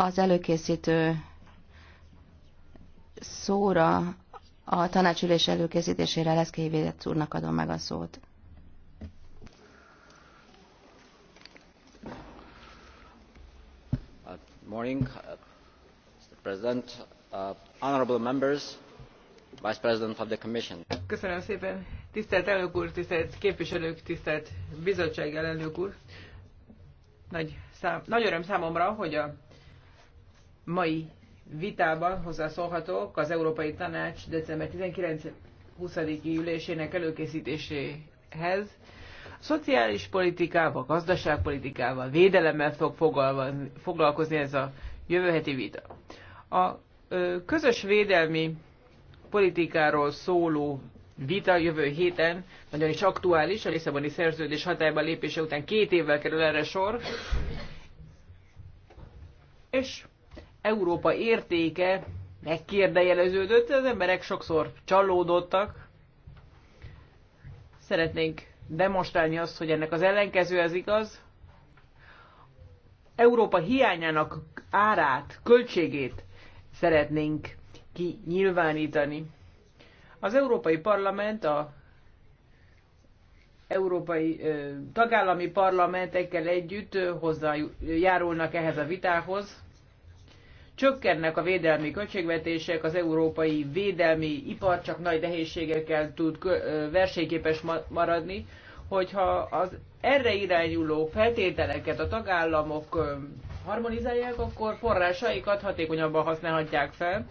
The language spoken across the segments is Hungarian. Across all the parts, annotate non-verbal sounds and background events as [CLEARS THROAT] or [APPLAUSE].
Az előkészítő szóra a tanácsülés előkészítésére lesz Védett úrnak adom meg a szót. Uh, morning, uh, Mr. President, uh, honorable members, Vice President of the Commission. Köszönöm szépen, tisztelt elnök úr, tisztelt képviselők, tisztelt bizottság elnök úr. Nagy, szám, nagy öröm számomra, hogy a mai vitában hozzászólhatok az Európai Tanács december 19 20 ülésének előkészítéséhez. A szociális politikával, gazdaságpolitikával, védelemmel fog foglalkozni ez a jövő heti vita. A közös védelmi politikáról szóló vita jövő héten nagyon is aktuális, a Lisszaboni szerződés hatályba lépése után két évvel kerül erre sor, és Európa értéke megkérdejeleződött, az emberek sokszor csalódottak. Szeretnénk demonstrálni azt, hogy ennek az ellenkező az igaz. Európa hiányának árát, költségét szeretnénk kinyilvánítani. Az Európai Parlament a európai ö, tagállami parlamentekkel együtt hozzájárulnak ehhez a vitához. Csökkennek a védelmi költségvetések, az európai védelmi ipar csak nagy nehézségekkel tud versenyképes maradni, hogyha az erre irányuló feltételeket a tagállamok harmonizálják, akkor forrásaikat hatékonyabban használhatják fel.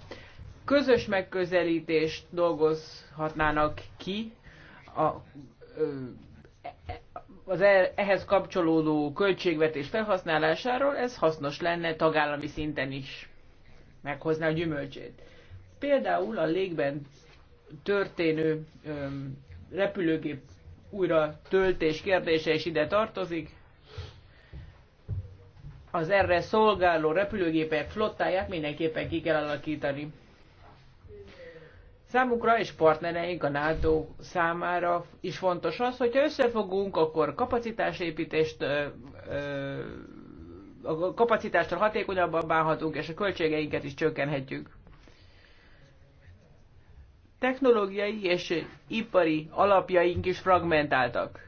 Közös megközelítést dolgozhatnának ki a, az e- ehhez kapcsolódó költségvetés felhasználásáról, ez hasznos lenne tagállami szinten is meghozni a gyümölcsét. Például a légben történő öm, repülőgép újra töltés kérdése is ide tartozik. Az erre szolgáló repülőgépek flottáját mindenképpen ki kell alakítani. Számukra és partnereink a NATO számára is fontos az, hogyha összefogunk, akkor kapacitásépítést ö, ö, a kapacitással hatékonyabban bánhatunk, és a költségeinket is csökkenhetjük. Technológiai és ipari alapjaink is fragmentáltak.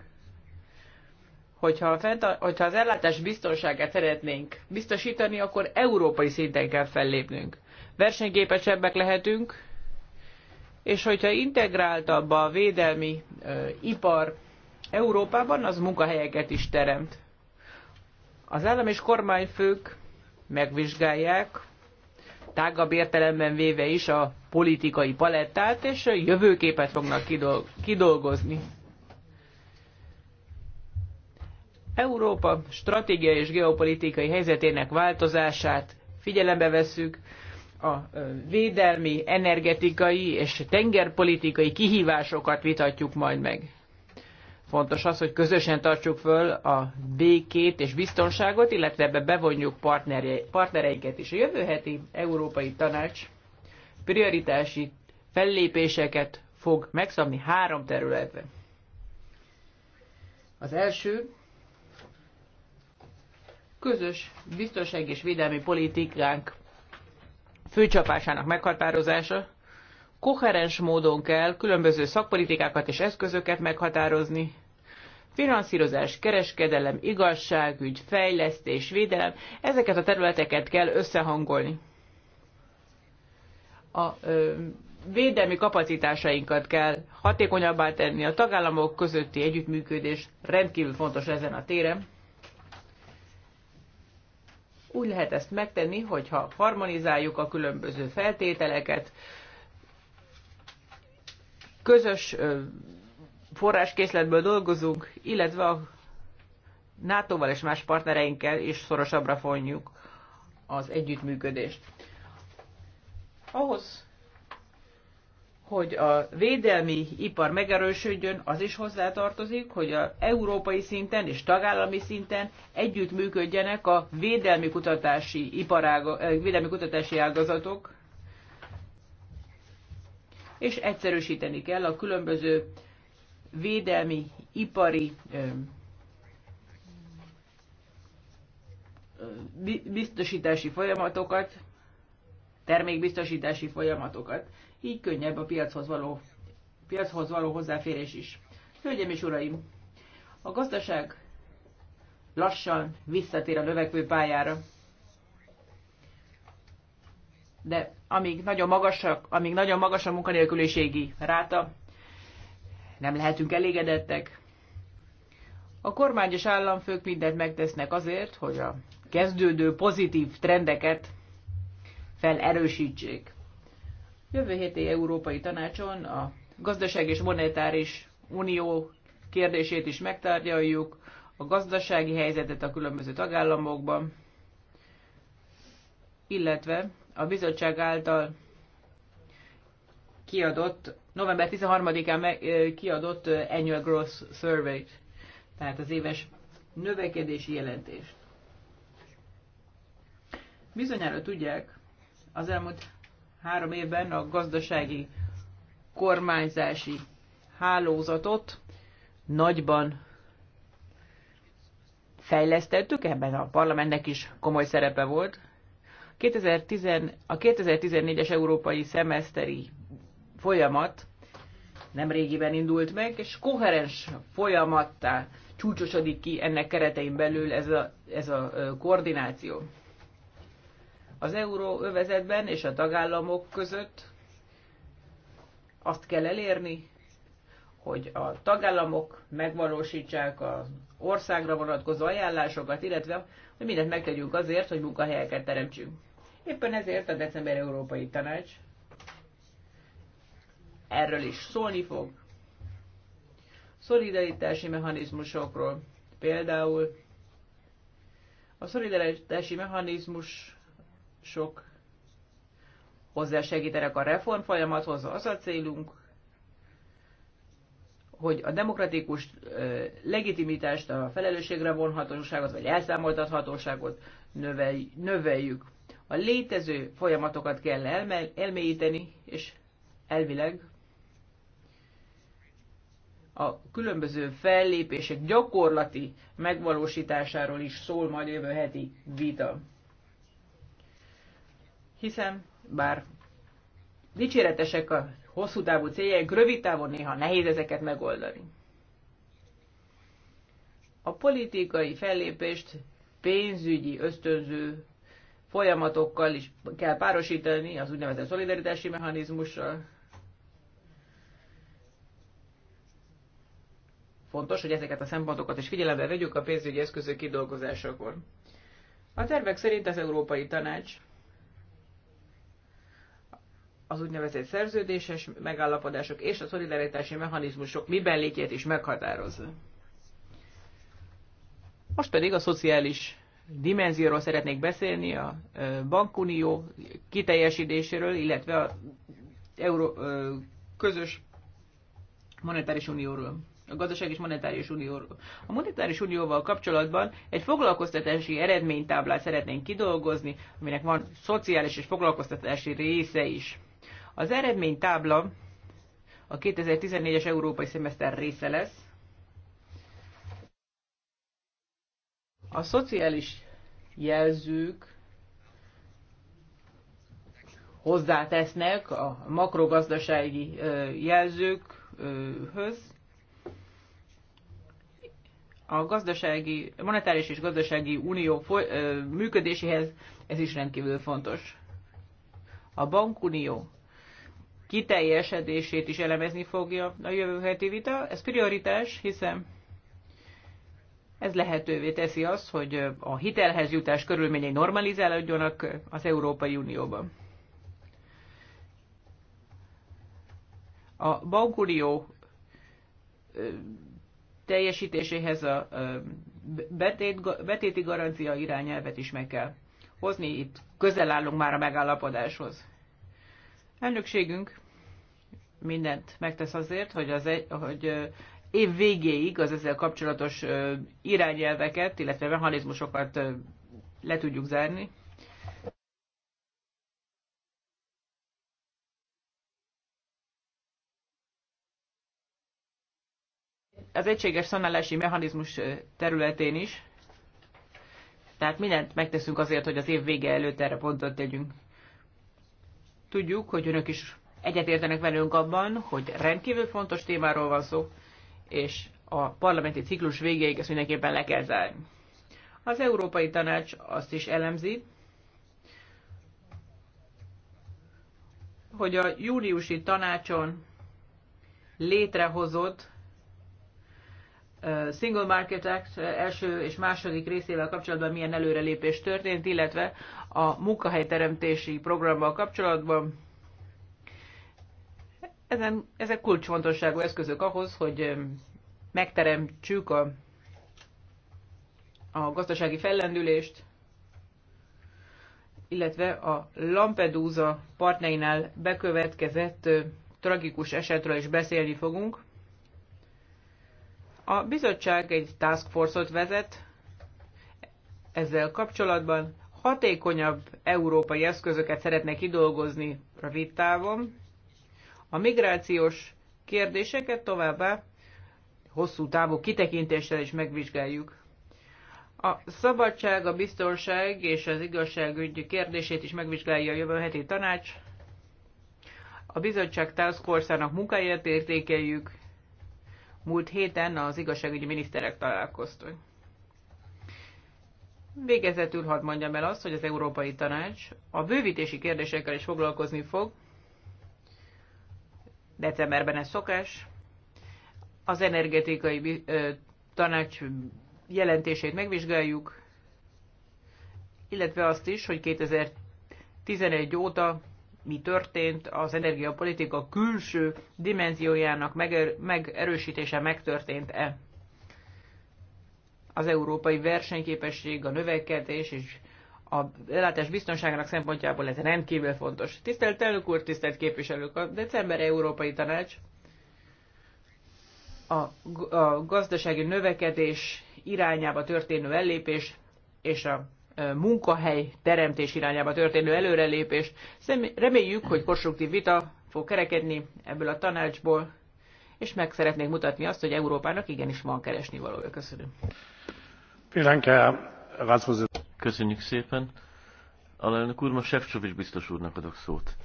Hogyha, fent, hogyha az ellátás biztonságát szeretnénk biztosítani, akkor európai szinten kell fellépnünk. Versenyképesebbek lehetünk, és hogyha integráltabb a védelmi ö, ipar Európában, az munkahelyeket is teremt. Az állam és kormányfők megvizsgálják, tágabb értelemben véve is a politikai palettát, és a jövőképet fognak kidolgozni. Európa stratégiai és geopolitikai helyzetének változását figyelembe vesszük, a védelmi, energetikai és tengerpolitikai kihívásokat vitatjuk majd meg. Fontos az, hogy közösen tartsuk föl a békét és biztonságot, illetve ebbe bevonjuk partnereinket is. A jövő heti Európai Tanács prioritási fellépéseket fog megszabni három területre. Az első közös biztonság és védelmi politikánk főcsapásának meghatározása, koherens módon kell különböző szakpolitikákat és eszközöket meghatározni. Finanszírozás, kereskedelem, igazságügy, fejlesztés, védelem, ezeket a területeket kell összehangolni. A ö, védelmi kapacitásainkat kell hatékonyabbá tenni, a tagállamok közötti együttműködés rendkívül fontos ezen a téren. Úgy lehet ezt megtenni, hogyha harmonizáljuk a különböző feltételeket, közös forráskészletből dolgozunk, illetve a NATO-val és más partnereinkkel is szorosabbra fonjuk az együttműködést. Ahhoz, hogy a védelmi ipar megerősödjön, az is hozzátartozik, hogy a európai szinten és tagállami szinten együttműködjenek a védelmi kutatási, iparága, védelmi kutatási ágazatok, és egyszerűsíteni kell a különböző védelmi, ipari biztosítási folyamatokat, termékbiztosítási folyamatokat. Így könnyebb a piachoz való, piachoz való hozzáférés is. Hölgyeim és uraim, a gazdaság lassan visszatér a növekvő pályára de amíg nagyon magasak, amíg nagyon magas a munkanélküliségi ráta, nem lehetünk elégedettek. A kormány és államfők mindent megtesznek azért, hogy a kezdődő pozitív trendeket felerősítsék. Jövő héti Európai Tanácson a gazdaság és monetáris unió kérdését is megtárgyaljuk, a gazdasági helyzetet a különböző tagállamokban, illetve a bizottság által kiadott, november 13-án kiadott Annual Growth survey tehát az éves növekedési jelentést. Bizonyára tudják, az elmúlt három évben a gazdasági kormányzási hálózatot nagyban fejlesztettük, ebben a parlamentnek is komoly szerepe volt a 2014-es európai szemeszteri folyamat nem régiben indult meg, és koherens folyamattá csúcsosodik ki ennek keretein belül ez a, ez a koordináció. Az euróövezetben és a tagállamok között azt kell elérni, hogy a tagállamok megvalósítsák az országra vonatkozó ajánlásokat, illetve hogy mindent megtegyünk azért, hogy munkahelyeket teremtsünk. Éppen ezért a december Európai Tanács erről is szólni fog. Szolidaritási mechanizmusokról például a szolidaritási mechanizmus sok hozzásegítenek a reform folyamathoz, az a célunk, hogy a demokratikus legitimitást, a felelősségre vonhatóságot, vagy elszámoltathatóságot növelj, növeljük. A létező folyamatokat kell elme- elmélyíteni, és elvileg a különböző fellépések gyakorlati megvalósításáról is szól majd jövő heti vita. Hiszen, bár dicséretesek a hosszú távú céljaink, rövid távon néha nehéz ezeket megoldani. A politikai fellépést pénzügyi ösztönző folyamatokkal is kell párosítani, az úgynevezett szolidaritási mechanizmussal. Fontos, hogy ezeket a szempontokat is figyelembe vegyük a pénzügyi eszközök kidolgozásakor. A tervek szerint az Európai Tanács az úgynevezett szerződéses megállapodások és a szolidaritási mechanizmusok miben létjét is meghatározza. Most pedig a szociális dimenzióról szeretnék beszélni, a bankunió kiteljesítéséről, illetve a Euró, közös monetáris unióról a gazdaság és monetáris unióról. A monetáris unióval kapcsolatban egy foglalkoztatási eredménytáblát szeretnénk kidolgozni, aminek van szociális és foglalkoztatási része is. Az eredménytábla a 2014-es európai szemeszter része lesz, A szociális jelzők hozzátesznek a makrogazdasági jelzőkhöz. A gazdasági, monetáris és gazdasági unió működéséhez ez is rendkívül fontos. A bankunió kiteljesedését is elemezni fogja a jövő heti vita. Ez prioritás, hiszen ez lehetővé teszi azt, hogy a hitelhez jutás körülményei normalizálódjanak az Európai Unióban. A bankunió teljesítéséhez a betéti garancia irányelvet is meg kell hozni, itt közel állunk már a megállapodáshoz. Elnökségünk mindent megtesz azért, hogy, az, e- hogy év végéig az ezzel kapcsolatos irányelveket, illetve mechanizmusokat le tudjuk zárni. Az egységes szanálási mechanizmus területén is, tehát mindent megteszünk azért, hogy az év vége előtt erre pontot tegyünk. Tudjuk, hogy önök is egyetértenek velünk abban, hogy rendkívül fontos témáról van szó, és a parlamenti ciklus végéig ezt mindenképpen le kell zárni. Az Európai Tanács azt is elemzi, hogy a júliusi tanácson létrehozott Single Market Act első és második részével kapcsolatban milyen előrelépés történt, illetve a munkahelyteremtési programmal kapcsolatban ezen, ezek kulcsfontosságú eszközök ahhoz, hogy megteremtsük a, a gazdasági fellendülést, illetve a Lampedusa partnerinál bekövetkezett tragikus esetről is beszélni fogunk. A bizottság egy task force-ot vezet ezzel kapcsolatban. Hatékonyabb európai eszközöket szeretne kidolgozni rövid távon, a migrációs kérdéseket továbbá hosszú távú kitekintéssel is megvizsgáljuk. A szabadság, a biztonság és az igazságügy kérdését is megvizsgálja a jövő heti tanács. A bizottság Task Force-ának munkáját értékeljük. Múlt héten az igazságügyi miniszterek találkoztak. Végezetül hadd mondjam el azt, hogy az Európai Tanács a bővítési kérdésekkel is foglalkozni fog, decemberben ez szokás. Az energetikai tanács jelentését megvizsgáljuk, illetve azt is, hogy 2011 óta mi történt, az energiapolitika külső dimenziójának meger- megerősítése megtörtént-e. Az európai versenyképesség, a növekedés és a ellátás biztonságának szempontjából ez rendkívül fontos. Tisztelt elnök úr, tisztelt képviselők, a december Európai Tanács a, a gazdasági növekedés irányába történő ellépés és a munkahely teremtés irányába történő előrelépés. Reméljük, hogy konstruktív vita fog kerekedni ebből a tanácsból, és meg szeretnék mutatni azt, hogy Európának igenis van keresnivalója. Köszönöm. Köszönjük szépen. Alelnök úr, ma Sefcsovics biztos úrnak adok szót.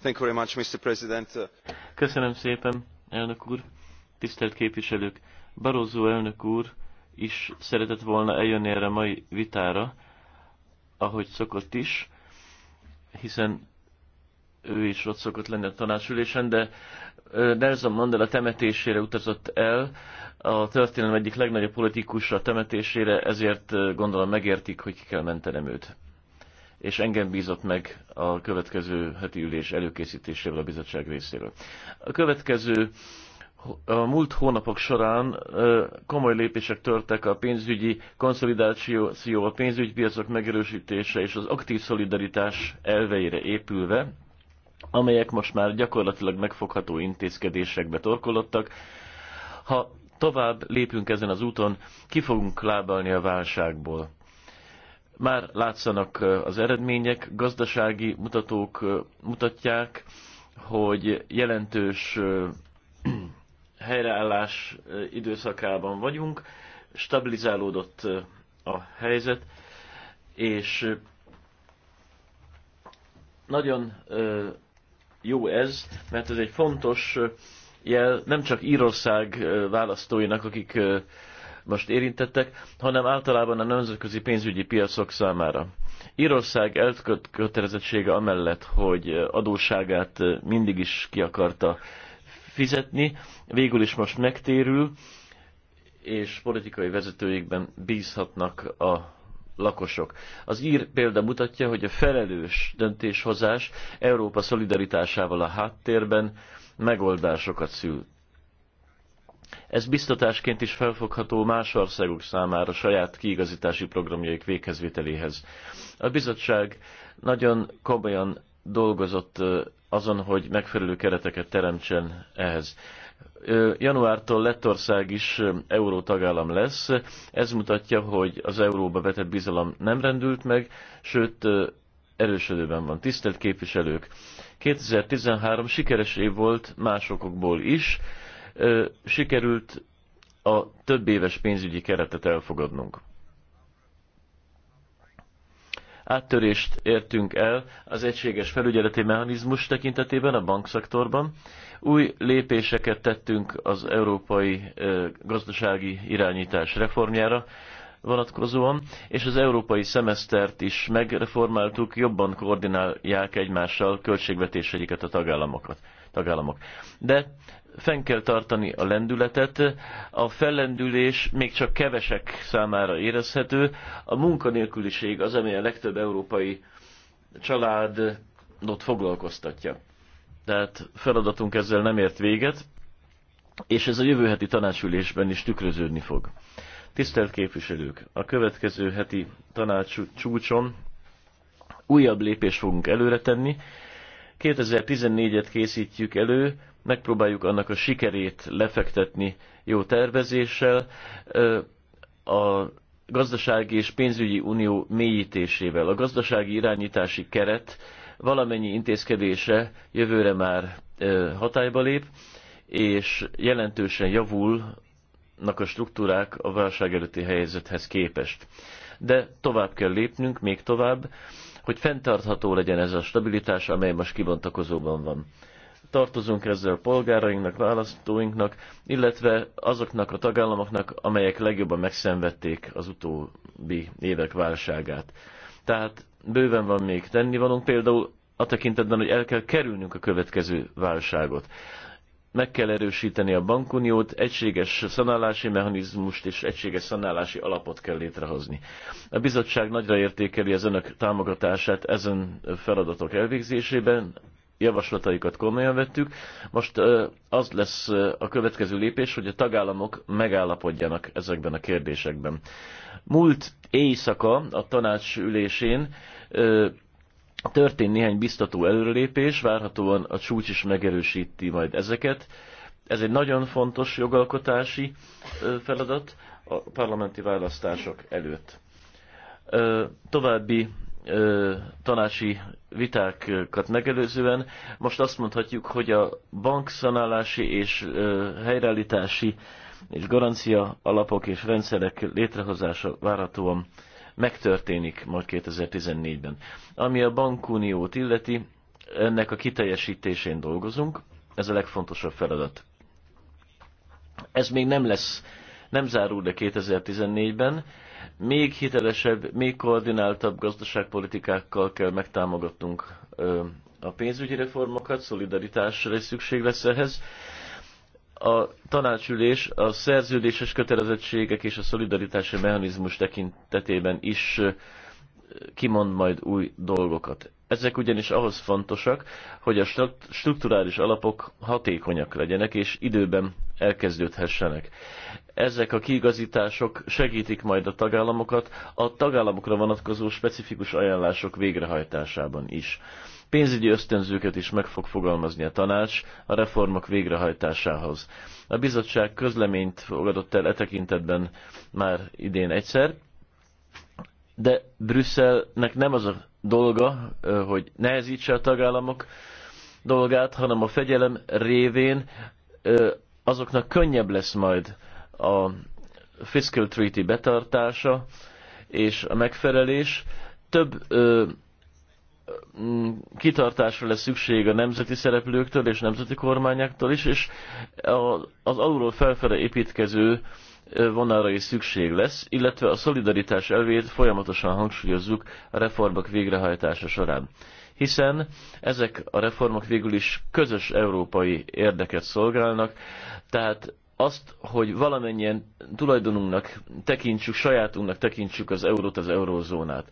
Thank you very much, Mr. President. Köszönöm szépen, elnök úr, tisztelt képviselők. Barozó elnök úr is szeretett volna eljönni erre a mai vitára, ahogy szokott is, hiszen ő is ott szokott lenni a tanácsülésen, de Nelson Mandela temetésére utazott el, a történelem egyik legnagyobb politikusra temetésére, ezért gondolom megértik, hogy ki kell mentenem őt. És engem bízott meg a következő heti ülés előkészítésével a bizottság részéről. A következő a múlt hónapok során komoly lépések törtek a pénzügyi konszolidáció, a pénzügypiacok megerősítése és az aktív szolidaritás elveire épülve, amelyek most már gyakorlatilag megfogható intézkedésekbe torkolottak. Ha tovább lépünk ezen az úton, ki fogunk lábalni a válságból. Már látszanak eh, az eredmények, gazdasági mutatók eh, mutatják, hogy jelentős eh, [CLEARS THROAT] helyreállás időszakában vagyunk, stabilizálódott a helyzet, és nagyon jó ez, mert ez egy fontos jel nem csak Írország választóinak, akik most érintettek, hanem általában a nemzetközi pénzügyi piacok számára. Írország elkötelezettsége amellett, hogy adóságát mindig is ki akarta fizetni, végül is most megtérül, és politikai vezetőikben bízhatnak a lakosok. Az ír példa mutatja, hogy a felelős döntéshozás Európa szolidaritásával a háttérben megoldásokat szül. Ez biztatásként is felfogható más országok számára saját kiigazítási programjaik véghezvételéhez. A bizottság nagyon komolyan dolgozott azon, hogy megfelelő kereteket teremtsen ehhez. Januártól Lettország is euró tagállam lesz. Ez mutatja, hogy az euróba vetett bizalom nem rendült meg, sőt erősödőben van. Tisztelt képviselők! 2013 sikeres év volt másokból is. Sikerült a több éves pénzügyi keretet elfogadnunk áttörést értünk el az egységes felügyeleti mechanizmus tekintetében a bankszektorban. Új lépéseket tettünk az európai gazdasági irányítás reformjára vonatkozóan, és az európai szemesztert is megreformáltuk, jobban koordinálják egymással költségvetéseiket a tagállamokat. tagállamok. De fenn kell tartani a lendületet, a fellendülés még csak kevesek számára érezhető, a munkanélküliség az, ami a legtöbb európai családot foglalkoztatja. Tehát feladatunk ezzel nem ért véget, és ez a jövő heti tanácsülésben is tükröződni fog. Tisztelt képviselők, a következő heti csúcson újabb lépést fogunk előre tenni. 2014-et készítjük elő, megpróbáljuk annak a sikerét lefektetni jó tervezéssel, a gazdasági és pénzügyi unió mélyítésével. A gazdasági irányítási keret valamennyi intézkedése jövőre már hatályba lép, és jelentősen javulnak a struktúrák a válság előtti helyzethez képest. De tovább kell lépnünk, még tovább, hogy fenntartható legyen ez a stabilitás, amely most kibontakozóban van tartozunk ezzel polgárainknak, választóinknak, illetve azoknak a tagállamoknak, amelyek legjobban megszenvedték az utóbbi évek válságát. Tehát bőven van még tennivalónk, például a tekintetben, hogy el kell kerülnünk a következő válságot. Meg kell erősíteni a bankuniót, egységes szanálási mechanizmust és egységes szanálási alapot kell létrehozni. A bizottság nagyra értékeli az önök támogatását ezen feladatok elvégzésében, javaslataikat komolyan vettük. Most az lesz a következő lépés, hogy a tagállamok megállapodjanak ezekben a kérdésekben. Múlt éjszaka a tanács ülésén történt néhány biztató előrelépés, várhatóan a csúcs is megerősíti majd ezeket. Ez egy nagyon fontos jogalkotási feladat a parlamenti választások előtt. További tanácsi vitákat megelőzően. Most azt mondhatjuk, hogy a bankszanálási és helyreállítási és garancia alapok és rendszerek létrehozása várhatóan megtörténik majd 2014-ben. Ami a bankuniót illeti, ennek a kiteljesítésén dolgozunk, ez a legfontosabb feladat. Ez még nem lesz, nem zárul le 2014-ben, még hitelesebb, még koordináltabb gazdaságpolitikákkal kell megtámogatnunk a pénzügyi reformokat, szolidaritásra is szükség lesz ehhez. A tanácsülés a szerződéses kötelezettségek és a szolidaritási mechanizmus tekintetében is kimond majd új dolgokat. Ezek ugyanis ahhoz fontosak, hogy a strukturális alapok hatékonyak legyenek és időben elkezdődhessenek ezek a kiigazítások segítik majd a tagállamokat a tagállamokra vonatkozó specifikus ajánlások végrehajtásában is. Pénzügyi ösztönzőket is meg fog fogalmazni a tanács a reformok végrehajtásához. A bizottság közleményt fogadott el e tekintetben már idén egyszer, de Brüsszelnek nem az a dolga, hogy nehezítse a tagállamok dolgát, hanem a fegyelem révén azoknak könnyebb lesz majd a fiscal treaty betartása és a megfelelés. Több ö, kitartásra lesz szükség a nemzeti szereplőktől és nemzeti kormányoktól is, és az alulról felfele építkező vonalra is szükség lesz, illetve a szolidaritás elvét folyamatosan hangsúlyozzuk a reformok végrehajtása során. Hiszen ezek a reformok végül is közös európai érdeket szolgálnak, tehát azt, hogy valamennyien tulajdonunknak tekintsük, sajátunknak tekintsük az eurót, az eurózónát.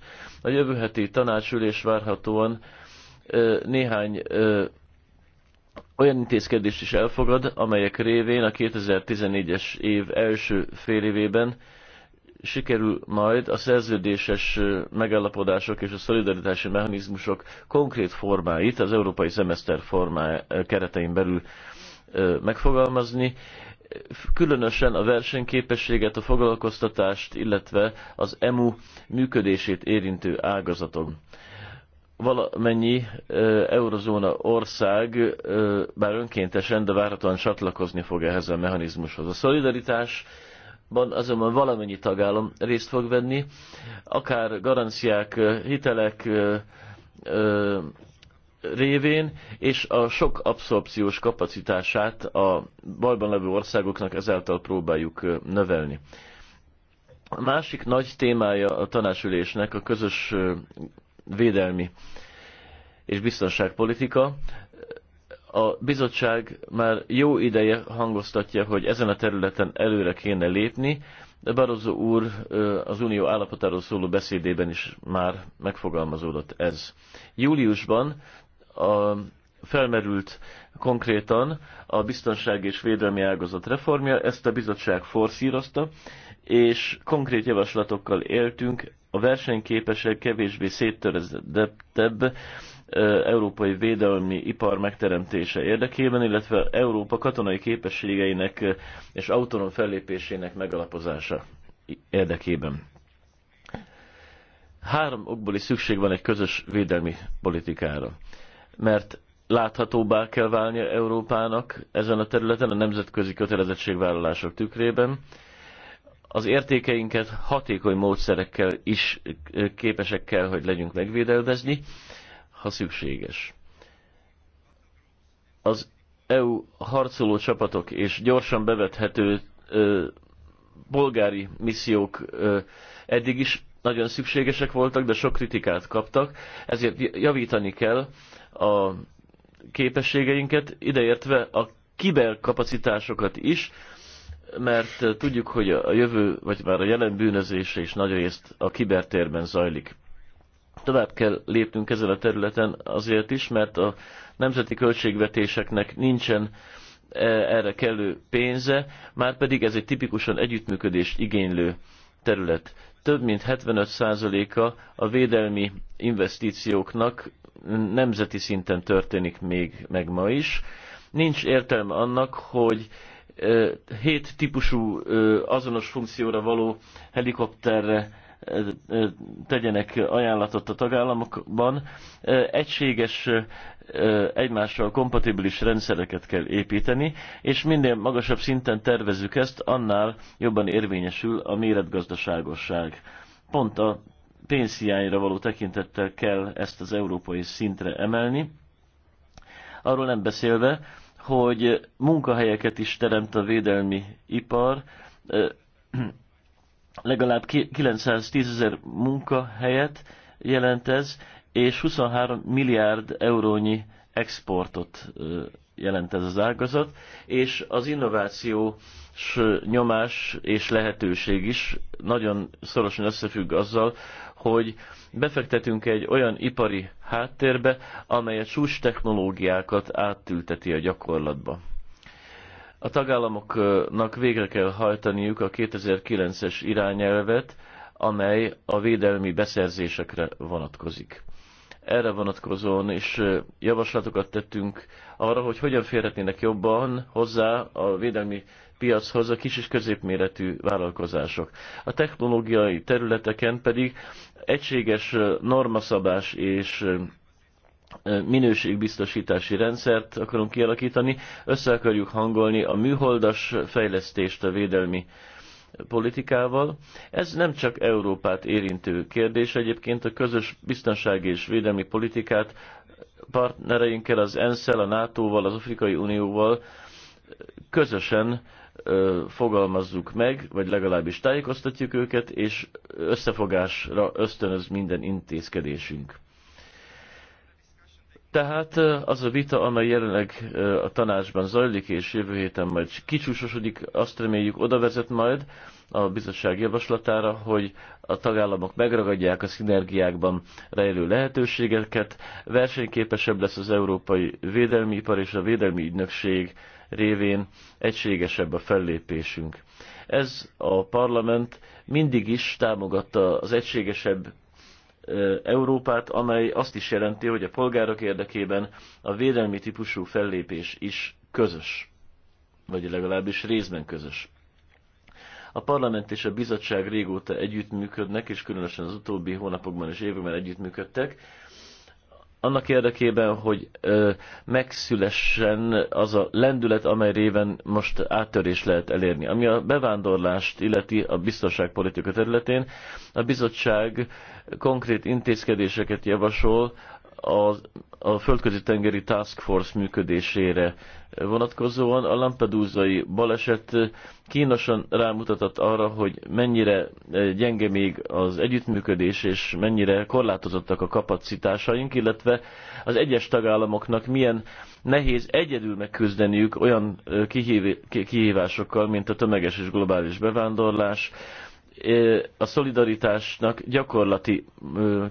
A jövő heti tanácsülés várhatóan néhány olyan intézkedést is elfogad, amelyek révén a 2014-es év első fél évében sikerül majd a szerződéses megállapodások és a szolidaritási mechanizmusok konkrét formáit az európai szemeszter formá keretein belül megfogalmazni különösen a versenyképességet, a foglalkoztatást, illetve az EMU működését érintő ágazaton. Valamennyi eurozóna ország bár önkéntesen, de várhatóan csatlakozni fog ehhez a mechanizmushoz. A szolidaritás azonban valamennyi tagállam részt fog venni, akár garanciák, hitelek, révén, és a sok abszorpciós kapacitását a bajban levő országoknak ezáltal próbáljuk növelni. A másik nagy témája a tanácsülésnek a közös védelmi és biztonságpolitika. A bizottság már jó ideje hangoztatja, hogy ezen a területen előre kéne lépni, de Barozó úr az unió állapotáról szóló beszédében is már megfogalmazódott ez. Júliusban a, felmerült konkrétan a biztonság és védelmi ágazat reformja, ezt a bizottság forszírozta, és konkrét javaslatokkal éltünk a versenyképesek kevésbé széttörezettebb európai védelmi ipar megteremtése érdekében, illetve Európa katonai képességeinek és autonóm fellépésének megalapozása érdekében. Három okból is szükség van egy közös védelmi politikára mert láthatóbbá kell válnia Európának ezen a területen a nemzetközi kötelezettségvállalások tükrében. Az értékeinket hatékony módszerekkel is képesek kell, hogy legyünk megvédelmezni, ha szükséges. Az EU harcoló csapatok és gyorsan bevethető ö, bolgári missziók ö, eddig is nagyon szükségesek voltak, de sok kritikát kaptak, ezért javítani kell a képességeinket, ideértve a kiberkapacitásokat is, mert eh, tudjuk, hogy a jövő, vagy már a jelen bűnözése is nagy részt a kibertérben zajlik. Tovább kell lépnünk ezen a területen azért is, mert a nemzeti költségvetéseknek nincsen eh, erre kellő pénze, már pedig ez egy tipikusan együttműködést igénylő terület. Több mint 75%-a a védelmi investícióknak nemzeti szinten történik még meg ma is. Nincs értelme annak, hogy hét típusú azonos funkcióra való helikopterre tegyenek ajánlatot a tagállamokban. Egységes, egymással kompatibilis rendszereket kell építeni, és minél magasabb szinten tervezzük ezt, annál jobban érvényesül a méretgazdaságosság. Pont a pénzhiányra való tekintettel kell ezt az európai szintre emelni. Arról nem beszélve, hogy munkahelyeket is teremt a védelmi ipar, [CLEARS THROAT] legalább 910 ezer munkahelyet jelent ez, és 23 milliárd eurónyi exportot jelent ez az ágazat, és az innováció nyomás és lehetőség is nagyon szorosan összefügg azzal, hogy befektetünk egy olyan ipari háttérbe, amely a technológiákat átülteti a gyakorlatba. A tagállamoknak végre kell hajtaniuk a 2009-es irányelvet, amely a védelmi beszerzésekre vonatkozik. Erre vonatkozóan is javaslatokat tettünk arra, hogy hogyan férhetnének jobban hozzá a védelmi piachoz a kis és középméretű vállalkozások. A technológiai területeken pedig egységes normaszabás és minőségbiztosítási rendszert akarunk kialakítani, össze akarjuk hangolni a műholdas fejlesztést a védelmi politikával. Ez nem csak Európát érintő kérdés, egyébként a közös biztonsági és védelmi politikát partnereinkkel, az ENSZ-el, a NATO-val, az Afrikai Unióval közösen ö, fogalmazzuk meg, vagy legalábbis tájékoztatjuk őket, és összefogásra ösztönöz minden intézkedésünk. Tehát az a vita, amely jelenleg a tanácsban zajlik, és jövő héten majd kicsúsosodik, azt reméljük oda vezet majd a bizottság javaslatára, hogy a tagállamok megragadják a szinergiákban rejlő lehetőségeket, versenyképesebb lesz az európai védelmi ipar és a védelmi ügynökség révén egységesebb a fellépésünk. Ez a parlament mindig is támogatta az egységesebb Európát, amely azt is jelenti, hogy a polgárok érdekében a védelmi típusú fellépés is közös, vagy legalábbis részben közös. A parlament és a bizottság régóta együttműködnek, és különösen az utóbbi hónapokban és években együttműködtek, annak érdekében, hogy ö, megszülessen az a lendület, amely réven most áttörés lehet elérni. Ami a bevándorlást illeti a biztonságpolitika területén, a bizottság konkrét intézkedéseket javasol a, a földközi tengeri task force működésére vonatkozóan a lampedusa-i baleset kínosan rámutatott arra, hogy mennyire gyenge még az együttműködés, és mennyire korlátozottak a kapacitásaink, illetve az egyes tagállamoknak milyen nehéz egyedül megküzdeniük olyan kihívásokkal, mint a tömeges és globális bevándorlás, a szolidaritásnak gyakorlati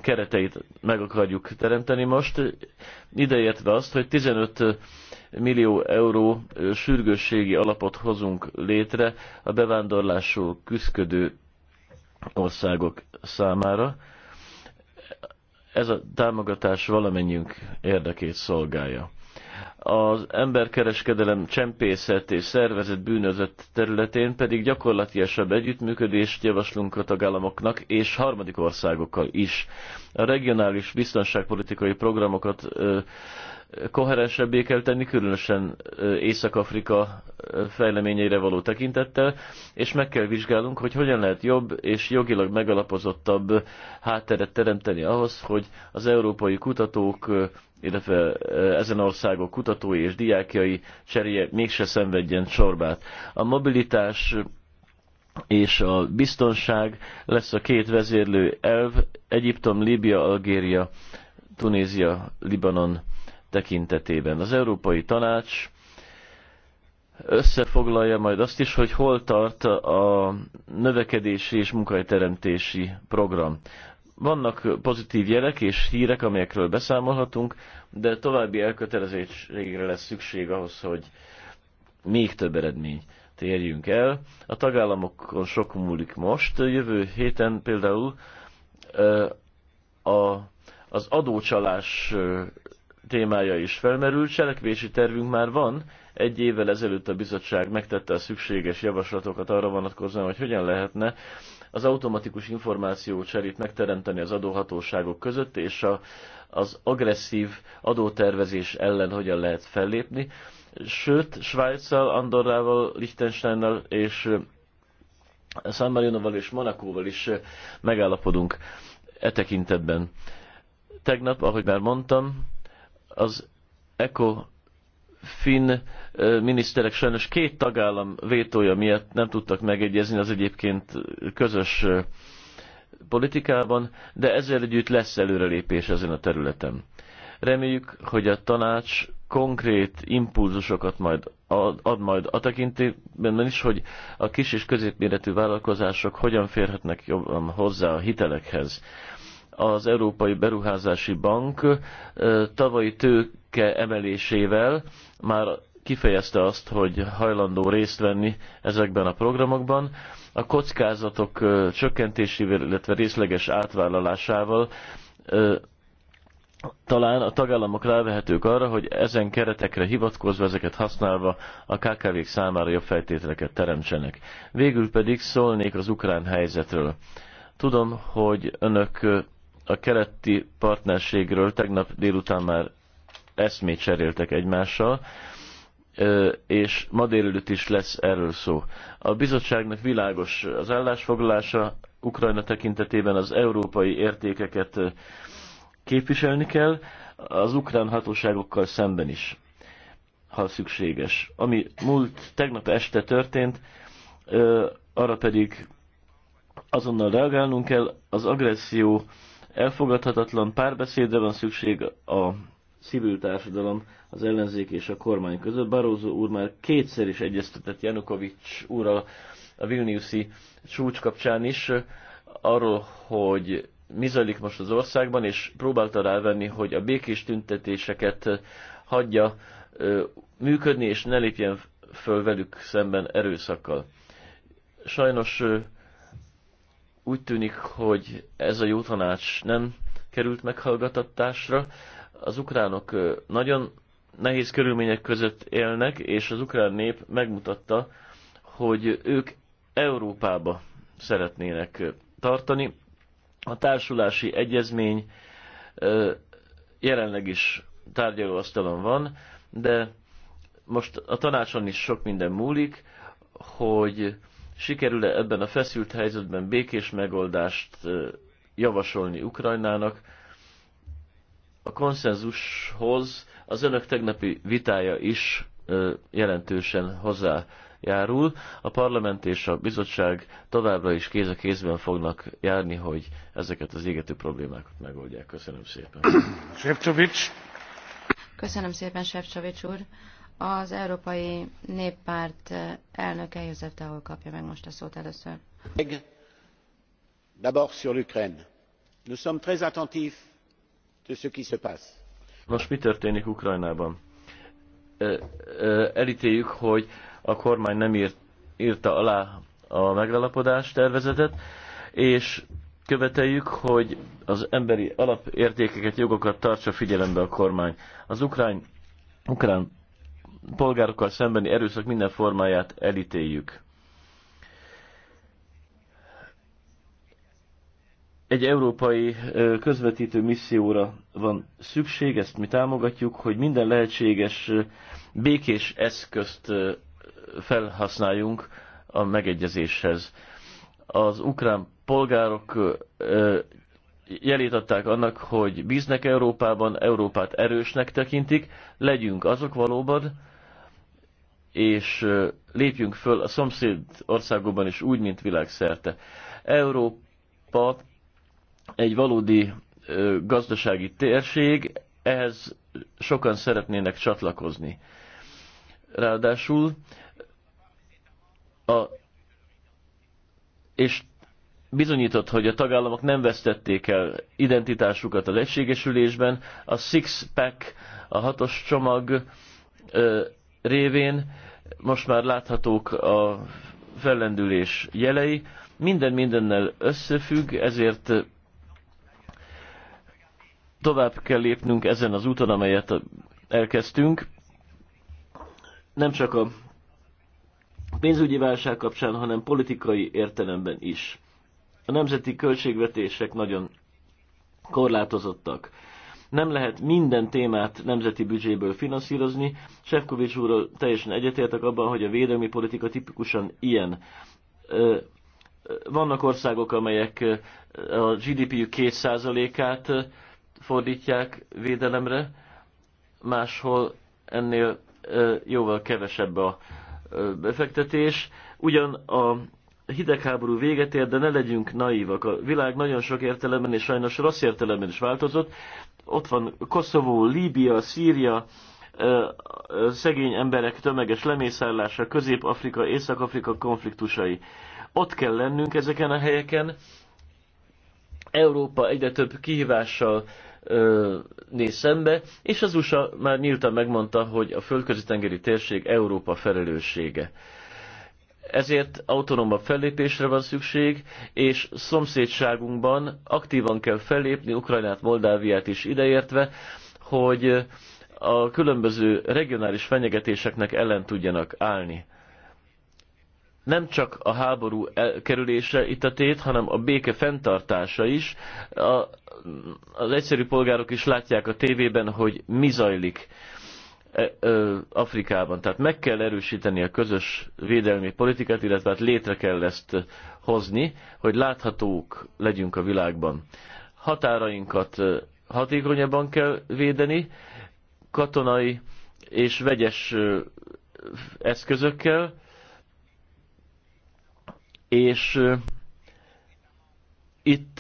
kereteit meg akarjuk teremteni most, ideértve azt, hogy 15 millió euró sürgősségi alapot hozunk létre a bevándorlású küzdködő országok számára. Ez a támogatás valamennyiünk érdekét szolgálja az emberkereskedelem csempészet és szervezett bűnözött területén pedig gyakorlatiasabb együttműködést javaslunk a tagállamoknak és harmadik országokkal is. A regionális biztonságpolitikai programokat ö, koherensebbé kell tenni, különösen Észak-Afrika fejleményeire való tekintettel, és meg kell vizsgálnunk, hogy hogyan lehet jobb és jogilag megalapozottabb hátteret teremteni ahhoz, hogy az európai kutatók, illetve ezen országok kutatói és diákjai cseréje mégse szenvedjen sorbát. A mobilitás és a biztonság lesz a két vezérlő elv, Egyiptom, Líbia, Algéria, Tunézia, Libanon tekintetében. Az Európai Tanács összefoglalja majd azt is, hogy hol tart a növekedési és munkahelyteremtési program. Vannak pozitív jelek és hírek, amelyekről beszámolhatunk, de további elkötelezettségre lesz szükség ahhoz, hogy még több eredmény térjünk el. A tagállamokon sok múlik most. Jövő héten például a, az adócsalás témája is felmerült, cselekvési tervünk már van. Egy évvel ezelőtt a bizottság megtette a szükséges javaslatokat arra vonatkozóan, hogy hogyan lehetne az automatikus információ cserét megteremteni az adóhatóságok között, és a, az agresszív adótervezés ellen hogyan lehet fellépni. Sőt, Svájccal, Andorrával, Liechtensteinnel és eh, San Marinoval és Monakóval is eh, megállapodunk e tekintetben. Tegnap, ahogy már mondtam, az Eko finn miniszterek sajnos két tagállam vétója miatt nem tudtak megegyezni az egyébként közös politikában, de ezzel együtt lesz előrelépés ezen a területen. Reméljük, hogy a tanács konkrét impulzusokat majd ad, ad majd a tekintében is, hogy a kis és középméretű vállalkozások hogyan férhetnek jobban hozzá a hitelekhez az Európai Beruházási Bank tavalyi tőke emelésével már kifejezte azt, hogy hajlandó részt venni ezekben a programokban. A kockázatok csökkentésével, illetve részleges átvállalásával talán a tagállamok rávehetők arra, hogy ezen keretekre hivatkozva, ezeket használva a KKV-k számára jobb feltételeket teremtsenek. Végül pedig szólnék az ukrán helyzetről. Tudom, hogy önök a keleti partnerségről tegnap délután már eszmét cseréltek egymással, és ma délelőtt is lesz erről szó. A bizottságnak világos az állásfoglalása, Ukrajna tekintetében az európai értékeket képviselni kell, az ukrán hatóságokkal szemben is, ha szükséges. Ami múlt tegnap este történt, arra pedig azonnal reagálnunk kell, az agresszió Elfogadhatatlan párbeszédre van szükség a civil társadalom, az ellenzék és a kormány között. Barózó úr már kétszer is egyeztetett Janukovics úrral a Vilniuszi csúcs kapcsán is arról, hogy mi zajlik most az országban, és próbálta rávenni, hogy a békés tüntetéseket hagyja működni, és ne lépjen föl velük szemben erőszakkal. Sajnos úgy tűnik, hogy ez a jó tanács nem került meghallgatatásra. Az ukránok nagyon nehéz körülmények között élnek, és az ukrán nép megmutatta, hogy ők Európába szeretnének tartani. A társulási egyezmény jelenleg is tárgyalóasztalon van, de most a tanácson is sok minden múlik, hogy Sikerül-e ebben a feszült helyzetben békés megoldást javasolni Ukrajnának? A konszenzushoz az önök tegnapi vitája is jelentősen hozzájárul. A parlament és a bizottság továbbra is kéz a kézben fognak járni, hogy ezeket az égető problémákat megoldják. Köszönöm szépen. Köszönöm szépen, Sefcsovics úr. Az Európai Néppárt elnöke József Dahol kapja meg most a szót először. D'abord sur l'Ukraine. Nous sommes très attentifs de ce qui se passe. Most mi történik Ukrajnában? Elítéljük, hogy a kormány nem írt, írta alá a megállapodás tervezetet, és követeljük, hogy az emberi alapértékeket, jogokat tartsa figyelembe a kormány. Az ukrán, ukrán polgárokkal szembeni erőszak minden formáját elítéljük. Egy európai közvetítő misszióra van szükség, ezt mi támogatjuk, hogy minden lehetséges békés eszközt felhasználjunk a megegyezéshez. Az ukrán polgárok jelét adták annak, hogy bíznek Európában, Európát erősnek tekintik, legyünk azok valóban, és lépjünk föl a szomszéd országokban is úgy, mint világszerte. Európa egy valódi gazdasági térség, ehhez sokan szeretnének csatlakozni. Ráadásul a, és bizonyított, hogy a tagállamok nem vesztették el identitásukat az egységesülésben, a six-pack, a hatos csomag ö, révén most már láthatók a fellendülés jelei. Minden mindennel összefügg, ezért tovább kell lépnünk ezen az úton, amelyet elkezdtünk. Nem csak a pénzügyi válság kapcsán, hanem politikai értelemben is a nemzeti költségvetések nagyon korlátozottak. Nem lehet minden témát nemzeti büdzséből finanszírozni. Sefkovics úrral teljesen egyetértek abban, hogy a védelmi politika tipikusan ilyen. Vannak országok, amelyek a GDP-jük 2%-át fordítják védelemre, máshol ennél jóval kevesebb a befektetés. Ugyan a hidegháború véget ér, de ne legyünk naívak. A világ nagyon sok értelemben és sajnos rossz értelemben is változott. Ott van Koszovó, Líbia, Szíria, szegény emberek tömeges lemészállása, Közép-Afrika, Észak-Afrika konfliktusai. Ott kell lennünk ezeken a helyeken. Európa egyre több kihívással néz szembe, és az USA már nyíltan megmondta, hogy a földközi-tengeri térség Európa felelőssége ezért autonómabb fellépésre van szükség, és szomszédságunkban aktívan kell fellépni, Ukrajnát, Moldáviát is ideértve, hogy a különböző regionális fenyegetéseknek ellen tudjanak állni. Nem csak a háború kerülése itt a tét, hanem a béke fenntartása is. A, az egyszerű polgárok is látják a tévében, hogy mi zajlik E, Afrikában. Tehát meg kell erősíteni a közös védelmi politikát, illetve hát létre kell ezt hozni, hogy láthatók legyünk a világban. Határainkat hatékonyabban kell védeni, katonai és vegyes eszközökkel, és itt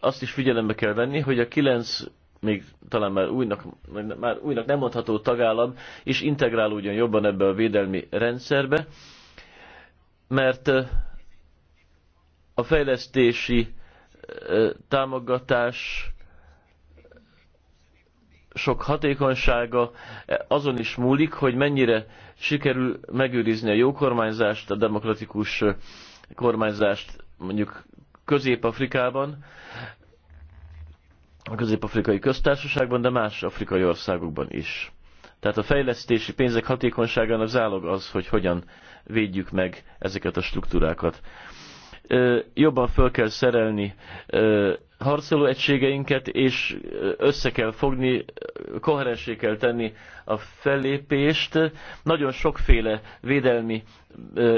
azt is figyelembe kell venni, hogy a kilenc még talán már újnak, már újnak nem mondható tagállam is integrálódjon jobban ebbe a védelmi rendszerbe, mert a fejlesztési támogatás sok hatékonysága e, azon is múlik, hogy mennyire sikerül megőrizni a jó kormányzást, a demokratikus kormányzást mondjuk Közép-Afrikában, a közép-afrikai köztársaságban, de más afrikai országokban is. Tehát a fejlesztési pénzek hatékonyságának záloga az, hogy hogyan védjük meg ezeket a struktúrákat jobban fel kell szerelni harcoló egységeinket, és össze kell fogni, koherensé kell tenni a fellépést. Nagyon sokféle védelmi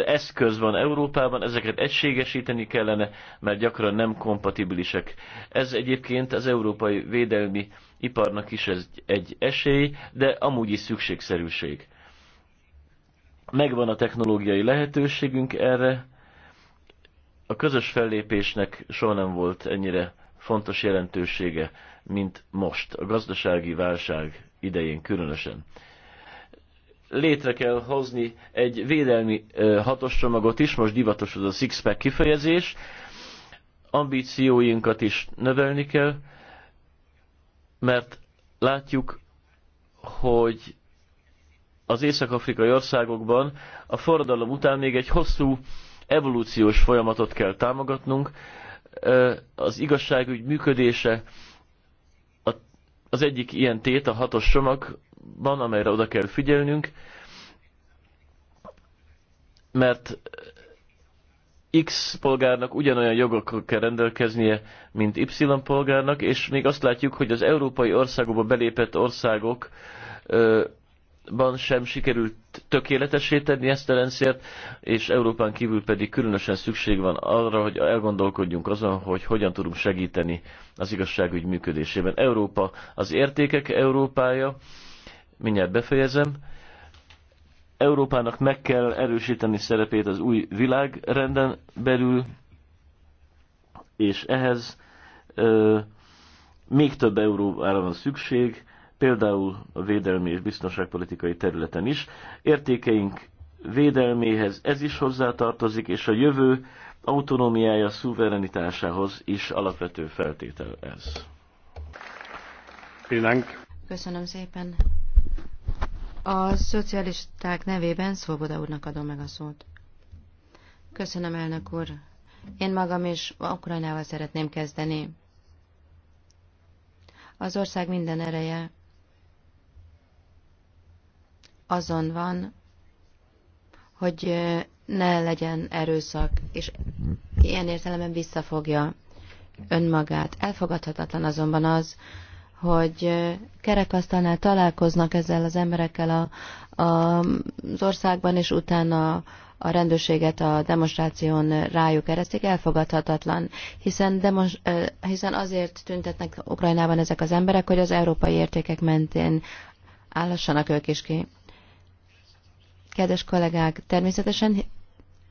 eszköz van Európában, ezeket egységesíteni kellene, mert gyakran nem kompatibilisek. Ez egyébként az európai védelmi iparnak is ez egy esély, de amúgy is szükségszerűség. Megvan a technológiai lehetőségünk erre, a közös fellépésnek soha nem volt ennyire fontos jelentősége, mint most, a gazdasági válság idején különösen. Létre kell hozni egy védelmi hatos csomagot is, most divatos az a six-pack kifejezés, ambícióinkat is növelni kell, mert látjuk, hogy az észak-afrikai országokban a forradalom után még egy hosszú evolúciós folyamatot kell támogatnunk, az igazságügy működése az egyik ilyen tét a hatos csomagban, amelyre oda kell figyelnünk, mert X polgárnak ugyanolyan jogokkal kell rendelkeznie, mint Y polgárnak, és még azt látjuk, hogy az európai országokba belépett országok ban sem sikerült tökéletesé tenni ezt a rendszert, és Európán kívül pedig különösen szükség van arra, hogy elgondolkodjunk azon, hogy hogyan tudunk segíteni az igazságügy működésében. Európa az értékek Európája, mindjárt befejezem, Európának meg kell erősíteni szerepét az új világrenden belül, és ehhez ö, még több Európára van szükség, például a védelmi és biztonságpolitikai területen is. Értékeink védelméhez ez is hozzátartozik, és a jövő autonómiája, szuverenitásához is alapvető feltétel ez. Köszönöm szépen. A szocialisták nevében Szoboda úrnak adom meg a szót. Köszönöm, elnök úr. Én magam is Ukrajnával szeretném kezdeni. Az ország minden ereje azon van, hogy ne legyen erőszak, és ilyen értelemben visszafogja önmagát. Elfogadhatatlan azonban az, hogy kerekasztalnál találkoznak ezzel az emberekkel a, a, az országban, és utána a rendőrséget a demonstráción rájuk ereszték, elfogadhatatlan, hiszen, demos, hiszen azért tüntetnek Ukrajnában ezek az emberek, hogy az európai értékek mentén állassanak ők is ki. Kedves kollégák, természetesen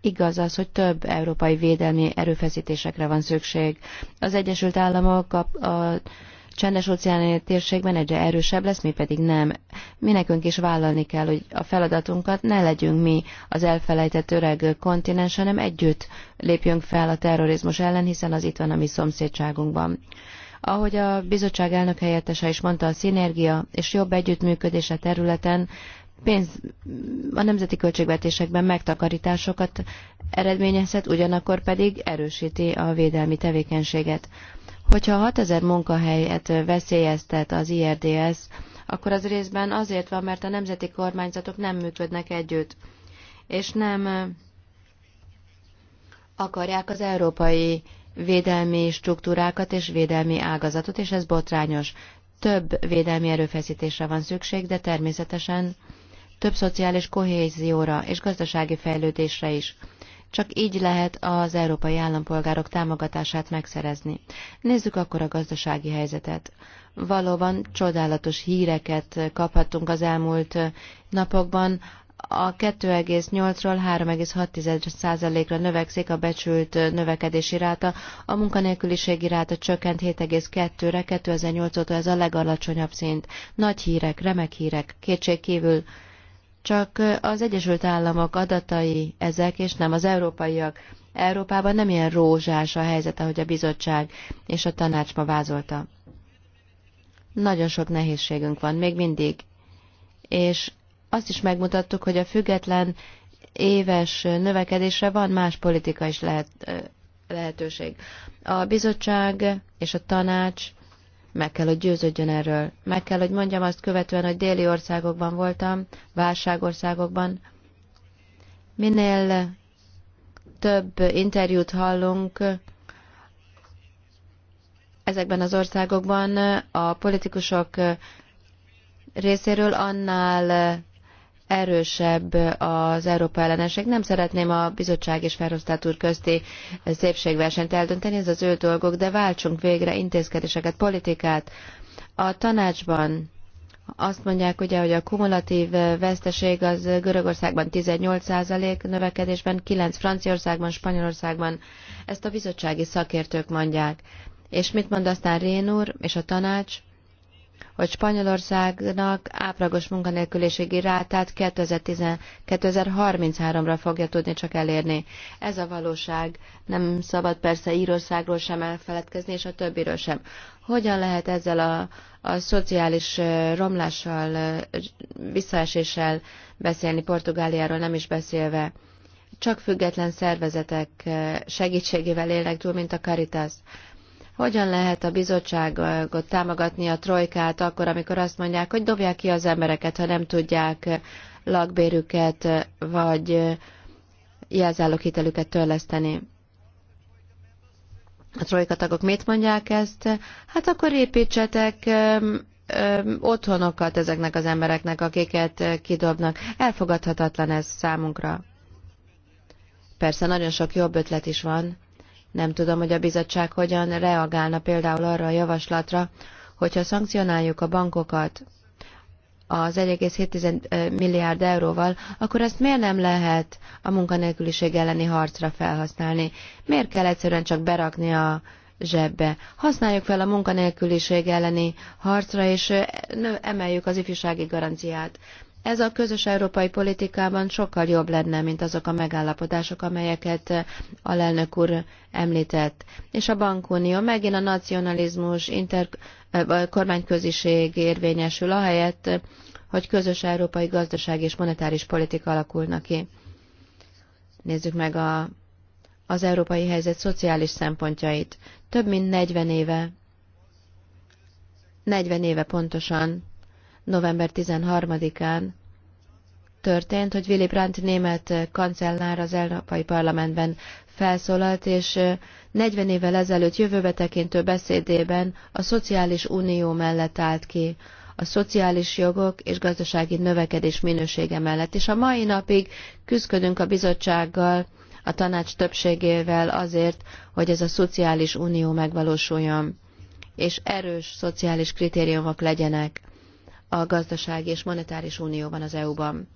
igaz az, hogy több európai védelmi erőfeszítésekre van szükség. Az Egyesült Államok a, a csendes óceáni térségben egyre erősebb lesz, mi pedig nem. Mi nekünk is vállalni kell, hogy a feladatunkat ne legyünk mi az elfelejtett öreg kontinens, hanem együtt lépjünk fel a terrorizmus ellen, hiszen az itt van a mi szomszédságunkban. Ahogy a bizottság elnök helyettese is mondta, a szinergia és jobb együttműködés a területen pénz a nemzeti költségvetésekben megtakarításokat eredményezhet, ugyanakkor pedig erősíti a védelmi tevékenységet. Hogyha 6000 munkahelyet veszélyeztet az IRDS, akkor az részben azért van, mert a nemzeti kormányzatok nem működnek együtt, és nem akarják az európai védelmi struktúrákat és védelmi ágazatot, és ez botrányos. Több védelmi erőfeszítésre van szükség, de természetesen több szociális kohézióra és gazdasági fejlődésre is. Csak így lehet az európai állampolgárok támogatását megszerezni. Nézzük akkor a gazdasági helyzetet. Valóban csodálatos híreket kaphattunk az elmúlt napokban. A 2,8-ról 3,6%-ra növekszik a becsült növekedési ráta, a munkanélküliségi ráta csökkent 7,2-re, 2008 óta ez a legalacsonyabb szint. Nagy hírek, remek hírek, kétség kívül csak az Egyesült Államok adatai ezek, és nem az európaiak. Európában nem ilyen rózsás a helyzet, ahogy a bizottság és a tanács ma vázolta. Nagyon sok nehézségünk van, még mindig. És azt is megmutattuk, hogy a független éves növekedésre van más politika is lehet, lehetőség. A bizottság és a tanács meg kell, hogy győződjön erről. Meg kell, hogy mondjam azt követően, hogy déli országokban voltam, válságországokban. Minél több interjút hallunk ezekben az országokban a politikusok részéről, annál erősebb az Európa ellenesség. Nem szeretném a bizottság és Ferhoztát úr közti szépségversenyt eldönteni, ez az ő dolgok, de váltsunk végre intézkedéseket, politikát. A tanácsban azt mondják ugye, hogy a kumulatív veszteség az Görögországban 18% növekedésben, 9 Franciaországban, Spanyolországban. Ezt a bizottsági szakértők mondják. És mit mond aztán Rén úr és a tanács? hogy Spanyolországnak átlagos munkanélküliségi rátát 2033-ra fogja tudni csak elérni. Ez a valóság. Nem szabad persze Írországról sem elfeledkezni, és a többiről sem. Hogyan lehet ezzel a, a szociális romlással, visszaeséssel beszélni, Portugáliáról nem is beszélve? Csak független szervezetek segítségével élnek túl, mint a Caritas. Hogyan lehet a bizottságot támogatni a trojkát akkor, amikor azt mondják, hogy dobják ki az embereket, ha nem tudják lakbérüket vagy jelzáloghitelüket törleszteni? A trojka tagok mit mondják ezt? Hát akkor építsetek otthonokat ezeknek az embereknek, akiket kidobnak. Elfogadhatatlan ez számunkra. Persze nagyon sok jobb ötlet is van, nem tudom, hogy a bizottság hogyan reagálna például arra a javaslatra, hogyha szankcionáljuk a bankokat az 1,7 milliárd euróval, akkor ezt miért nem lehet a munkanélküliség elleni harcra felhasználni? Miért kell egyszerűen csak berakni a zsebbe? Használjuk fel a munkanélküliség elleni harcra, és emeljük az ifjúsági garanciát. Ez a közös európai politikában sokkal jobb lenne, mint azok a megállapodások, amelyeket alelnök úr említett. És a bankunió megint a nacionalizmus, inter, kormányköziség érvényesül, ahelyett, hogy közös európai gazdaság és monetáris politika alakulna ki. Nézzük meg a, az európai helyzet szociális szempontjait. Több mint 40 éve, 40 éve pontosan november 13-án történt, hogy Willy Brandt német kancellár az Európai Parlamentben felszólalt, és 40 évvel ezelőtt jövőbe tekintő beszédében a szociális unió mellett állt ki a szociális jogok és gazdasági növekedés minősége mellett. És a mai napig küzdködünk a bizottsággal, a tanács többségével azért, hogy ez a szociális unió megvalósuljon, és erős szociális kritériumok legyenek a gazdasági és monetáris unióban az EU-ban.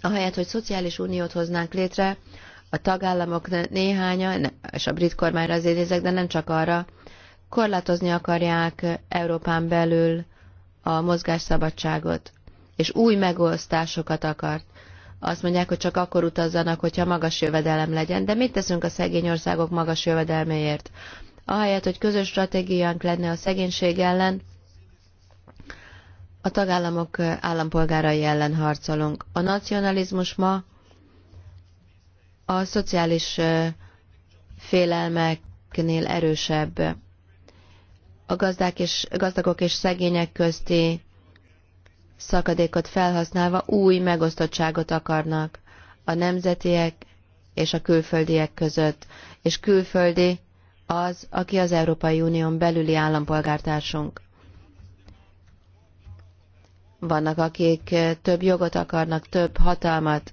Ahelyett, hogy szociális uniót hoznánk létre, a tagállamok néhánya, és a brit kormányra azért nézek, de nem csak arra, korlátozni akarják Európán belül a mozgásszabadságot, és új megosztásokat akart. Azt mondják, hogy csak akkor utazzanak, hogyha magas jövedelem legyen, de mit teszünk a szegény országok magas jövedelméért? ahelyett, hogy közös stratégiánk lenne a szegénység ellen, a tagállamok állampolgárai ellen harcolunk. A nacionalizmus ma a szociális félelmeknél erősebb. A gazdák és, gazdagok és szegények közti szakadékot felhasználva új megosztottságot akarnak a nemzetiek és a külföldiek között, és külföldi az, aki az Európai Unión belüli állampolgártársunk. Vannak, akik több jogot akarnak, több hatalmat,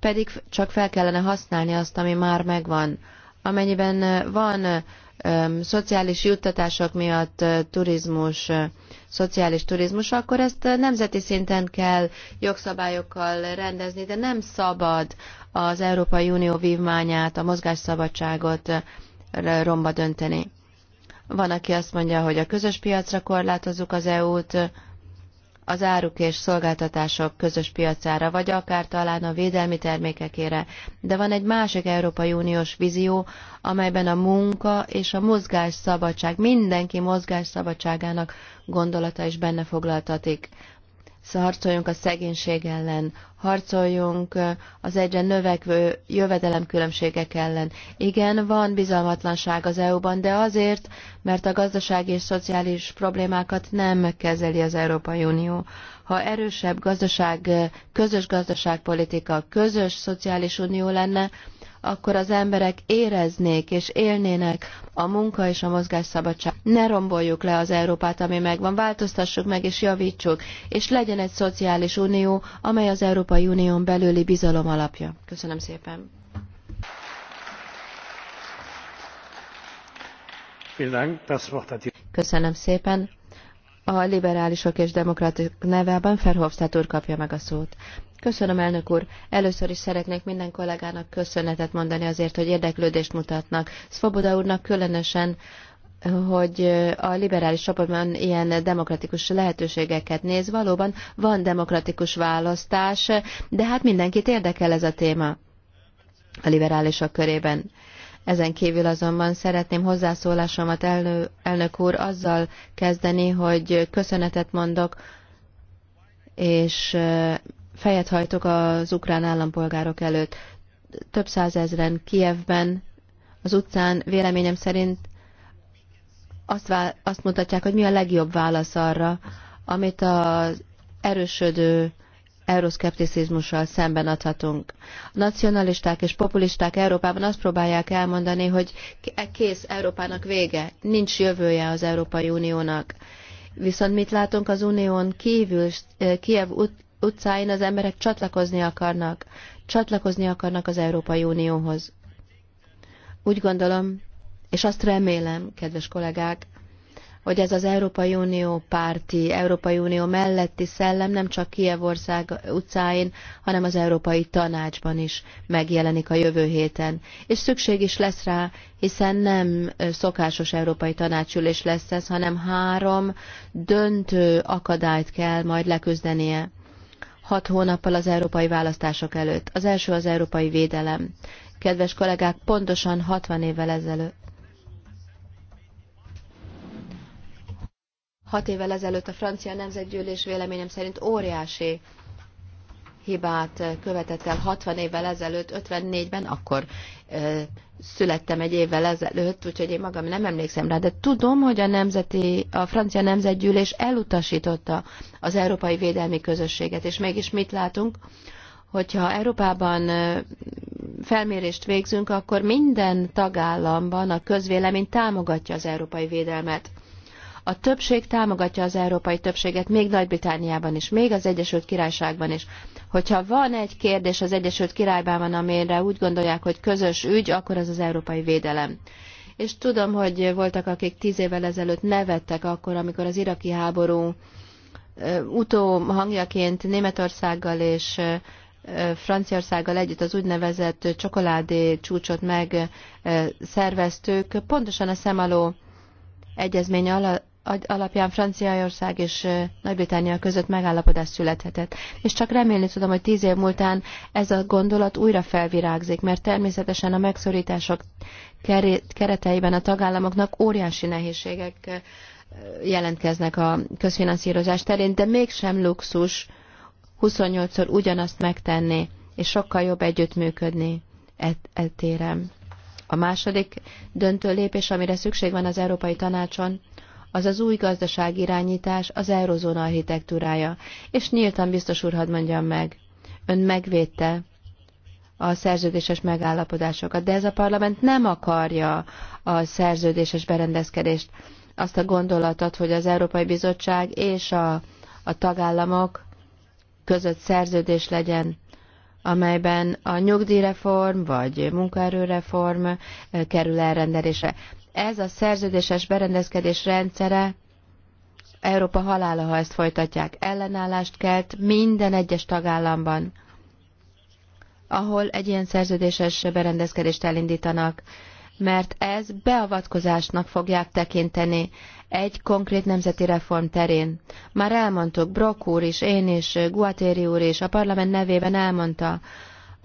pedig csak fel kellene használni azt, ami már megvan. Amennyiben van szociális juttatások miatt turizmus, szociális turizmus, akkor ezt nemzeti szinten kell jogszabályokkal rendezni, de nem szabad az Európai Unió vívmányát, a mozgásszabadságot romba dönteni. Van, aki azt mondja, hogy a közös piacra korlátozzuk az EU-t, az áruk és szolgáltatások közös piacára, vagy akár talán a védelmi termékekére. De van egy másik Európai Uniós vízió, amelyben a munka és a mozgásszabadság, mindenki mozgásszabadságának gondolata is benne foglaltatik harcoljunk a szegénység ellen, harcoljunk az egyre növekvő jövedelemkülönbségek ellen. Igen, van bizalmatlanság az EU-ban, de azért, mert a gazdasági és szociális problémákat nem kezeli az Európai Unió. Ha erősebb gazdaság, közös gazdaságpolitika, közös szociális unió lenne, akkor az emberek éreznék és élnének a munka és a mozgás szabadság. Ne romboljuk le az Európát, ami megvan, változtassuk meg és javítsuk, és legyen egy szociális unió, amely az Európai Unión belüli bizalom alapja. Köszönöm szépen. Köszönöm szépen. A liberálisok és demokratok nevében Ferhofstadt úr kapja meg a szót. Köszönöm, elnök úr. Először is szeretnék minden kollégának köszönetet mondani azért, hogy érdeklődést mutatnak. Szvoboda úrnak különösen hogy a liberális csoportban ilyen demokratikus lehetőségeket néz. Valóban van demokratikus választás, de hát mindenkit érdekel ez a téma a liberálisok körében. Ezen kívül azonban szeretném hozzászólásomat elnő, elnök úr azzal kezdeni, hogy köszönetet mondok, és fejet hajtok az ukrán állampolgárok előtt. Több százezren Kievben, az utcán véleményem szerint azt, azt mutatják, hogy mi a legjobb válasz arra, amit az erősödő euroszkepticizmussal szemben adhatunk. A nacionalisták és populisták Európában azt próbálják elmondani, hogy e kész Európának vége, nincs jövője az Európai Uniónak. Viszont mit látunk az Unión kívül, eh, Kiev utcáin az emberek csatlakozni akarnak, csatlakozni akarnak az Európai Unióhoz. Úgy gondolom, és azt remélem, kedves kollégák, hogy ez az Európai Unió párti, Európai Unió melletti szellem nem csak Kievország utcáin, hanem az Európai Tanácsban is megjelenik a jövő héten. És szükség is lesz rá, hiszen nem szokásos Európai Tanácsülés lesz ez, hanem három döntő akadályt kell majd leküzdenie hat hónappal az európai választások előtt. Az első az európai védelem. Kedves kollégák, pontosan 60 évvel ezelőtt, hat évvel ezelőtt a francia nemzetgyűlés véleményem szerint óriási hibát eh, követett el 60 évvel ezelőtt, 54-ben, akkor ö, eh, születtem egy évvel ezelőtt, úgyhogy én magam nem emlékszem rá, de tudom, hogy a, nemzeti, a francia nemzetgyűlés elutasította az Európai Védelmi Közösséget, és mégis mit látunk? Hogyha Európában eh, felmérést végzünk, akkor minden tagállamban a közvélemény támogatja az európai védelmet a többség támogatja az európai többséget, még Nagy-Britániában is, még az Egyesült Királyságban is. Hogyha van egy kérdés az Egyesült Királyban, amire úgy gondolják, hogy közös ügy, akkor az az európai védelem. És tudom, hogy voltak, akik tíz évvel ezelőtt nevettek akkor, amikor az iraki háború utó hangjaként Németországgal és Franciaországgal együtt az úgynevezett csokoládé csúcsot megszerveztük, pontosan a szemaló egyezmény alapján Franciaország és Nagy-Britannia között megállapodás születhetett. És csak remélni tudom, hogy tíz év múltán ez a gondolat újra felvirágzik, mert természetesen a megszorítások kereteiben a tagállamoknak óriási nehézségek jelentkeznek a közfinanszírozás terén, de mégsem luxus 28-szor ugyanazt megtenni, és sokkal jobb együttműködni eltérem. E a második döntő lépés, amire szükség van az Európai Tanácson, az az új gazdaságirányítás, az eurozóna architektúrája. És nyíltan biztos úr, hadd mondjam meg, ön megvédte a szerződéses megállapodásokat, de ez a parlament nem akarja a szerződéses berendezkedést, azt a gondolatot, hogy az Európai Bizottság és a, a tagállamok között szerződés legyen, amelyben a nyugdíjreform vagy munkaerőreform eh, kerül elrendelésre. Ez a szerződéses berendezkedés rendszere Európa halála, ha ezt folytatják. Ellenállást kelt minden egyes tagállamban, ahol egy ilyen szerződéses berendezkedést elindítanak, mert ez beavatkozásnak fogják tekinteni egy konkrét nemzeti reform terén. Már elmondtuk, Brok úr is, én is, Guatéri úr is, a parlament nevében elmondta,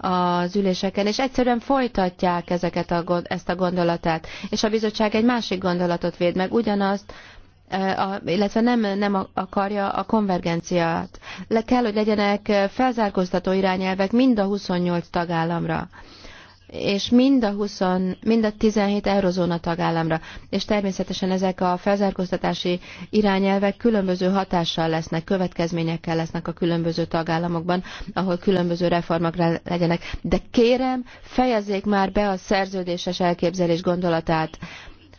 az üléseken, és egyszerűen folytatják ezeket a, ezt a gondolatát. És a bizottság egy másik gondolatot véd meg, ugyanazt, e, a, illetve nem, nem akarja a konvergenciát. Le kell, hogy legyenek e, felzárkóztató irányelvek mind a 28 tagállamra és mind a, 20, mind a 17 eurozóna tagállamra, és természetesen ezek a felzárkóztatási irányelvek különböző hatással lesznek, következményekkel lesznek a különböző tagállamokban, ahol különböző reformokra legyenek. De kérem, fejezzék már be a szerződéses elképzelés gondolatát.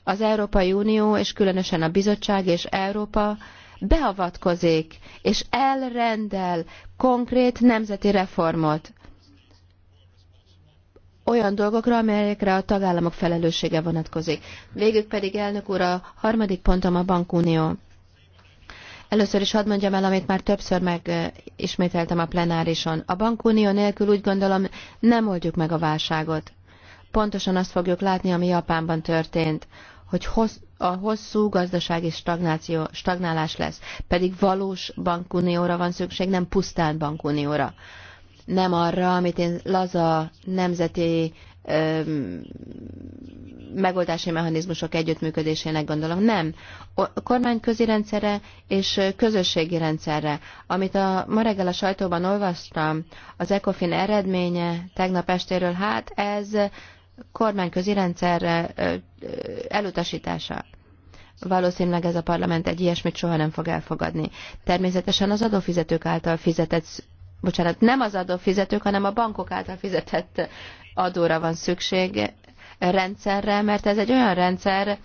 Az Európai Unió, és különösen a bizottság és Európa beavatkozik, és elrendel konkrét nemzeti reformot olyan dolgokra, amelyekre a tagállamok felelőssége vonatkozik. Végül pedig, elnök úr, a harmadik pontom a bankunió. Először is hadd mondjam el, amit már többször megismételtem eh, a plenárison. A bankunió nélkül úgy gondolom nem oldjuk meg a válságot. Pontosan azt fogjuk látni, ami Japánban történt, hogy hossz, a hosszú gazdasági stagnáció, stagnálás lesz. Pedig valós bankunióra van szükség, nem pusztán bankunióra nem arra, amit én laza nemzeti megoldási mechanizmusok együttműködésének gondolom. Nem. A kormányközi rendszerre és közösségi rendszerre. Amit a ma reggel a sajtóban olvastam, az ECOFIN eredménye tegnap estéről, hát ez kormányközi rendszer elutasítása. Valószínűleg ez a parlament egy ilyesmit soha nem fog elfogadni. Természetesen az adófizetők által fizetett bocsánat, nem az adófizetők, hanem a bankok által fizetett adóra van szükség rendszerre, mert ez egy olyan rendszer,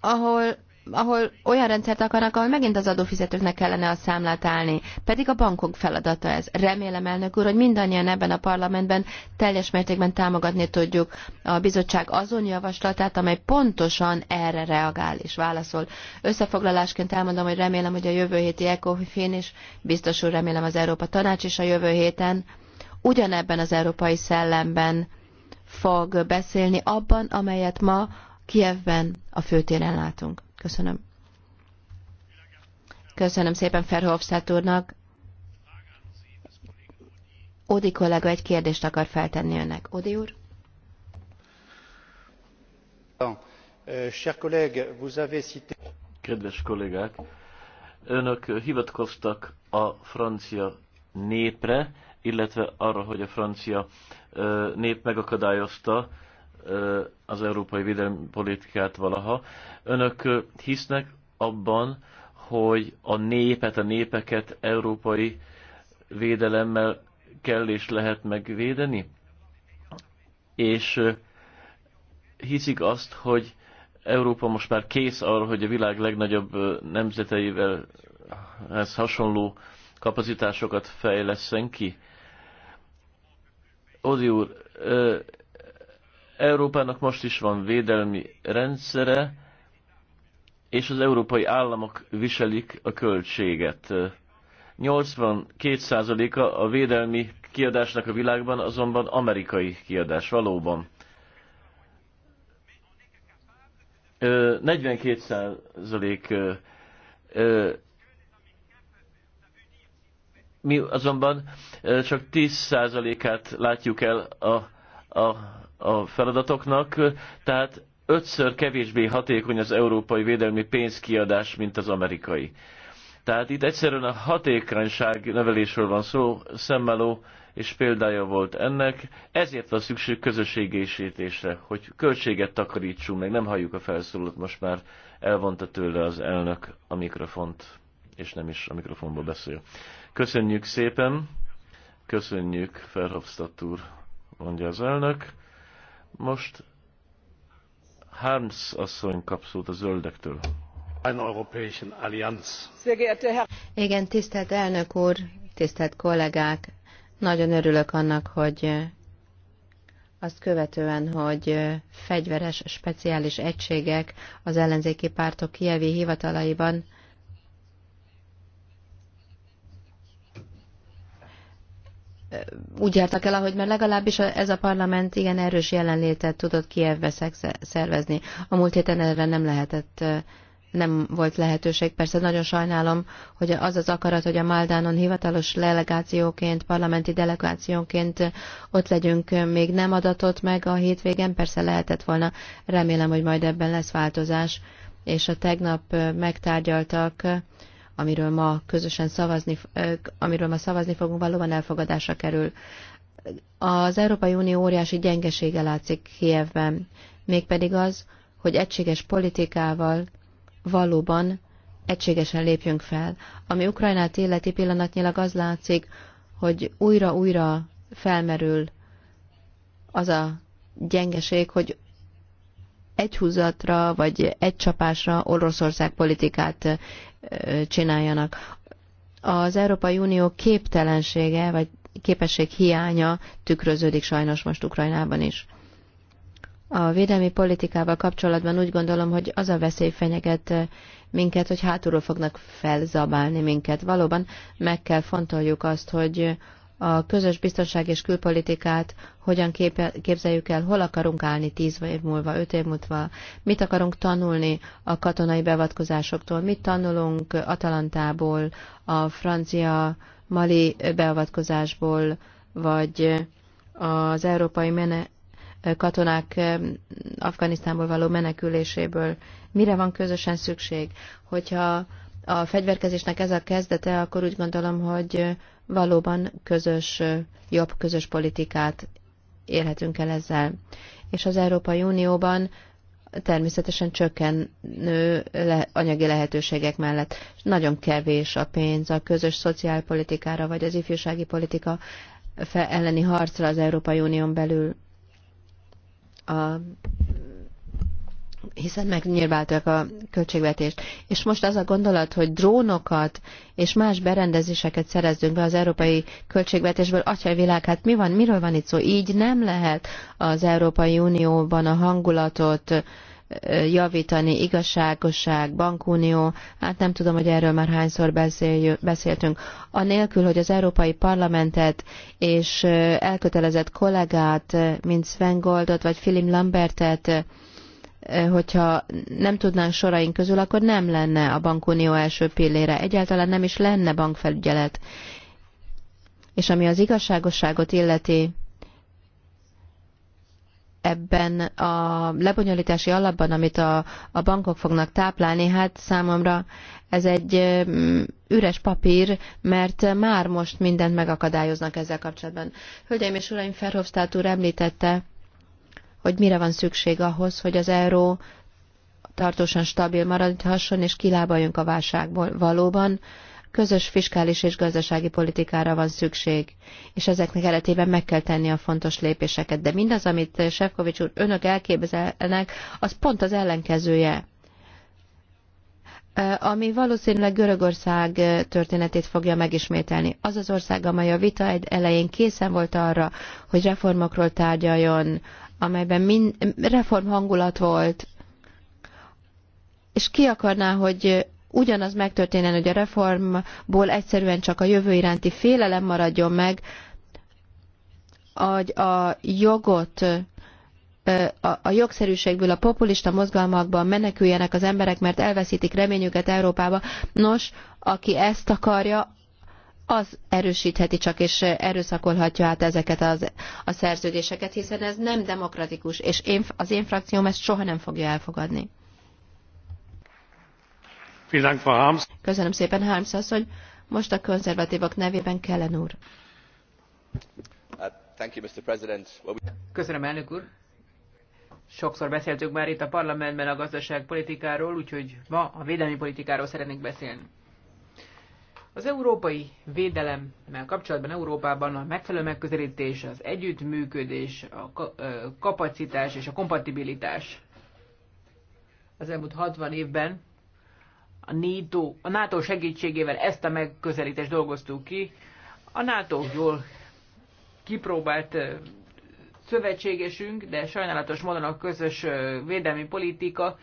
ahol ahol olyan rendszert akarnak, ahol megint az adófizetőknek kellene a számlát állni. Pedig a bankok feladata ez. Remélem, elnök úr, hogy mindannyian ebben a parlamentben teljes mértékben támogatni tudjuk a bizottság azon javaslatát, amely pontosan erre reagál és válaszol. Összefoglalásként elmondom, hogy remélem, hogy a jövő héti ECOFIN is, biztos úr, remélem az Európa Tanács is a jövő héten ugyanebben az európai szellemben fog beszélni abban, amelyet ma Kievben a főtéren látunk. Köszönöm. Köszönöm szépen Ferhofstadt úrnak. Odi kollega egy kérdést akar feltenni önnek. Odi úr? Kedves kollégák, önök hivatkoztak a francia népre, illetve arra, hogy a francia nép megakadályozta az európai védelmi politikát valaha. Önök hisznek abban, hogy a népet, a népeket európai védelemmel kell és lehet megvédeni? És hiszik azt, hogy Európa most már kész arra, hogy a világ legnagyobb nemzeteivel ez hasonló kapacitásokat fejleszen ki? Odi úr, Európának most is van védelmi rendszere, és az európai államok viselik a költséget. 82%-a a védelmi kiadásnak a világban azonban amerikai kiadás, valóban. 42% mi azonban csak 10%-át látjuk el a, a a feladatoknak, tehát ötször kevésbé hatékony az európai védelmi pénzkiadás, mint az amerikai. Tehát itt egyszerűen a hatékonyság növelésről van szó, Szemmeló és példája volt ennek, ezért van szükség közösségésítésre, hogy költséget takarítsunk meg, nem halljuk a felszólót, most már elvonta tőle az elnök a mikrofont, és nem is a mikrofonba beszél. Köszönjük szépen, köszönjük Ferhofstadt úr, mondja az elnök. Most Harms asszony kap a zöldektől. Igen, tisztelt elnök úr, tisztelt kollégák! Nagyon örülök annak, hogy azt követően, hogy fegyveres speciális egységek az ellenzéki pártok kievi hivatalaiban úgy jártak el, ahogy mert legalábbis ez a parlament igen erős jelenlétet tudott Kievbe szervezni. A múlt héten erre nem lehetett nem volt lehetőség. Persze nagyon sajnálom, hogy az az akarat, hogy a Maldánon hivatalos delegációként, parlamenti delegációként ott legyünk, még nem adatott meg a hétvégen, persze lehetett volna. Remélem, hogy majd ebben lesz változás, és a tegnap megtárgyaltak amiről ma közösen szavazni, amiről ma szavazni fogunk, valóban elfogadásra kerül. Az Európai Unió óriási gyengesége látszik Kievben, mégpedig az, hogy egységes politikával valóban egységesen lépjünk fel. Ami Ukrajnát életi pillanatnyilag az látszik, hogy újra-újra felmerül az a gyengeség, hogy egy húzatra vagy egy csapásra Oroszország politikát csináljanak. Az Európai Unió képtelensége, vagy képesség hiánya tükröződik sajnos most Ukrajnában is. A védelmi politikával kapcsolatban úgy gondolom, hogy az a veszély fenyeget eh, minket, hogy hátulról fognak felzabálni minket. Valóban meg kell fontoljuk azt, hogy a közös biztonság és külpolitikát hogyan képzeljük el, hol akarunk állni tíz év múlva, öt év múlva, mit akarunk tanulni a katonai beavatkozásoktól, mit tanulunk Atalantából, a francia mali beavatkozásból, vagy az európai mene, katonák Afganisztánból való meneküléséből. Mire van közösen szükség? Hogyha a fegyverkezésnek ez a kezdete, akkor úgy gondolom, hogy valóban közös, jobb közös politikát élhetünk el ezzel. És az Európai Unióban természetesen csökkenő le, anyagi lehetőségek mellett nagyon kevés a pénz a közös szociálpolitikára vagy az ifjúsági politika elleni harcra az Európai Unión belül. A hiszen megnyilválták a költségvetést. És most az a gondolat, hogy drónokat és más berendezéseket szerezzünk be az európai költségvetésből, atya világ, hát mi van, miről van itt szó? Így nem lehet az Európai Unióban a hangulatot javítani, igazságosság, bankunió, hát nem tudom, hogy erről már hányszor beszéltünk. Anélkül, hogy az Európai Parlamentet és elkötelezett kollégát, mint Sven Goldot vagy Philip Lambertet Eh, hogyha nem tudnánk soraink közül, akkor nem lenne a bankunió első pillére, egyáltalán nem is lenne bankfelügyelet. És ami az igazságosságot illeti, ebben a lebonyolítási alapban, amit a, a bankok fognak táplálni, hát számomra ez egy mm, üres papír, mert már most mindent megakadályoznak ezzel kapcsolatban. Hölgyeim és uraim, Ferhofstadt úr említette, hogy mire van szükség ahhoz, hogy az euró tartósan stabil maradhasson és kilábaljunk a válságból. Valóban közös fiskális és gazdasági politikára van szükség, és ezeknek keretében meg kell tenni a fontos lépéseket. De mindaz, amit Sefkovics úr önök elképzelnek, az pont az ellenkezője. Ami valószínűleg Görögország történetét fogja megismételni. Az az ország, amely a vita egy elején készen volt arra, hogy reformokról tárgyaljon, amelyben mind, reform hangulat volt, és ki akarná, hogy ugyanaz megtörténjen, hogy a reformból egyszerűen csak a jövő iránti félelem maradjon meg, hogy a jogot a jogszerűségből a populista mozgalmakban meneküljenek az emberek, mert elveszítik reményüket Európába. Nos, aki ezt akarja, az erősítheti csak és erőszakolhatja át ezeket az, a szerződéseket, hiszen ez nem demokratikus, és én, az én frakcióm ezt soha nem fogja elfogadni. Köszönöm szépen, Harms asszony. Most a konzervatívok nevében Kellen úr. Uh, Köszönöm, elnök úr. Sokszor beszéltük már itt a parlamentben a gazdaságpolitikáról, úgyhogy ma a védelmi politikáról szeretnék beszélni. Az európai védelemmel kapcsolatban Európában a megfelelő megközelítés, az együttműködés, a kapacitás és a kompatibilitás. Az elmúlt 60 évben a NATO, a NATO segítségével ezt a megközelítést dolgoztuk ki. A NATO jól kipróbált szövetségesünk, de sajnálatos módon a közös védelmi politika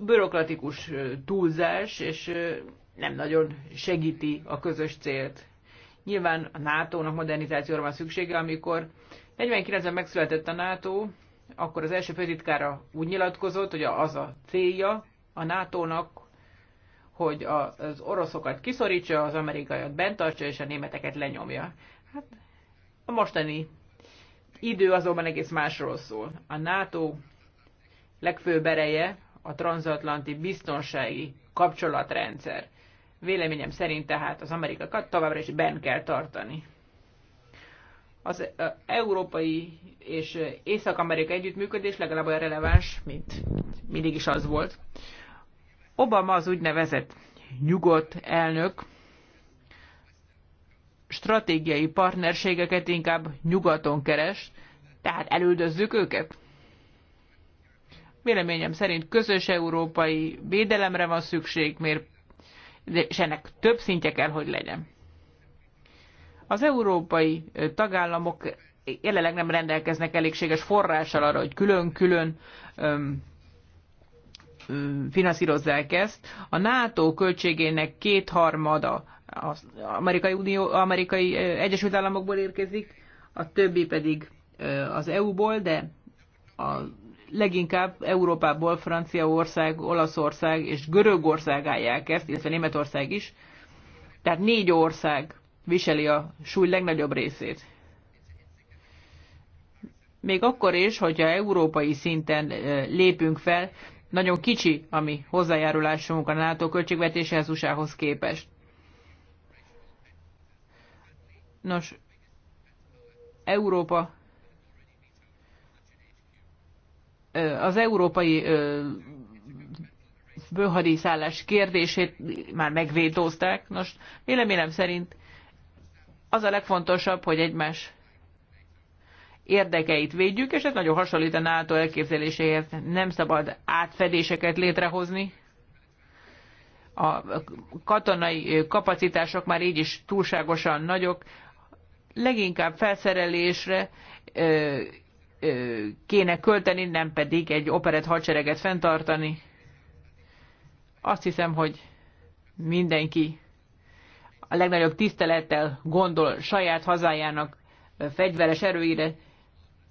bürokratikus túlzás, és nem nagyon segíti a közös célt. Nyilván a NATO-nak modernizációra van szüksége, amikor 49-ben megszületett a NATO, akkor az első főtitkára úgy nyilatkozott, hogy az a célja a NATO-nak, hogy az oroszokat kiszorítsa, az amerikaiat, bent tartsa, és a németeket lenyomja. Hát a mostani idő azonban egész másról szól. A NATO legfőbb ereje a transatlanti biztonsági kapcsolatrendszer. Véleményem szerint tehát az amerikakat továbbra is benn kell tartani. Az európai és észak-amerika együttműködés legalább olyan releváns, mint mindig is az volt. Obama az úgynevezett nyugodt elnök, stratégiai partnerségeket inkább nyugaton keres, tehát elüldözzük őket. Véleményem szerint közös európai védelemre van szükség, mert és ennek több szintje kell, hogy legyen. Az európai tagállamok jelenleg nem rendelkeznek elégséges forrással arra, hogy külön-külön finanszírozzák ezt. A NATO költségének kétharmada az Amerikai, Unió, Amerikai Egyesült Államokból érkezik, a többi pedig az EU-ból, de a leginkább Európából Franciaország, Olaszország és Görögország állják ezt, illetve Németország is. Tehát négy ország viseli a súly legnagyobb részét. Még akkor is, hogyha európai szinten lépünk fel, nagyon kicsi a mi hozzájárulásunk a NATO költségvetéséhez usa képest. Nos, Európa az európai bőhadiszállás kérdését már megvétózták. Most véleményem szerint az a legfontosabb, hogy egymás érdekeit védjük, és ez nagyon hasonlít a NATO elképzeléséhez. Nem szabad átfedéseket létrehozni. A katonai kapacitások már így is túlságosan nagyok. Leginkább felszerelésre kéne költeni, nem pedig egy operett hadsereget fenntartani. Azt hiszem, hogy mindenki a legnagyobb tisztelettel gondol saját hazájának fegyveres erőire,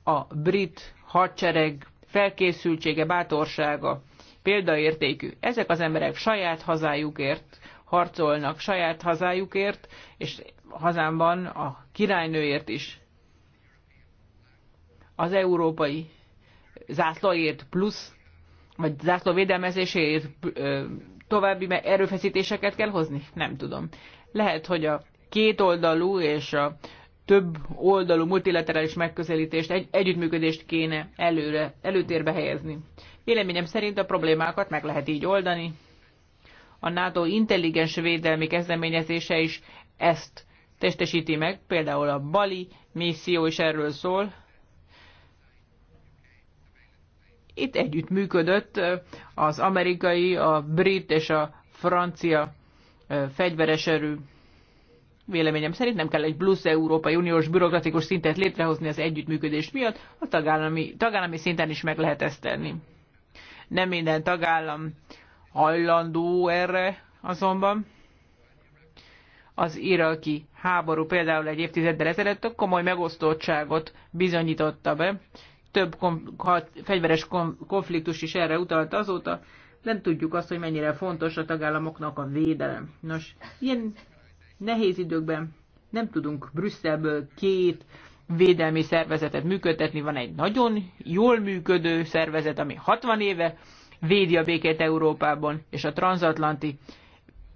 a brit hadsereg felkészültsége, bátorsága példaértékű. Ezek az emberek saját hazájukért harcolnak, saját hazájukért, és hazámban a királynőért is az európai zászlóért plusz, vagy zászló védelmezéséért további erőfeszítéseket kell hozni? Nem tudom. Lehet, hogy a kétoldalú és a több oldalú multilaterális megközelítést, egy, együttműködést kéne előre, előtérbe helyezni. Véleményem szerint a problémákat meg lehet így oldani. A NATO intelligens védelmi kezdeményezése is ezt testesíti meg, például a Bali misszió is erről szól, Itt együtt működött az amerikai, a brit és a francia fegyveres erő. Véleményem szerint nem kell egy plusz Európai Uniós bürokratikus szintet létrehozni az együttműködés miatt, a tagállami, tagállami szinten is meg lehet ezt tenni. Nem minden tagállam hajlandó erre azonban. Az iraki háború például egy évtizeddel ezelőtt komoly megosztottságot bizonyította be, több fegyveres konfliktus is erre utalt azóta, nem tudjuk azt, hogy mennyire fontos a tagállamoknak a védelem. Nos, ilyen nehéz időkben nem tudunk Brüsszelből két védelmi szervezetet működtetni. Van egy nagyon jól működő szervezet, ami 60 éve védi a békét Európában, és a transatlanti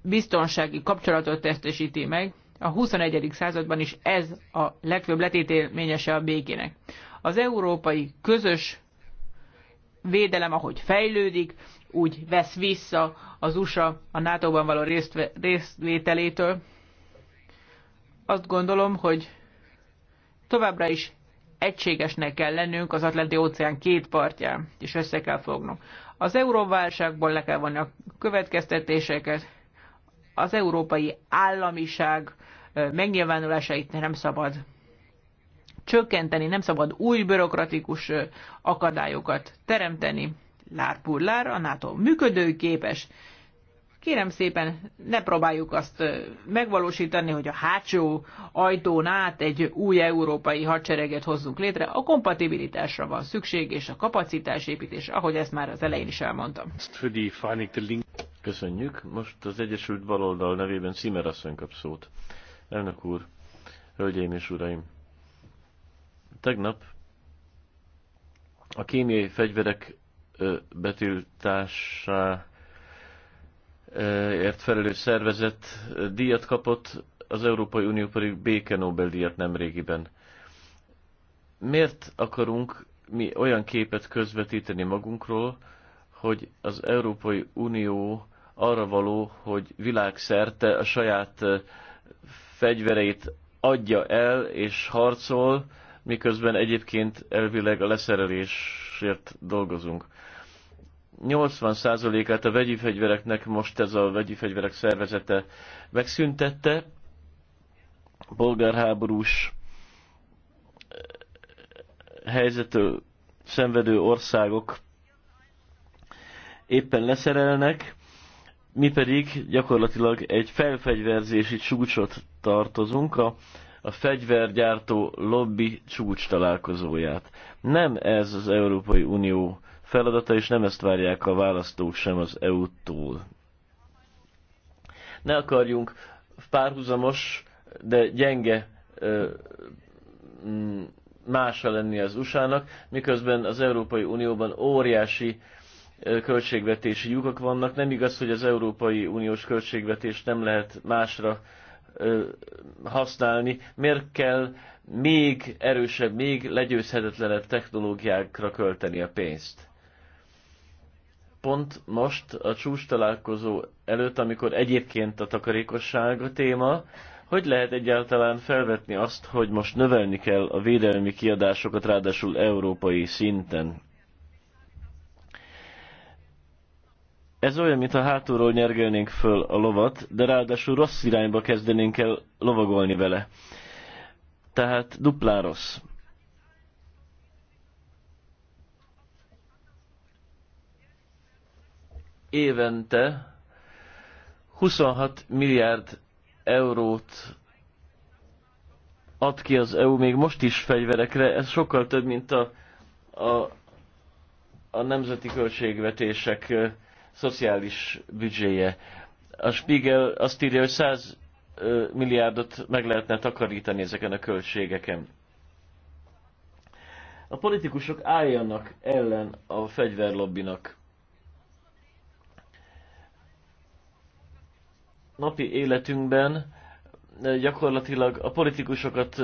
biztonsági kapcsolatot testesíti meg. A 21. században is ez a legfőbb letétélményese a békének. Az európai közös védelem, ahogy fejlődik, úgy vesz vissza az USA a NATO-ban való részvételétől. Azt gondolom, hogy továbbra is egységesnek kell lennünk az Atlanti-óceán két partján, és össze kell fognunk. Az euróválságból le kell vonni a következtetéseket, az európai államiság megnyilvánulásait nem szabad csökkenteni, nem szabad új bürokratikus akadályokat teremteni. Lár a NATO működőképes. Kérem szépen, ne próbáljuk azt megvalósítani, hogy a hátsó ajtón át egy új európai hadsereget hozzunk létre. A kompatibilitásra van szükség, és a kapacitásépítés, ahogy ezt már az elején is elmondtam. Köszönjük. Most az Egyesült Baloldal nevében asszony kap szót. Elnök úr, hölgyeim és uraim! Tegnap a kémiai fegyverek betiltásáért felelős szervezet díjat kapott, az Európai Unió pedig béke Nobel-díjat nemrégiben. Miért akarunk mi olyan képet közvetíteni magunkról, hogy az Európai Unió arra való, hogy világszerte a saját fegyvereit adja el és harcol, miközben egyébként elvileg a leszerelésért dolgozunk. 80%-át a vegyi fegyvereknek most ez a vegyi fegyverek szervezete megszüntette. Polgárháborús eh, helyzetől szenvedő országok éppen leszerelnek, mi pedig gyakorlatilag egy felfegyverzési csúcsot tartozunk. A a fegyvergyártó lobby csúcs találkozóját. Nem ez az Európai Unió feladata, és nem ezt várják a választók sem az EU-tól. Ne akarjunk párhuzamos, de gyenge mása lenni az USA-nak, miközben az Európai Unióban óriási költségvetési lyukak vannak. Nem igaz, hogy az Európai Uniós költségvetést nem lehet másra használni, miért kell még erősebb, még legyőzhetetlenebb technológiákra költeni a pénzt. Pont most a csúcs találkozó előtt, amikor egyébként a takarékosság a téma, hogy lehet egyáltalán felvetni azt, hogy most növelni kell a védelmi kiadásokat, ráadásul európai szinten? Ez olyan, mintha hátulról nyergelnénk föl a lovat, de ráadásul rossz irányba kezdenénk el lovagolni vele. Tehát duplán rossz. Évente 26 milliárd eurót ad ki az EU még most is fegyverekre, ez sokkal több, mint a, a, a nemzeti költségvetések szociális büdzséje. A Spiegel azt írja, hogy 100 milliárdot meg lehetne takarítani ezeken a költségeken. A politikusok álljanak ellen a fegyverlobbinak. Napi életünkben gyakorlatilag a politikusokat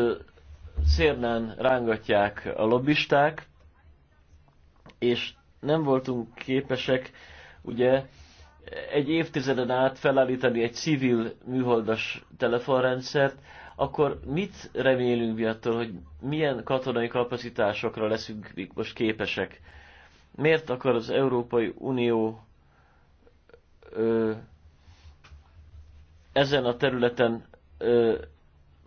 szérnán rángatják a lobbisták, és nem voltunk képesek Ugye egy évtizeden át felállítani egy civil műholdas telefonrendszert, akkor mit remélünk mi attól, hogy milyen katonai kapacitásokra leszünk most képesek? Miért akar az Európai Unió ö, ezen a területen ö,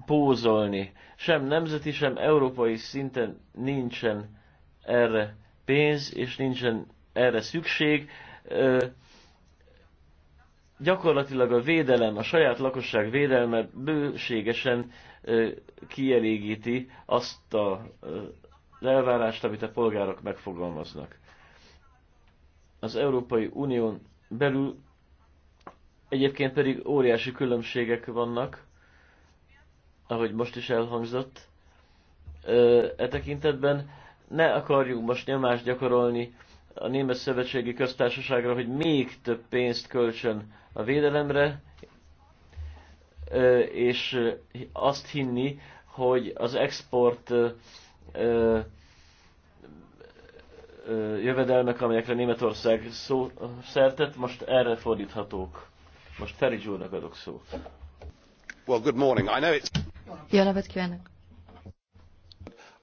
pózolni? Sem nemzeti, sem európai szinten nincsen erre pénz, és nincsen erre szükség gyakorlatilag a védelem, a saját lakosság védelme bőségesen kielégíti azt a elvárást, amit a polgárok megfogalmaznak. Az Európai Unión belül egyébként pedig óriási különbségek vannak, ahogy most is elhangzott, e tekintetben ne akarjuk most nyomást gyakorolni a Német Szövetségi Köztársaságra, hogy még több pénzt költsön a védelemre, és azt hinni, hogy az export jövedelmek, amelyekre Németország szó szertett, most erre fordíthatók. Most Feri Zsúrnak adok szót. Well, good morning. I know it's... Jó napot kívánok!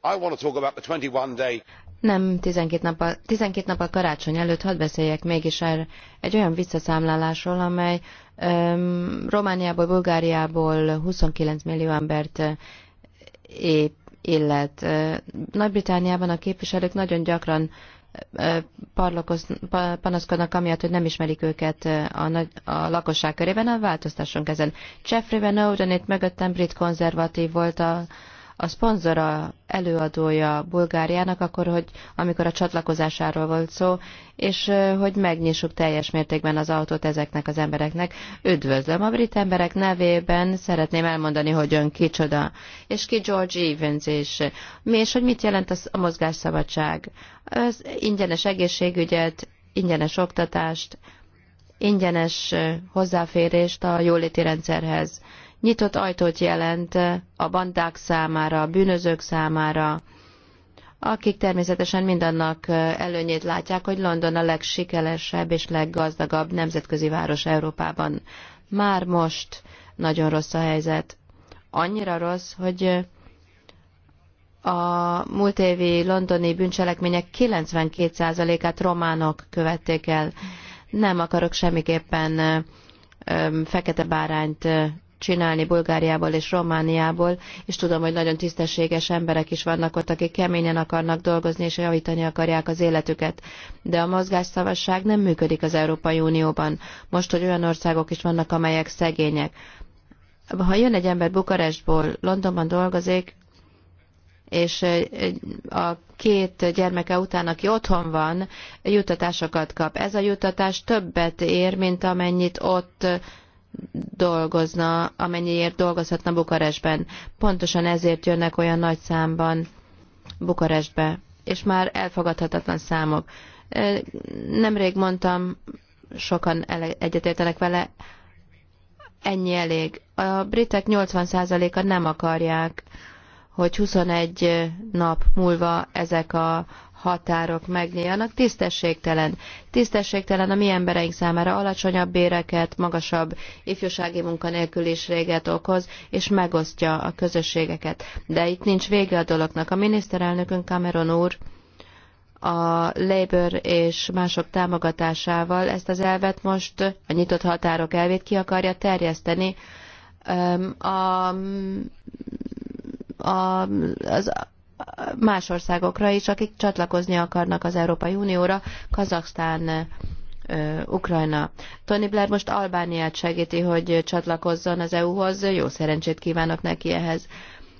I want to talk about the 21 day nem, 12 nap, a, 12 nap a karácsony előtt, hadd beszéljek mégis erre egy olyan visszaszámlálásról, amely um, Romániából, Bulgáriából 29 millió embert épp illet. Nagy-Britániában a képviselők nagyon gyakran panaszkodnak amiatt, hogy nem ismerik őket a, nagy, a lakosság körében, a változtassunk ezen. Jeffrey Van Oden itt mögöttem brit konzervatív volt a, a szponzora, előadója Bulgáriának, akkor, hogy amikor a csatlakozásáról volt szó, és hogy megnyissuk teljes mértékben az autót ezeknek az embereknek. Üdvözlöm a brit emberek nevében, szeretném elmondani, hogy ön kicsoda, és ki George Evans is. Mi és hogy mit jelent a mozgásszabadság? Az ingyenes egészségügyet, ingyenes oktatást, ingyenes hozzáférést a jóléti rendszerhez nyitott ajtót jelent a bandák számára, a bűnözők számára, akik természetesen mindannak előnyét látják, hogy London a legsikeresebb és leggazdagabb nemzetközi város Európában. Már most nagyon rossz a helyzet. Annyira rossz, hogy a múlt évi londoni bűncselekmények 92%-át románok követték el. Nem akarok semmiképpen fekete bárányt csinálni Bulgáriából és Romániából, és tudom, hogy nagyon tisztességes emberek is vannak ott, akik keményen akarnak dolgozni és javítani akarják az életüket. De a mozgásszabadság nem működik az Európai Unióban. Most, hogy olyan országok is vannak, amelyek szegények. Ha jön egy ember Bukarestból, Londonban dolgozik, és a két gyermeke után, aki otthon van, juttatásokat kap. Ez a juttatás többet ér, mint amennyit ott dolgozna, amennyiért dolgozhatna Bukarestben. Pontosan ezért jönnek olyan nagy számban Bukarestbe, és már elfogadhatatlan számok. Nemrég mondtam, sokan egyetértenek vele, ennyi elég. A britek 80%-a nem akarják, hogy 21 nap múlva ezek a határok megnyíljanak, tisztességtelen. Tisztességtelen a mi embereink számára alacsonyabb béreket, magasabb ifjúsági munkanélküliséget okoz, és megosztja a közösségeket. De itt nincs vége a dolognak. A miniszterelnökünk Cameron úr a Labour és mások támogatásával ezt az elvet most, a nyitott határok elvét ki akarja terjeszteni a, a, az más országokra is, akik csatlakozni akarnak az Európai Unióra, Kazaksztán, Ukrajna. Tony Blair most Albániát segíti, hogy csatlakozzon az EU-hoz, jó szerencsét kívánok neki ehhez.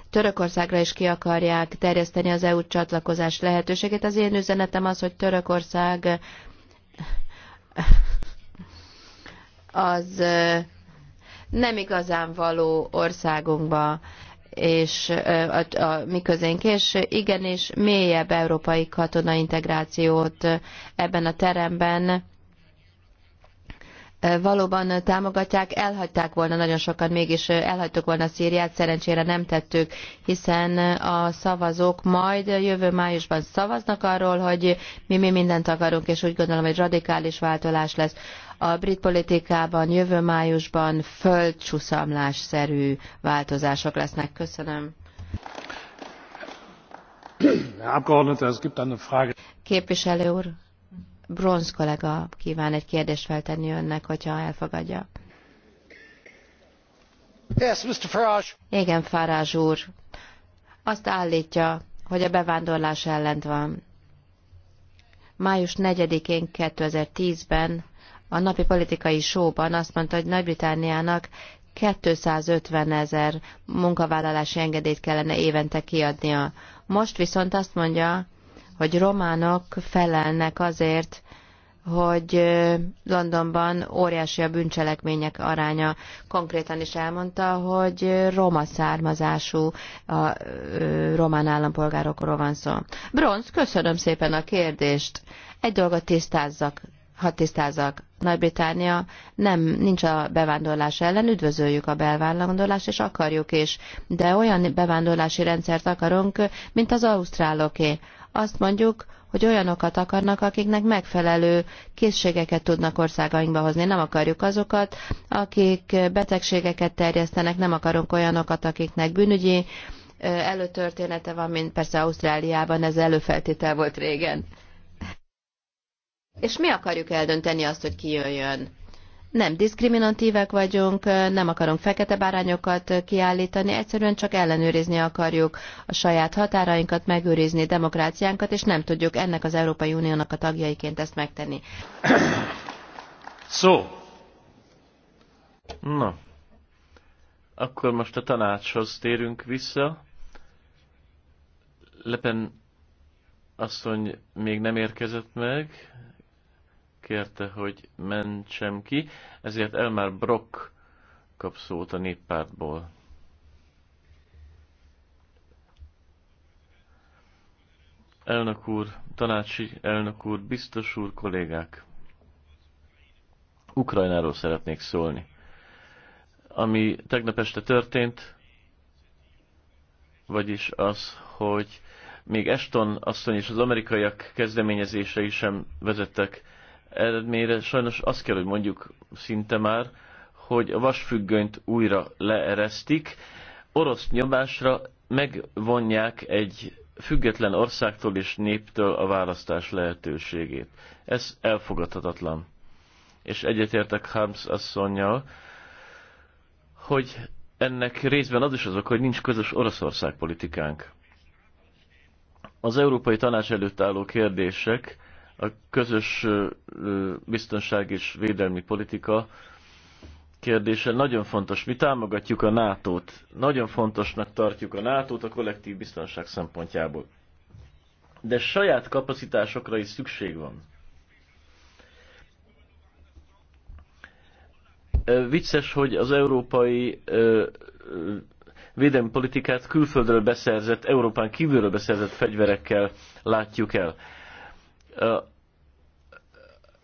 Törökországra is ki akarják terjeszteni az EU csatlakozás lehetőségét. Az én üzenetem az, hogy Törökország az nem igazán való országunkba és a, a mi közénk, és igenis mélyebb európai katona integrációt ebben a teremben valóban támogatják, elhagyták volna nagyon sokan, mégis elhagytuk volna a Szíriát, szerencsére nem tettük, hiszen a szavazók majd jövő májusban szavaznak arról, hogy mi, mi mindent akarunk, és úgy gondolom, hogy radikális váltolás lesz a brit politikában jövő májusban földcsuszamlásszerű változások lesznek. Köszönöm. Képviselő úr, Bronz kollega kíván egy kérdést feltenni önnek, hogyha elfogadja. Yes, Mr. Farage. Igen, Farage úr. Azt állítja, hogy a bevándorlás ellent van. Május 4-én 2010-ben a napi politikai showban azt mondta, hogy Nagy-Britániának 250 ezer munkavállalási engedélyt kellene évente kiadnia. Most viszont azt mondja, hogy románok felelnek azért, hogy Londonban óriási a bűncselekmények aránya. Konkrétan is elmondta, hogy roma származású a román állampolgárokról van szó. Bronz, köszönöm szépen a kérdést. Egy dolgot tisztázzak hadd tisztázzak, Nagy-Británia nem, nincs a bevándorlás ellen, üdvözöljük a bevándorlást, és akarjuk is, de olyan bevándorlási rendszert akarunk, mint az ausztráloké. Azt mondjuk, hogy olyanokat akarnak, akiknek megfelelő készségeket tudnak országainkba hozni. Nem akarjuk azokat, akik betegségeket terjesztenek, nem akarunk olyanokat, akiknek bűnügyi előtörténete van, mint persze Ausztráliában ez előfeltétel volt régen. És mi akarjuk eldönteni azt, hogy ki jöjjön? Nem diszkriminatívek vagyunk, nem akarunk fekete bárányokat kiállítani, egyszerűen csak ellenőrizni akarjuk a saját határainkat, megőrizni demokráciánkat, és nem tudjuk ennek az Európai Uniónak a tagjaiként ezt megtenni. Szó. Na, akkor most a tanácshoz térünk vissza. Lepen asszony még nem érkezett meg, kérte, hogy mentsem ki, ezért Elmar Brock kap szót a néppártból. Elnök úr, tanácsi elnök úr, biztos úr, kollégák! Ukrajnáról szeretnék szólni. Ami tegnap este történt, vagyis az, hogy még Eston asszony és az amerikaiak kezdeményezései sem vezettek eredményre sajnos azt kell, hogy mondjuk szinte már, hogy a vasfüggönyt újra leeresztik, orosz nyomásra megvonják egy független országtól és néptől a választás lehetőségét. Ez elfogadhatatlan. És egyetértek Harms asszonynal, hogy ennek részben az is az hogy nincs közös Oroszország politikánk. Az Európai Tanács előtt álló kérdések a közös biztonság és védelmi politika kérdése nagyon fontos. Mi támogatjuk a NATO-t. Nagyon fontosnak tartjuk a NATO-t a kollektív biztonság szempontjából. De saját kapacitásokra is szükség van. Vicces, hogy az európai védelmi politikát külföldről beszerzett, Európán kívülről beszerzett fegyverekkel látjuk el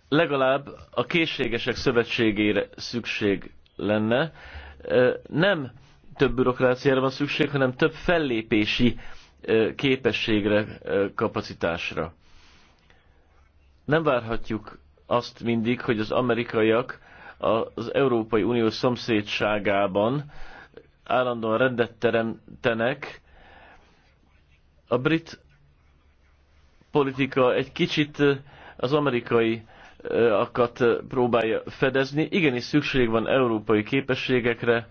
legalább a készségesek szövetségére szükség lenne. Nem több bürokráciára van szükség, hanem több fellépési képességre, kapacitásra. Nem várhatjuk azt mindig, hogy az amerikaiak az Európai Unió szomszédságában állandóan rendet teremtenek. A brit politika egy kicsit az amerikai akat próbálja fedezni. Igenis szükség van európai képességekre,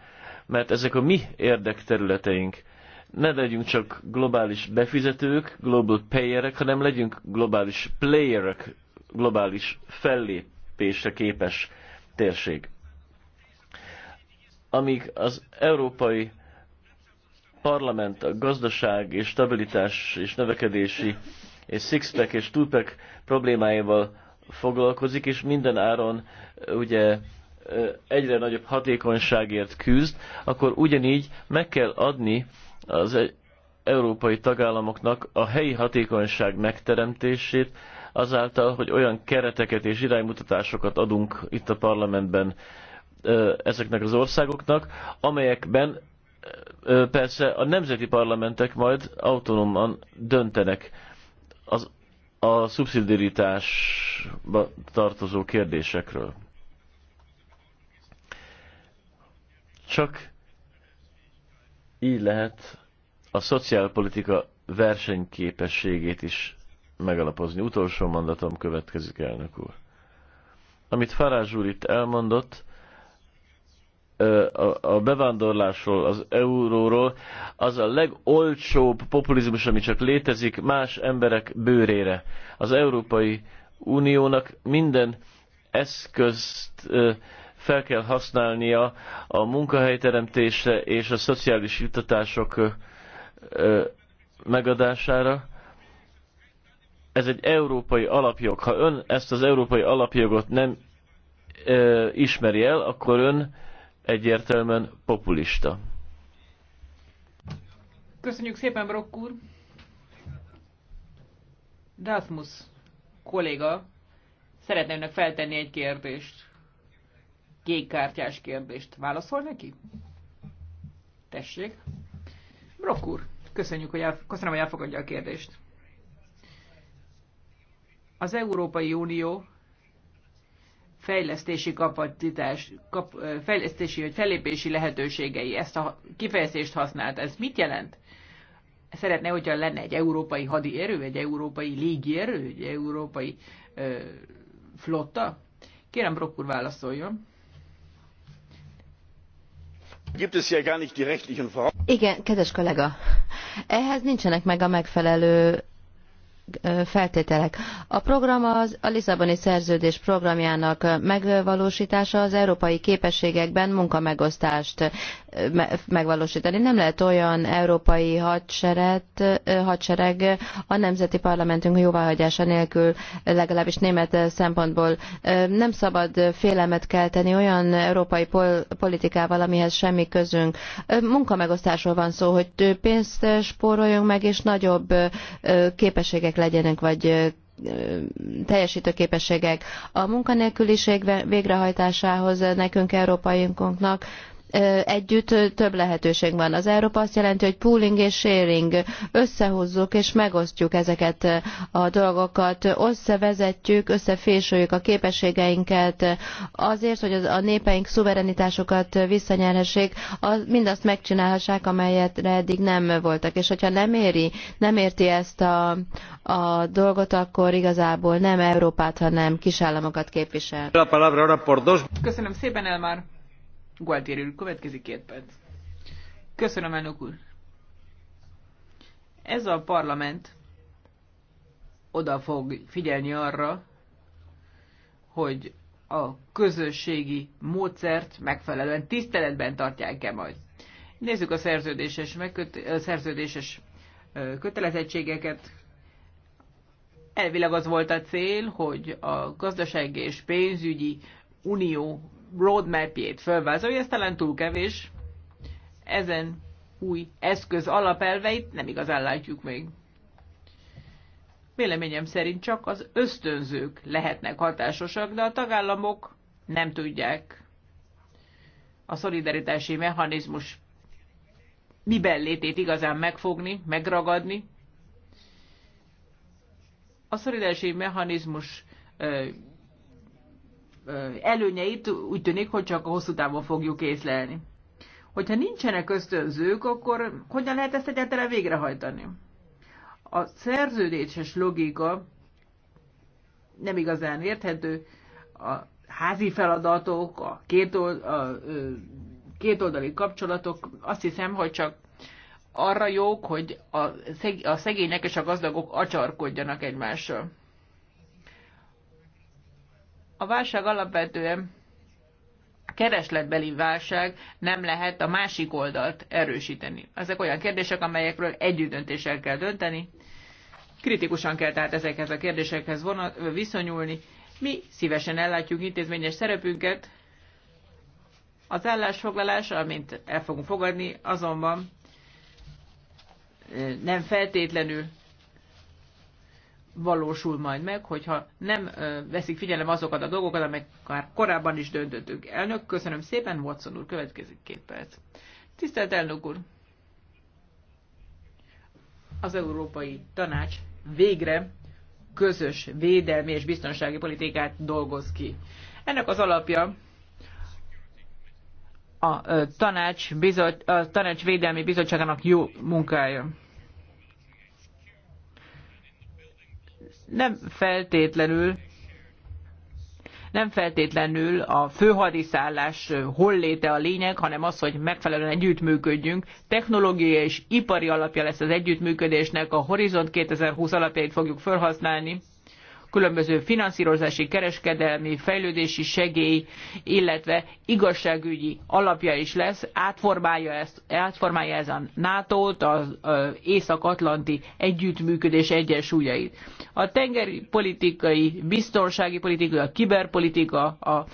mert ezek a mi érdekterületeink. Ne legyünk csak globális befizetők, global payerek, hanem legyünk globális playerek, globális fellépésre képes térség. Amíg az európai parlament a gazdaság és stabilitás és növekedési és Sixpack és Tupac problémáival foglalkozik, és minden áron ugye egyre nagyobb hatékonyságért küzd, akkor ugyanígy meg kell adni az e- európai tagállamoknak a helyi hatékonyság megteremtését, azáltal, hogy olyan kereteket és iránymutatásokat adunk itt a parlamentben ezeknek az országoknak, amelyekben persze a nemzeti parlamentek majd autonóman döntenek az, a szubszidiaritásba tartozó kérdésekről. Csak így lehet a szociálpolitika versenyképességét is megalapozni. Utolsó mandatom következik, elnök úr. Amit Farázs úr itt elmondott, a bevándorlásról, az euróról, az a legolcsóbb populizmus, ami csak létezik más emberek bőrére. Az Európai Uniónak minden eszközt fel kell használnia a munkahelyteremtésre és a szociális juttatások megadására. Ez egy európai alapjog. Ha ön ezt az európai alapjogot nem ismeri el, akkor ön egyértelműen populista. Köszönjük szépen, Brock úr! Rasmus kolléga szeretne önök feltenni egy kérdést. Kékkártyás kérdést. Válaszol neki? Tessék. Brock úr, köszönjük, hogy elf- köszönöm, hogy elfogadja a kérdést. Az Európai Unió fejlesztési kapacitás, kap, fejlesztési vagy felépési lehetőségei, ezt a kifejezést használt. Ez mit jelent? Szeretne, hogyha lenne egy európai hadierő, egy európai légierő, egy európai ö, flotta? Kérem, Brock úr válaszoljon. Igen, kedves kollega, ehhez nincsenek meg a megfelelő feltételek. A program az a Lisszaboni szerződés programjának megvalósítása az európai képességekben munkamegosztást megvalósítani. Nem lehet olyan európai hadseret, hadsereg a nemzeti parlamentünk jóváhagyása nélkül, legalábbis német szempontból nem szabad félelmet kelteni olyan európai pol- politikával, amihez semmi közünk. Munkamegosztásról van szó, hogy pénzt spóroljunk meg, és nagyobb képességek legyenek, vagy teljesítő képességek. A munkanélküliség végrehajtásához nekünk, európainknak együtt több lehetőség van. Az Európa azt jelenti, hogy pooling és sharing, összehozzuk és megosztjuk ezeket a dolgokat, összevezetjük, összefésüljük a képességeinket azért, hogy a népeink szuverenitásokat visszanyerhessék, mindazt megcsinálhassák, amelyet eddig nem voltak. És hogyha nem éri, nem érti ezt a, a dolgot, akkor igazából nem Európát, hanem kisállamokat képvisel. Köszönöm szépen, Elmar. Gualtieri úr, következő két perc. Köszönöm, elnök úr. Ez a parlament oda fog figyelni arra, hogy a közösségi módszert megfelelően tiszteletben tartják-e majd. Nézzük a szerződéses, megköt, szerződéses kötelezettségeket. Elvileg az volt a cél, hogy a gazdasági és pénzügyi unió roadmapjét fölvázolja, ez talán túl kevés. Ezen új eszköz alapelveit nem igazán látjuk még. Véleményem szerint csak az ösztönzők lehetnek hatásosak, de a tagállamok nem tudják a szolidaritási mechanizmus miben létét igazán megfogni, megragadni. A szolidaritási mechanizmus előnyeit úgy tűnik, hogy csak a hosszú távon fogjuk észlelni. Hogyha nincsenek ösztönzők, akkor hogyan lehet ezt egyáltalán végrehajtani? A szerződéses logika nem igazán érthető. A házi feladatok, a, kétoldali két kapcsolatok azt hiszem, hogy csak arra jók, hogy a, a szegények és a gazdagok acsarkodjanak egymással. A válság alapvetően keresletbeli válság nem lehet a másik oldalt erősíteni. Ezek olyan kérdések, amelyekről együttdöntéssel kell dönteni. Kritikusan kell tehát ezekhez a kérdésekhez vonat, viszonyulni. Mi szívesen ellátjuk intézményes szerepünket. Az állásfoglalás, amint el fogunk fogadni, azonban nem feltétlenül valósul majd meg, hogyha nem veszik figyelem azokat a dolgokat, amelyek már korábban is döntöttük. Elnök, köszönöm szépen, Watson úr, következik két perc. Tisztelt elnök úr! Az Európai Tanács végre közös védelmi és biztonsági politikát dolgoz ki. Ennek az alapja a tanács, bizot, a tanács Védelmi Bizottságának jó munkája. nem feltétlenül nem feltétlenül a főhadiszállás léte a lényeg, hanem az, hogy megfelelően együttműködjünk. Technológiai és ipari alapja lesz az együttműködésnek, a Horizont 2020 alapjait fogjuk felhasználni, különböző finanszírozási, kereskedelmi, fejlődési segély, illetve igazságügyi alapja is lesz, átformálja, ezt, átformálja ez a NATO-t, az Észak-Atlanti Együttműködés egyensúlyait. A tengeri politikai, biztonsági politika, a kiberpolitika, a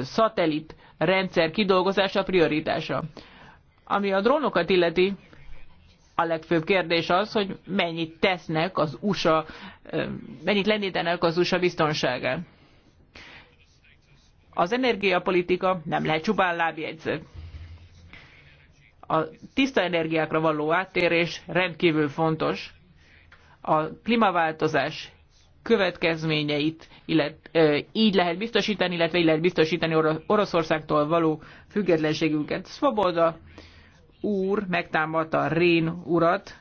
szatellit rendszer kidolgozása prioritása. Ami a drónokat illeti, a legfőbb kérdés az, hogy mennyit tesznek az USA, mennyit lendítenek az USA biztonsága. Az energiapolitika nem lehet csupán lábjegyző. A tiszta energiákra való áttérés rendkívül fontos. A klímaváltozás következményeit illet, így lehet biztosítani, illetve így lehet biztosítani Oroszországtól való függetlenségünket. Svoboda úr megtámadta Rén urat.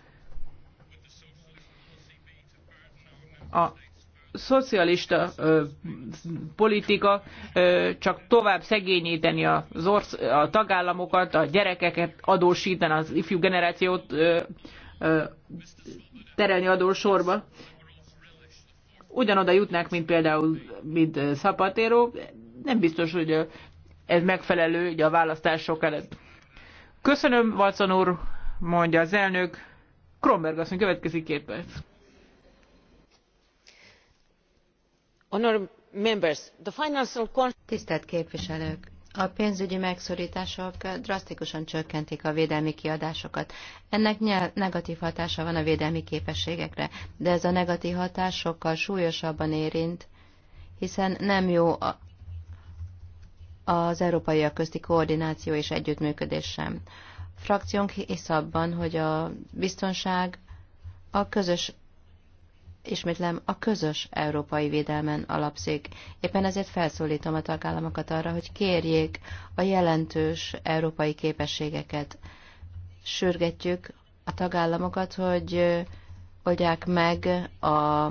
A szocialista ö, politika ö, csak tovább szegényíteni az orsz, a tagállamokat, a gyerekeket adósítani, az ifjú generációt ö, ö, terelni adósorba. Ugyanoda jutnák, mint például mint Zapatero, nem biztos, hogy ez megfelelő ugye a választások előtt. Köszönöm, Watson úr, mondja az elnök. Kromberg asszony, következik két perc. Tisztelt képviselők! A pénzügyi megszorítások drasztikusan csökkentik a védelmi kiadásokat. Ennek negatív hatása van a védelmi képességekre, de ez a negatív hatás sokkal súlyosabban érint, hiszen nem jó a az európaiak közti koordináció és együttműködés sem. A frakciónk hisz abban, hogy a biztonság a közös ismétlem, a közös európai védelmen alapszik. Éppen ezért felszólítom a tagállamokat arra, hogy kérjék a jelentős európai képességeket. Sürgetjük a tagállamokat, hogy oldják meg a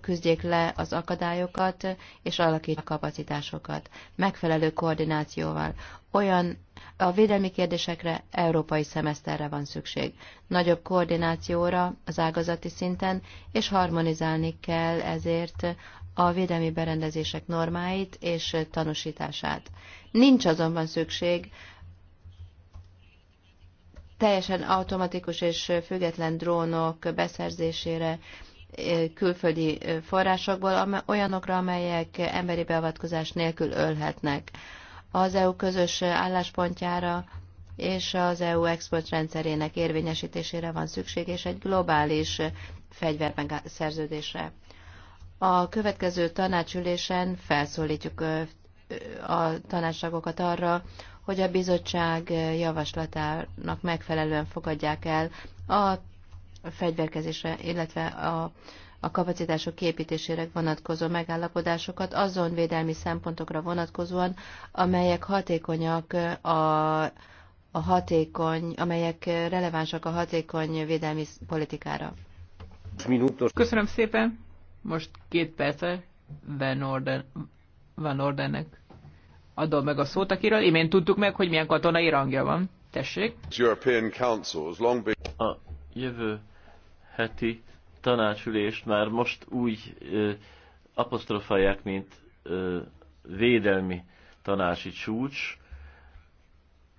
küzdjék le az akadályokat, és alakítsák a kapacitásokat megfelelő koordinációval. Olyan a védelmi kérdésekre európai szemeszterre van szükség. Nagyobb koordinációra az ágazati szinten, és harmonizálni kell ezért a védelmi berendezések normáit és tanúsítását. Nincs azonban szükség teljesen automatikus és független drónok beszerzésére, külföldi forrásokból olyanokra, amelyek emberi beavatkozás nélkül ölhetnek. Az EU közös álláspontjára és az EU exportrendszerének érvényesítésére van szükség, és egy globális fegyverben szerződésre. A következő tanácsülésen felszólítjuk a tanácstagokat arra, hogy a bizottság javaslatának megfelelően fogadják el a fegyverkezésre, illetve a, a kapacitások képítésére vonatkozó megállapodásokat azon védelmi szempontokra vonatkozóan, amelyek hatékonyak a, a hatékony, amelyek relevánsak a hatékony védelmi politikára. Köszönöm szépen. Most két perce Van, Orden, Van Ordennek adom meg a szót, akiről imént tudtuk meg, hogy milyen katonai rangja van. Tessék. A jövő heti tanácsülést már most úgy ö, apostrofálják, mint ö, védelmi tanácsi csúcs,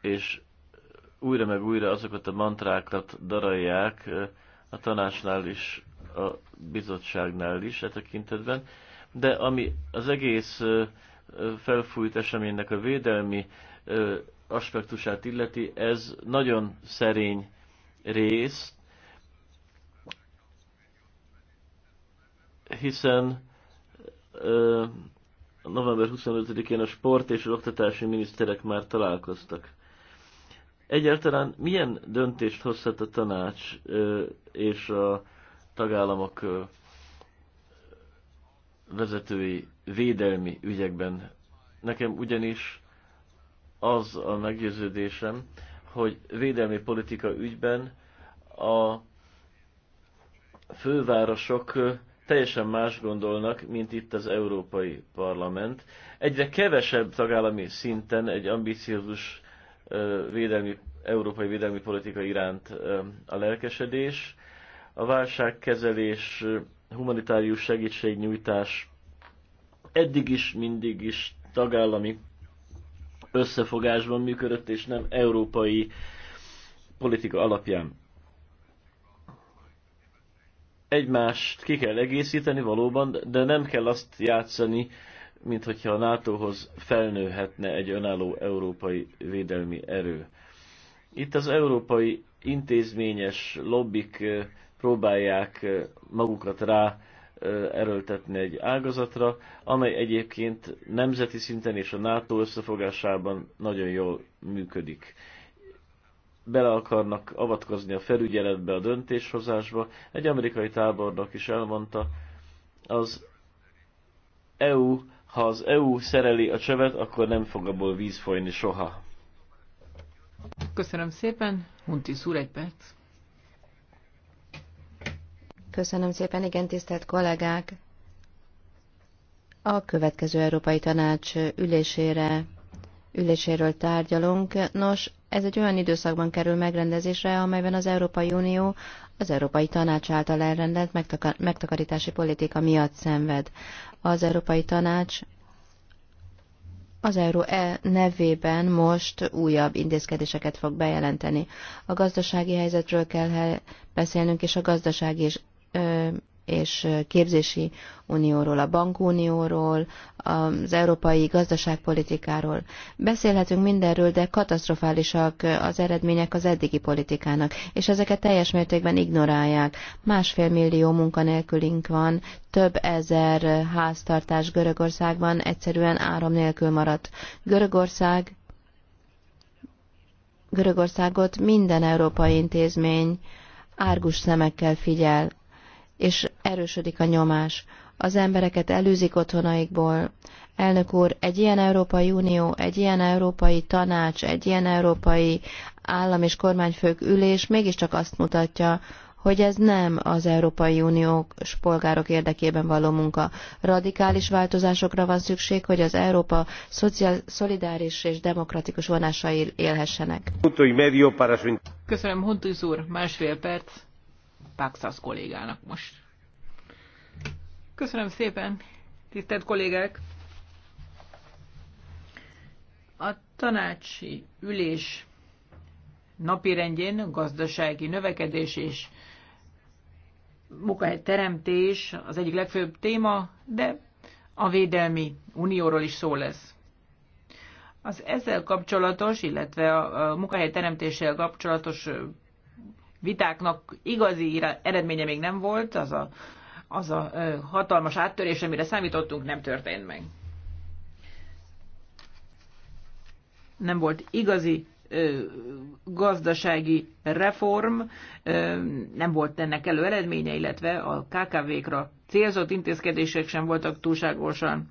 és újra meg újra azokat a mantrákat daralják a tanácsnál is, a bizottságnál is e tekintetben. De ami az egész felfújt eseménynek a védelmi aspektusát illeti, ez nagyon szerény rész, hiszen ö, november 25-én a sport és az oktatási miniszterek már találkoztak. Egyáltalán milyen döntést hozhat a tanács ö, és a tagállamok ö, vezetői védelmi ügyekben? Nekem ugyanis az a meggyőződésem, hogy védelmi politika ügyben a fővárosok teljesen más gondolnak, mint itt az Európai Parlament. Egyre kevesebb tagállami szinten egy ambiciózus védelmi, európai védelmi politika iránt a lelkesedés. A válságkezelés, humanitárius segítségnyújtás eddig is, mindig is tagállami összefogásban működött, és nem európai politika alapján egymást ki kell egészíteni valóban, de nem kell azt játszani, mint hogyha a NATO-hoz felnőhetne egy önálló európai védelmi erő. Itt az európai intézményes lobbik próbálják magukat rá erőltetni egy ágazatra, amely egyébként nemzeti szinten és a NATO összefogásában nagyon jól működik bele akarnak avatkozni a felügyeletbe, a döntéshozásba. Egy amerikai tábornok is elmondta, az EU, ha az EU szereli a csövet, akkor nem fog abból víz folyni soha. Köszönöm szépen. Hunti szúr egy perc. Köszönöm szépen, igen, tisztelt kollégák. A következő Európai Tanács ülésére üléséről tárgyalunk. Nos, ez egy olyan időszakban kerül megrendezésre, amelyben az Európai Unió az Európai Tanács által elrendelt megtakarítási politika miatt szenved. Az Európai Tanács az Euró E nevében most újabb intézkedéseket fog bejelenteni. A gazdasági helyzetről kell beszélnünk, és a gazdasági és, ö, és képzési unióról, a bankunióról, az európai gazdaságpolitikáról. Beszélhetünk mindenről, de katasztrofálisak az eredmények az eddigi politikának, és ezeket teljes mértékben ignorálják. Másfél millió munkanélkülünk van, több ezer háztartás Görögországban egyszerűen áram nélkül maradt. Görögország Görögországot minden európai intézmény árgus szemekkel figyel, és erősödik a nyomás. Az embereket előzik otthonaikból. Elnök úr, egy ilyen Európai Unió, egy ilyen Európai Tanács, egy ilyen Európai Állam és Kormányfők ülés mégiscsak azt mutatja, hogy ez nem az Európai Unió polgárok érdekében való munka. Radikális változásokra van szükség, hogy az Európa szociál, szolidáris és demokratikus vonásai élhessenek. Köszönöm, Hontúz úr, másfél perc. Paxas kollégának most. Köszönöm szépen, tisztelt kollégák! A tanácsi ülés napirendjén gazdasági növekedés és munkahelyteremtés az egyik legfőbb téma, de a védelmi unióról is szó lesz. Az ezzel kapcsolatos, illetve a munkahelyteremtéssel kapcsolatos vitáknak igazi eredménye még nem volt, az a, az a hatalmas áttörés, amire számítottunk, nem történt meg. Nem volt igazi gazdasági reform, nem volt ennek elő eredménye, illetve a KKV-kra célzott intézkedések sem voltak túlságosan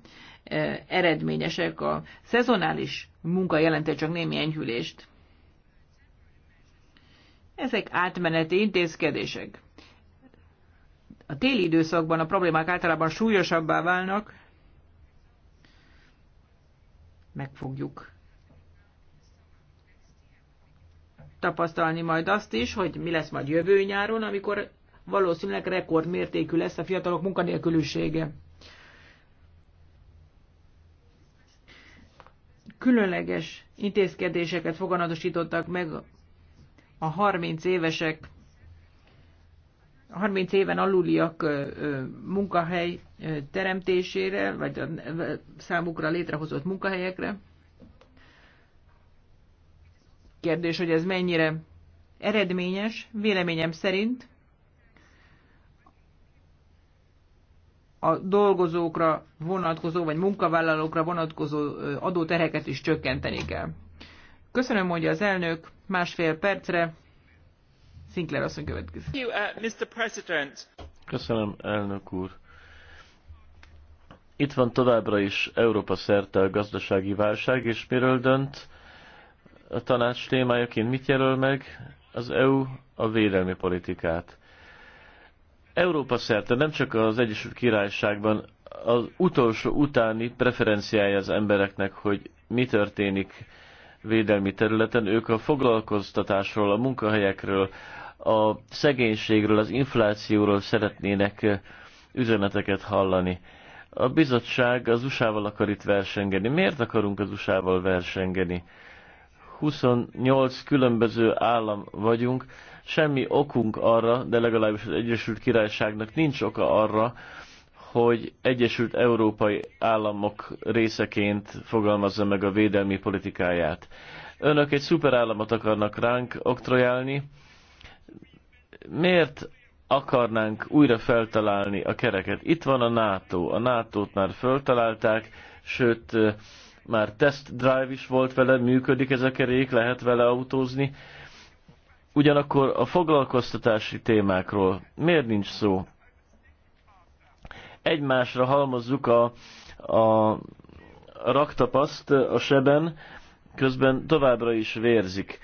eredményesek. A szezonális munka jelentett csak némi enyhülést. Ezek átmeneti intézkedések. A téli időszakban a problémák általában súlyosabbá válnak. Megfogjuk tapasztalni majd azt is, hogy mi lesz majd jövő nyáron, amikor valószínűleg rekordmértékű lesz a fiatalok munkanélkülisége. Különleges intézkedéseket foganatosítottak meg a 30 évesek, a 30 éven aluliak munkahely teremtésére, vagy a számukra létrehozott munkahelyekre. Kérdés, hogy ez mennyire eredményes, véleményem szerint a dolgozókra vonatkozó, vagy munkavállalókra vonatkozó adóterheket is csökkenteni kell. Köszönöm, mondja az elnök, másfél percre. Sinclair asszony következik. Uh, Köszönöm, elnök úr. Itt van továbbra is Európa szerte a gazdasági válság, és miről dönt a tanács témájaként? Mit jelöl meg az EU a védelmi politikát? Európa szerte, nem csak az Egyesült Királyságban, az utolsó utáni preferenciája az embereknek, hogy mi történik védelmi területen, ők a foglalkoztatásról, a munkahelyekről, a szegénységről, az inflációról szeretnének eh, üzeneteket hallani. A bizottság az USA-val akar itt versengeni. Miért akarunk az USA-val versengeni? 28 különböző állam vagyunk, semmi okunk arra, de legalábbis az Egyesült Királyságnak nincs oka arra, hogy Egyesült Európai Államok részeként fogalmazza meg a védelmi politikáját. Önök egy szuperállamot akarnak ránk oktrojálni. Miért akarnánk újra feltalálni a kereket? Itt van a NATO. A NATO-t már feltalálták, sőt, már test drive is volt vele, működik ez a kerék, lehet vele autózni. Ugyanakkor a foglalkoztatási témákról miért nincs szó? egymásra halmozzuk a, a raktapaszt a seben, közben továbbra is vérzik.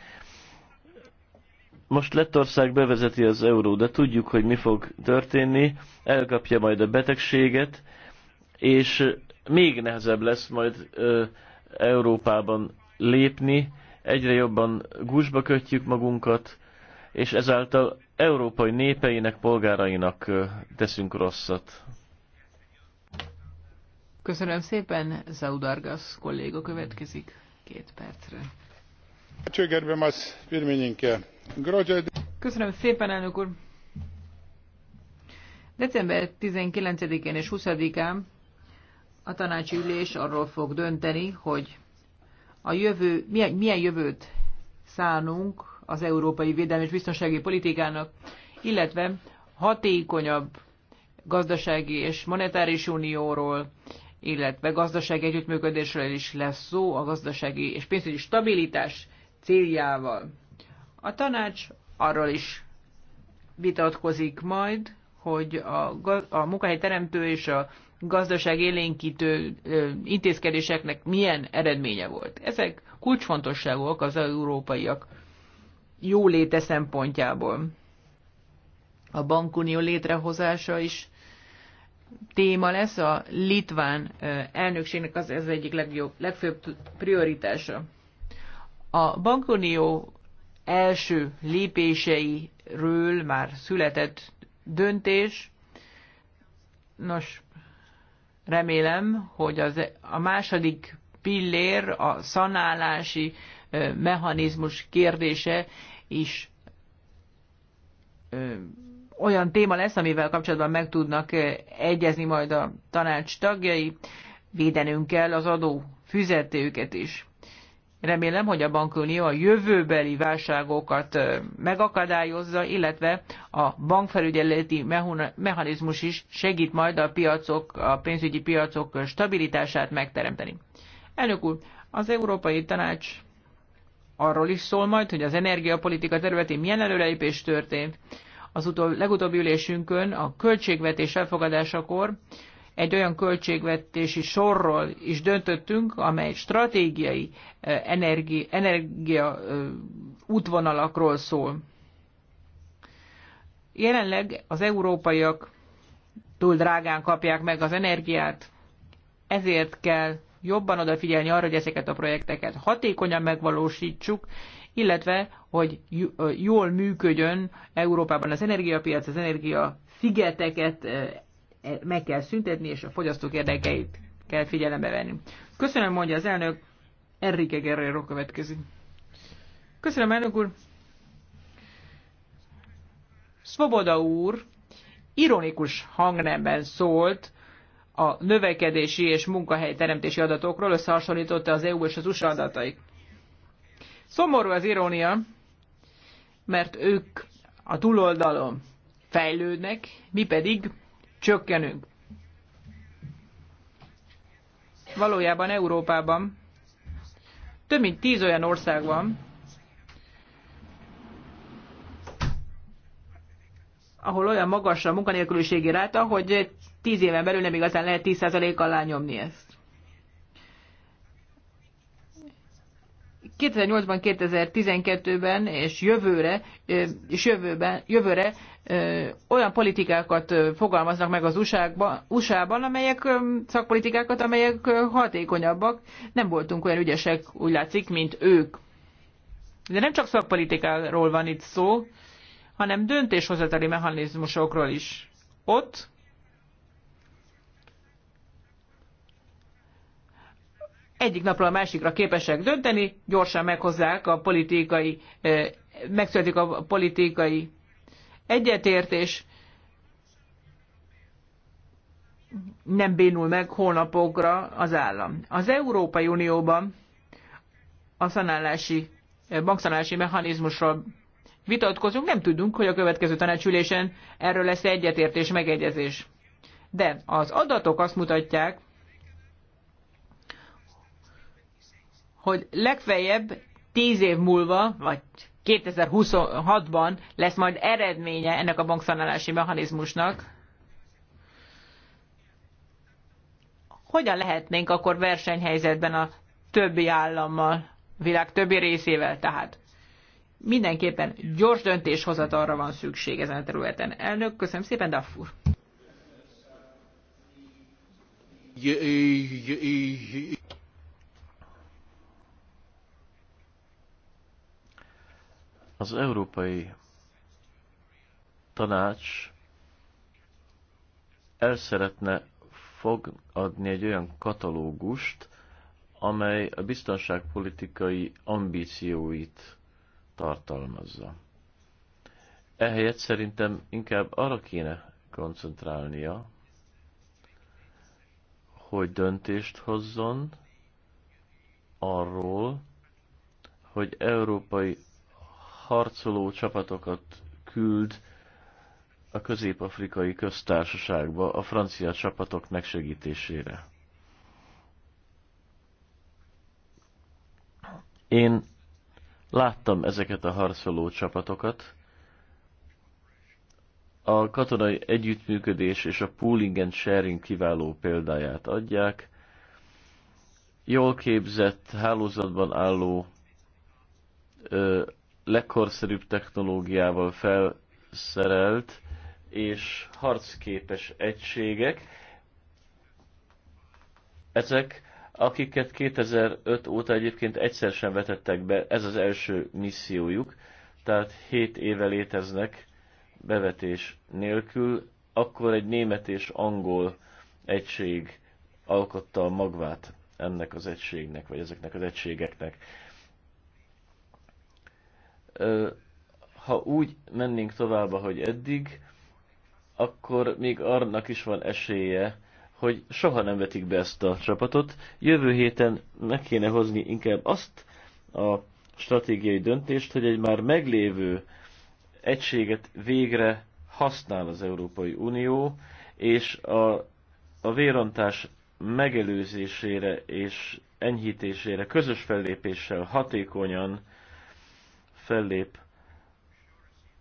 Most Lettország bevezeti az euró, de tudjuk, hogy mi fog történni, elkapja majd a betegséget, és még nehezebb lesz majd ö, Európában lépni, egyre jobban gúzsba kötjük magunkat, és ezáltal európai népeinek, polgárainak teszünk rosszat. Köszönöm szépen, Zaudargas kolléga következik két percre. Köszönöm szépen, elnök úr! December 19-én és 20-án a tanácsi ülés arról fog dönteni, hogy a jövő, milyen, milyen jövőt szánunk az európai védelmi és biztonsági politikának, illetve hatékonyabb gazdasági és monetáris unióról, illetve gazdasági együttműködésről is lesz szó a gazdasági és pénzügyi stabilitás céljával. A tanács arról is vitatkozik majd, hogy a, a munkahelyteremtő és a gazdaság élénkítő intézkedéseknek milyen eredménye volt. Ezek kulcsfontosságúak az európaiak jóléte szempontjából. A bankunió létrehozása is téma lesz a litván elnökségnek az ez egyik legjobb, legfőbb prioritása. A bankunió első lépéseiről már született döntés. Nos, remélem, hogy az, e, a második pillér, a szanálási mechanizmus kérdése is olyan téma lesz, amivel kapcsolatban meg tudnak eh, egyezni majd a tanács tagjai. Védenünk kell az adó fizetőket is. Remélem, hogy a bankunió a jövőbeli válságokat eh, megakadályozza, illetve a bankfelügyeleti mechanizmus is segít majd a piacok, a pénzügyi piacok stabilitását megteremteni. Elnök úr, az Európai Tanács arról is szól majd, hogy az energiapolitika területén milyen előrelépés történt, az utol, legutóbbi ülésünkön a költségvetés elfogadásakor egy olyan költségvetési sorról is döntöttünk, amely stratégiai eh, energi, energia eh, útvonalakról szól. Jelenleg az európaiak túl drágán kapják meg az energiát, ezért kell jobban odafigyelni arra, hogy ezeket a projekteket hatékonyan megvalósítsuk, illetve hogy jól működjön Európában az energiapiac, az energia szigeteket e, meg kell szüntetni, és a fogyasztók érdekeit kell figyelembe venni. Köszönöm, mondja az elnök. Enrique Guerrero következik. Köszönöm, elnök úr. Svoboda úr ironikus hangnemben szólt a növekedési és munkahelyteremtési adatokról, összehasonlította az EU és az USA adatait. Szomorú az irónia, mert ők a túloldalon fejlődnek, mi pedig csökkenünk. Valójában Európában több mint tíz olyan ország van, ahol olyan magas a munkanélküliségi ráta, hogy tíz éven belül nem igazán lehet 10 alá lányomni ezt. 2008-ban, 2012-ben és jövőre, és jövőben, jövőre olyan politikákat fogalmaznak meg az USA-ban, usa amelyek szakpolitikákat, amelyek hatékonyabbak. Nem voltunk olyan ügyesek, úgy látszik, mint ők. De nem csak szakpolitikáról van itt szó, hanem döntéshozatali mechanizmusokról is. Ott egyik napról a másikra képesek dönteni, gyorsan meghozzák a politikai, megszületik a politikai egyetértés, nem bénul meg hónapokra az állam. Az Európai Unióban a szanálási, bankszanálási mechanizmusról vitatkozunk, nem tudunk, hogy a következő tanácsülésen erről lesz egyetértés, megegyezés. De az adatok azt mutatják, hogy legfeljebb 10 év múlva, vagy 2026-ban lesz majd eredménye ennek a bankszanálási mechanizmusnak, hogyan lehetnénk akkor versenyhelyzetben a többi állammal, a világ többi részével tehát? Mindenképpen gyors arra van szükség ezen a területen. Elnök, köszönöm szépen, Daffur. Az Európai Tanács el szeretne fog adni egy olyan katalógust, amely a biztonságpolitikai ambícióit tartalmazza. Ehelyett szerintem inkább arra kéne koncentrálnia, hogy döntést hozzon arról, hogy európai harcoló csapatokat küld a közép-afrikai köztársaságba a francia csapatok megsegítésére. Én láttam ezeket a harcoló csapatokat. A katonai együttműködés és a pooling and sharing kiváló példáját adják. Jól képzett, hálózatban álló ö, legkorszerűbb technológiával felszerelt és harcképes egységek. Ezek, akiket 2005 óta egyébként egyszer sem vetettek be, ez az első missziójuk, tehát 7 éve léteznek bevetés nélkül, akkor egy német és angol egység alkotta a magvát ennek az egységnek, vagy ezeknek az egységeknek ha úgy mennénk tovább, ahogy eddig, akkor még annak is van esélye, hogy soha nem vetik be ezt a csapatot. Jövő héten meg kéne hozni inkább azt a stratégiai döntést, hogy egy már meglévő egységet végre használ az Európai Unió, és a, a vérontás megelőzésére és enyhítésére közös fellépéssel hatékonyan fellép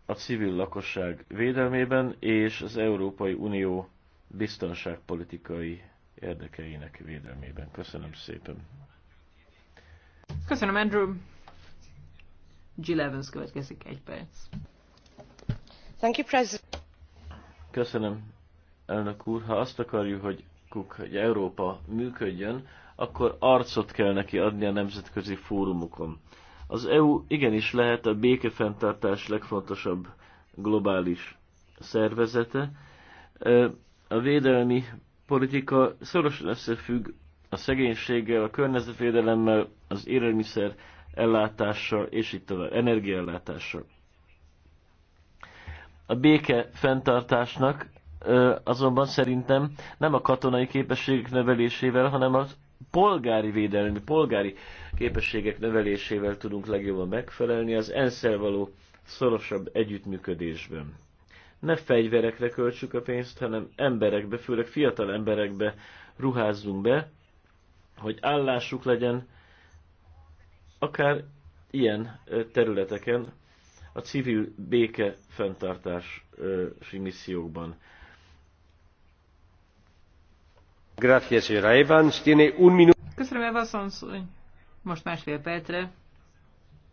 a civil lakosság védelmében és az Európai Unió biztonságpolitikai érdekeinek védelmében. Köszönöm szépen. Köszönöm, Andrew. Jill Evans következik egy perc. Thank you, President. Köszönöm, elnök úr. Ha azt akarjuk, hogy Kuk, hogy Európa működjön, akkor arcot kell neki adni a nemzetközi fórumokon. Az EU igenis lehet a békefenntartás legfontosabb globális szervezete. A védelmi politika szorosan összefügg a szegénységgel, a környezetvédelemmel, az élelmiszer ellátással, és itt tovább, energiaellátással. A béke fenntartásnak azonban szerintem nem a katonai képességek növelésével, hanem az polgári védelmi, polgári képességek növelésével tudunk legjobban megfelelni az ensz való szorosabb együttműködésben. Ne fegyverekre költsük a pénzt, hanem emberekbe, főleg fiatal emberekbe ruházzunk be, hogy állásuk legyen akár ilyen területeken, a civil béke fenntartási missziókban. Köszönöm, Evans asszony. Most másfél percre.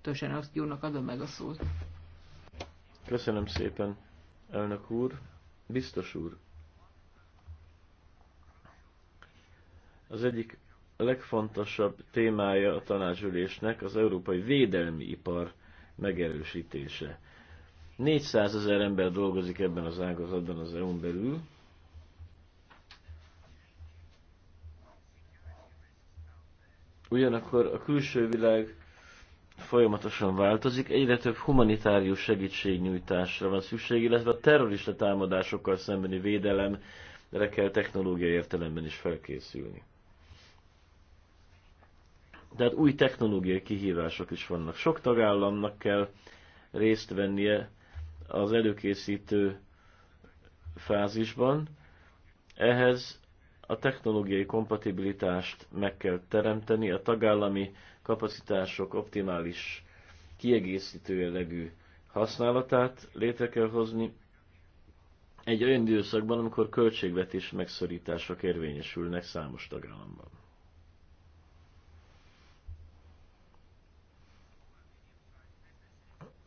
Tosanovszki úrnak adom meg a szót. Köszönöm szépen, elnök úr. Biztos úr. Az egyik legfontosabb témája a tanácsülésnek az európai védelmi ipar megerősítése. 400 ezer ember dolgozik ebben az ágazatban az EU-n belül, Ugyanakkor a külső világ folyamatosan változik, egyre több humanitárius segítségnyújtásra van szükség, illetve a terrorista támadásokkal szembeni védelemre kell technológiai értelemben is felkészülni. Tehát új technológiai kihívások is vannak. Sok tagállamnak kell részt vennie az előkészítő fázisban. Ehhez a technológiai kompatibilitást meg kell teremteni, a tagállami kapacitások optimális kiegészítő jellegű használatát létre kell hozni egy olyan időszakban, amikor költségvetés megszorítások érvényesülnek számos tagállamban.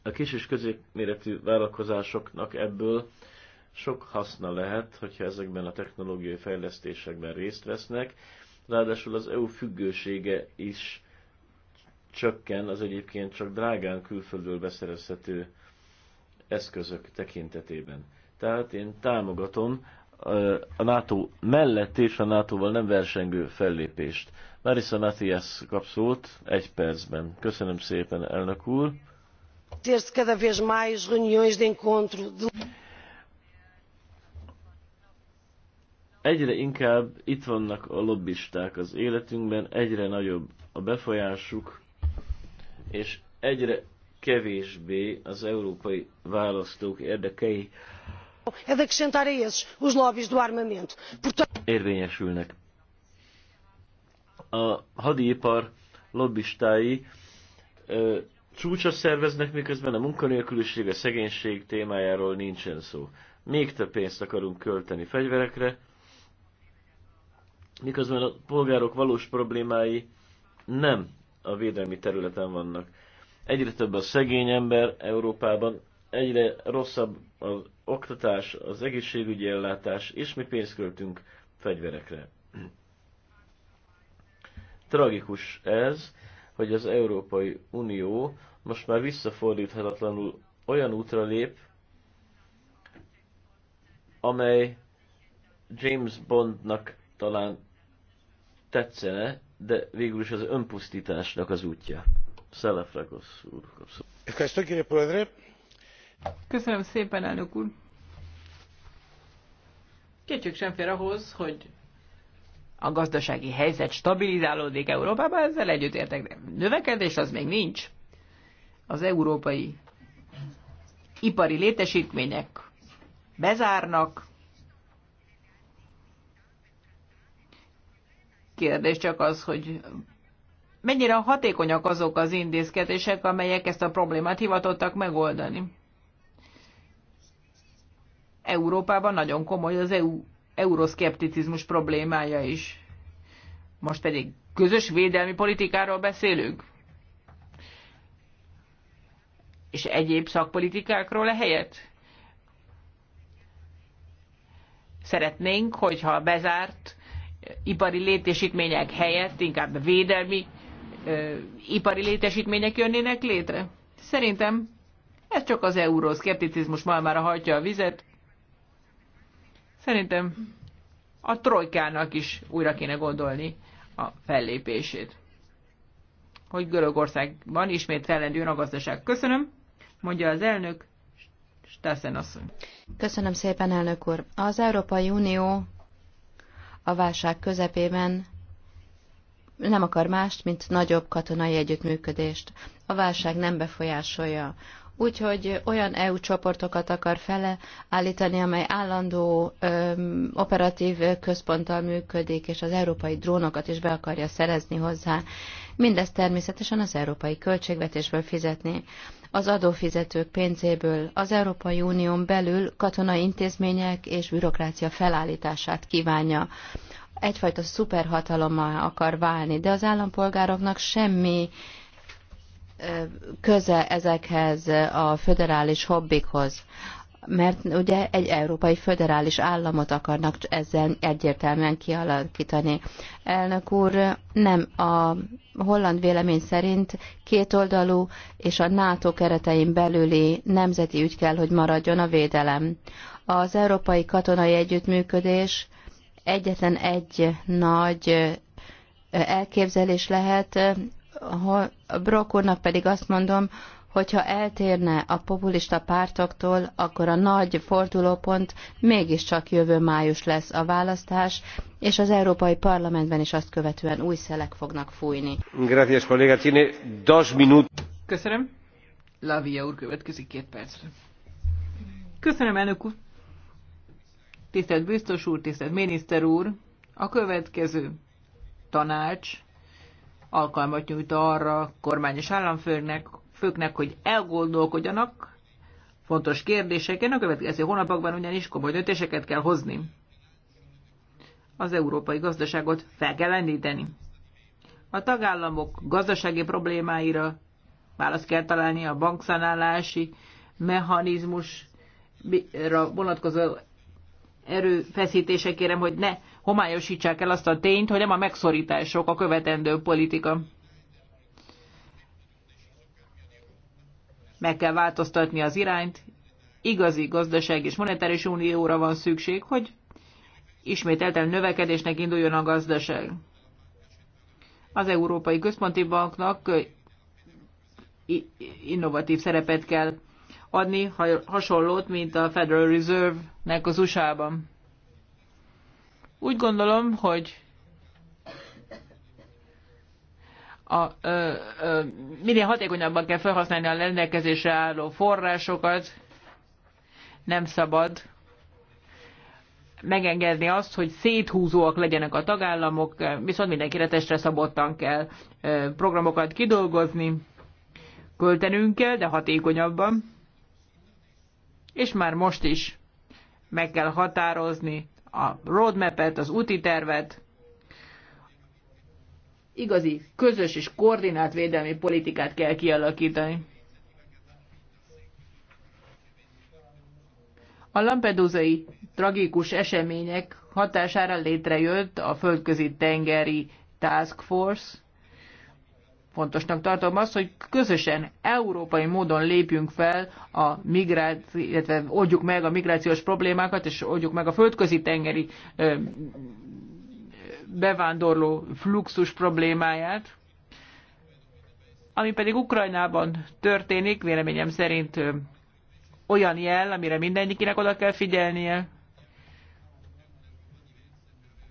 A kis és középméretű vállalkozásoknak ebből sok haszna lehet, hogyha ezekben a technológiai fejlesztésekben részt vesznek, ráadásul az EU függősége is csökken az egyébként csak drágán külföldről beszerezhető eszközök tekintetében. Tehát én támogatom a NATO mellett és a NATO-val nem versengő fellépést. Marisa Matthias kap szót egy percben. Köszönöm szépen, elnök úr! egyre inkább itt vannak a lobbisták az életünkben, egyre nagyobb a befolyásuk, és egyre kevésbé az európai választók érdekei érvényesülnek. A hadipar lobbistái csúcsot szerveznek, miközben a munkanélküliség, a szegénység témájáról nincsen szó. Még több pénzt akarunk költeni fegyverekre, miközben a polgárok valós problémái nem a védelmi területen vannak. Egyre több a szegény ember Európában, egyre rosszabb az oktatás, az egészségügyi ellátás, és mi pénzt költünk fegyverekre. Tragikus ez, hogy az Európai Unió most már visszafordíthatatlanul olyan útra lép, amely James Bondnak talán tetszene, de végül is az önpusztításnak az útja. Szelefragosz úr. Köszönöm szépen, elnök úr. Kétség sem fér ahhoz, hogy a gazdasági helyzet stabilizálódik Európában, ezzel értek, De növekedés az még nincs. Az európai ipari létesítmények bezárnak, kérdés csak az, hogy mennyire hatékonyak azok az intézkedések, amelyek ezt a problémát hivatottak megoldani. Európában nagyon komoly az EU, euroszkepticizmus problémája is. Most pedig közös védelmi politikáról beszélünk? És egyéb szakpolitikákról helyet Szeretnénk, hogyha bezárt ipari létesítmények helyett inkább védelmi ipari létesítmények jönnének létre. Szerintem ez csak az euroszkepticizmus már hajtja a vizet. Szerintem a trojkának is újra kéne gondolni a fellépését. Hogy Görögországban ismét fellendüljön a gazdaság. Köszönöm, mondja az elnök, Köszönöm szépen, elnök úr. Az Európai Unió a válság közepében nem akar mást, mint nagyobb katonai együttműködést. A válság nem befolyásolja. Úgyhogy olyan EU csoportokat akar fele állítani, amely állandó ö, operatív központtal működik, és az európai drónokat is be akarja szerezni hozzá. Mindezt természetesen az európai költségvetésből fizetni az adófizetők pénzéből az Európai Unión belül katonai intézmények és bürokrácia felállítását kívánja. Egyfajta szuperhatalommal akar válni, de az állampolgároknak semmi köze ezekhez a föderális hobbikhoz mert ugye egy európai föderális államot akarnak ezzel egyértelműen kialakítani. Elnök úr, nem a holland vélemény szerint kétoldalú és a NATO keretein belüli nemzeti ügy kell, hogy maradjon a védelem. Az európai katonai együttműködés egyetlen egy nagy elképzelés lehet, Brock úrnak pedig azt mondom, hogyha eltérne a populista pártoktól, akkor a nagy fordulópont mégiscsak jövő május lesz a választás, és az Európai Parlamentben is azt követően új szelek fognak fújni. Gracias, kolléga. Tiene dos minut. Köszönöm. Lavia úr következik két percre. Köszönöm, elnök úr. Tisztelt biztos úr, tisztelt miniszter úr, a következő tanács alkalmat nyújt arra kormányos államfőnek, főknek, hogy elgondolkodjanak fontos kérdéseken. A következő hónapokban ugyanis komoly döntéseket kell hozni. Az európai gazdaságot fel kell lendíteni. A tagállamok gazdasági problémáira választ kell találni a bankszanálási mechanizmusra vonatkozó erőfeszítése kérem, hogy ne homályosítsák el azt a tényt, hogy nem a megszorítások a követendő politika. meg kell változtatni az irányt, igazi gazdaság és monetáris unióra van szükség, hogy ismételten növekedésnek induljon a gazdaság. Az Európai Központi Banknak innovatív szerepet kell adni, hasonlót, mint a Federal Reserve-nek az USA-ban. Úgy gondolom, hogy a, ö, ö, minél hatékonyabban kell felhasználni a rendelkezésre álló forrásokat, nem szabad megengedni azt, hogy széthúzóak legyenek a tagállamok, viszont mindenkire testre szabottan kell programokat kidolgozni, költenünk kell, de hatékonyabban, és már most is meg kell határozni a roadmap-et, az úti tervet, igazi, közös és koordinált védelmi politikát kell kialakítani. A lampedúzai tragikus események hatására létrejött a földközi tengeri Task Force. Fontosnak tartom azt, hogy közösen, európai módon lépjünk fel a migráció, illetve oldjuk meg a migrációs problémákat, és oldjuk meg a földközi tengeri bevándorló fluxus problémáját, ami pedig Ukrajnában történik, véleményem szerint olyan jel, amire mindenkinek oda kell figyelnie.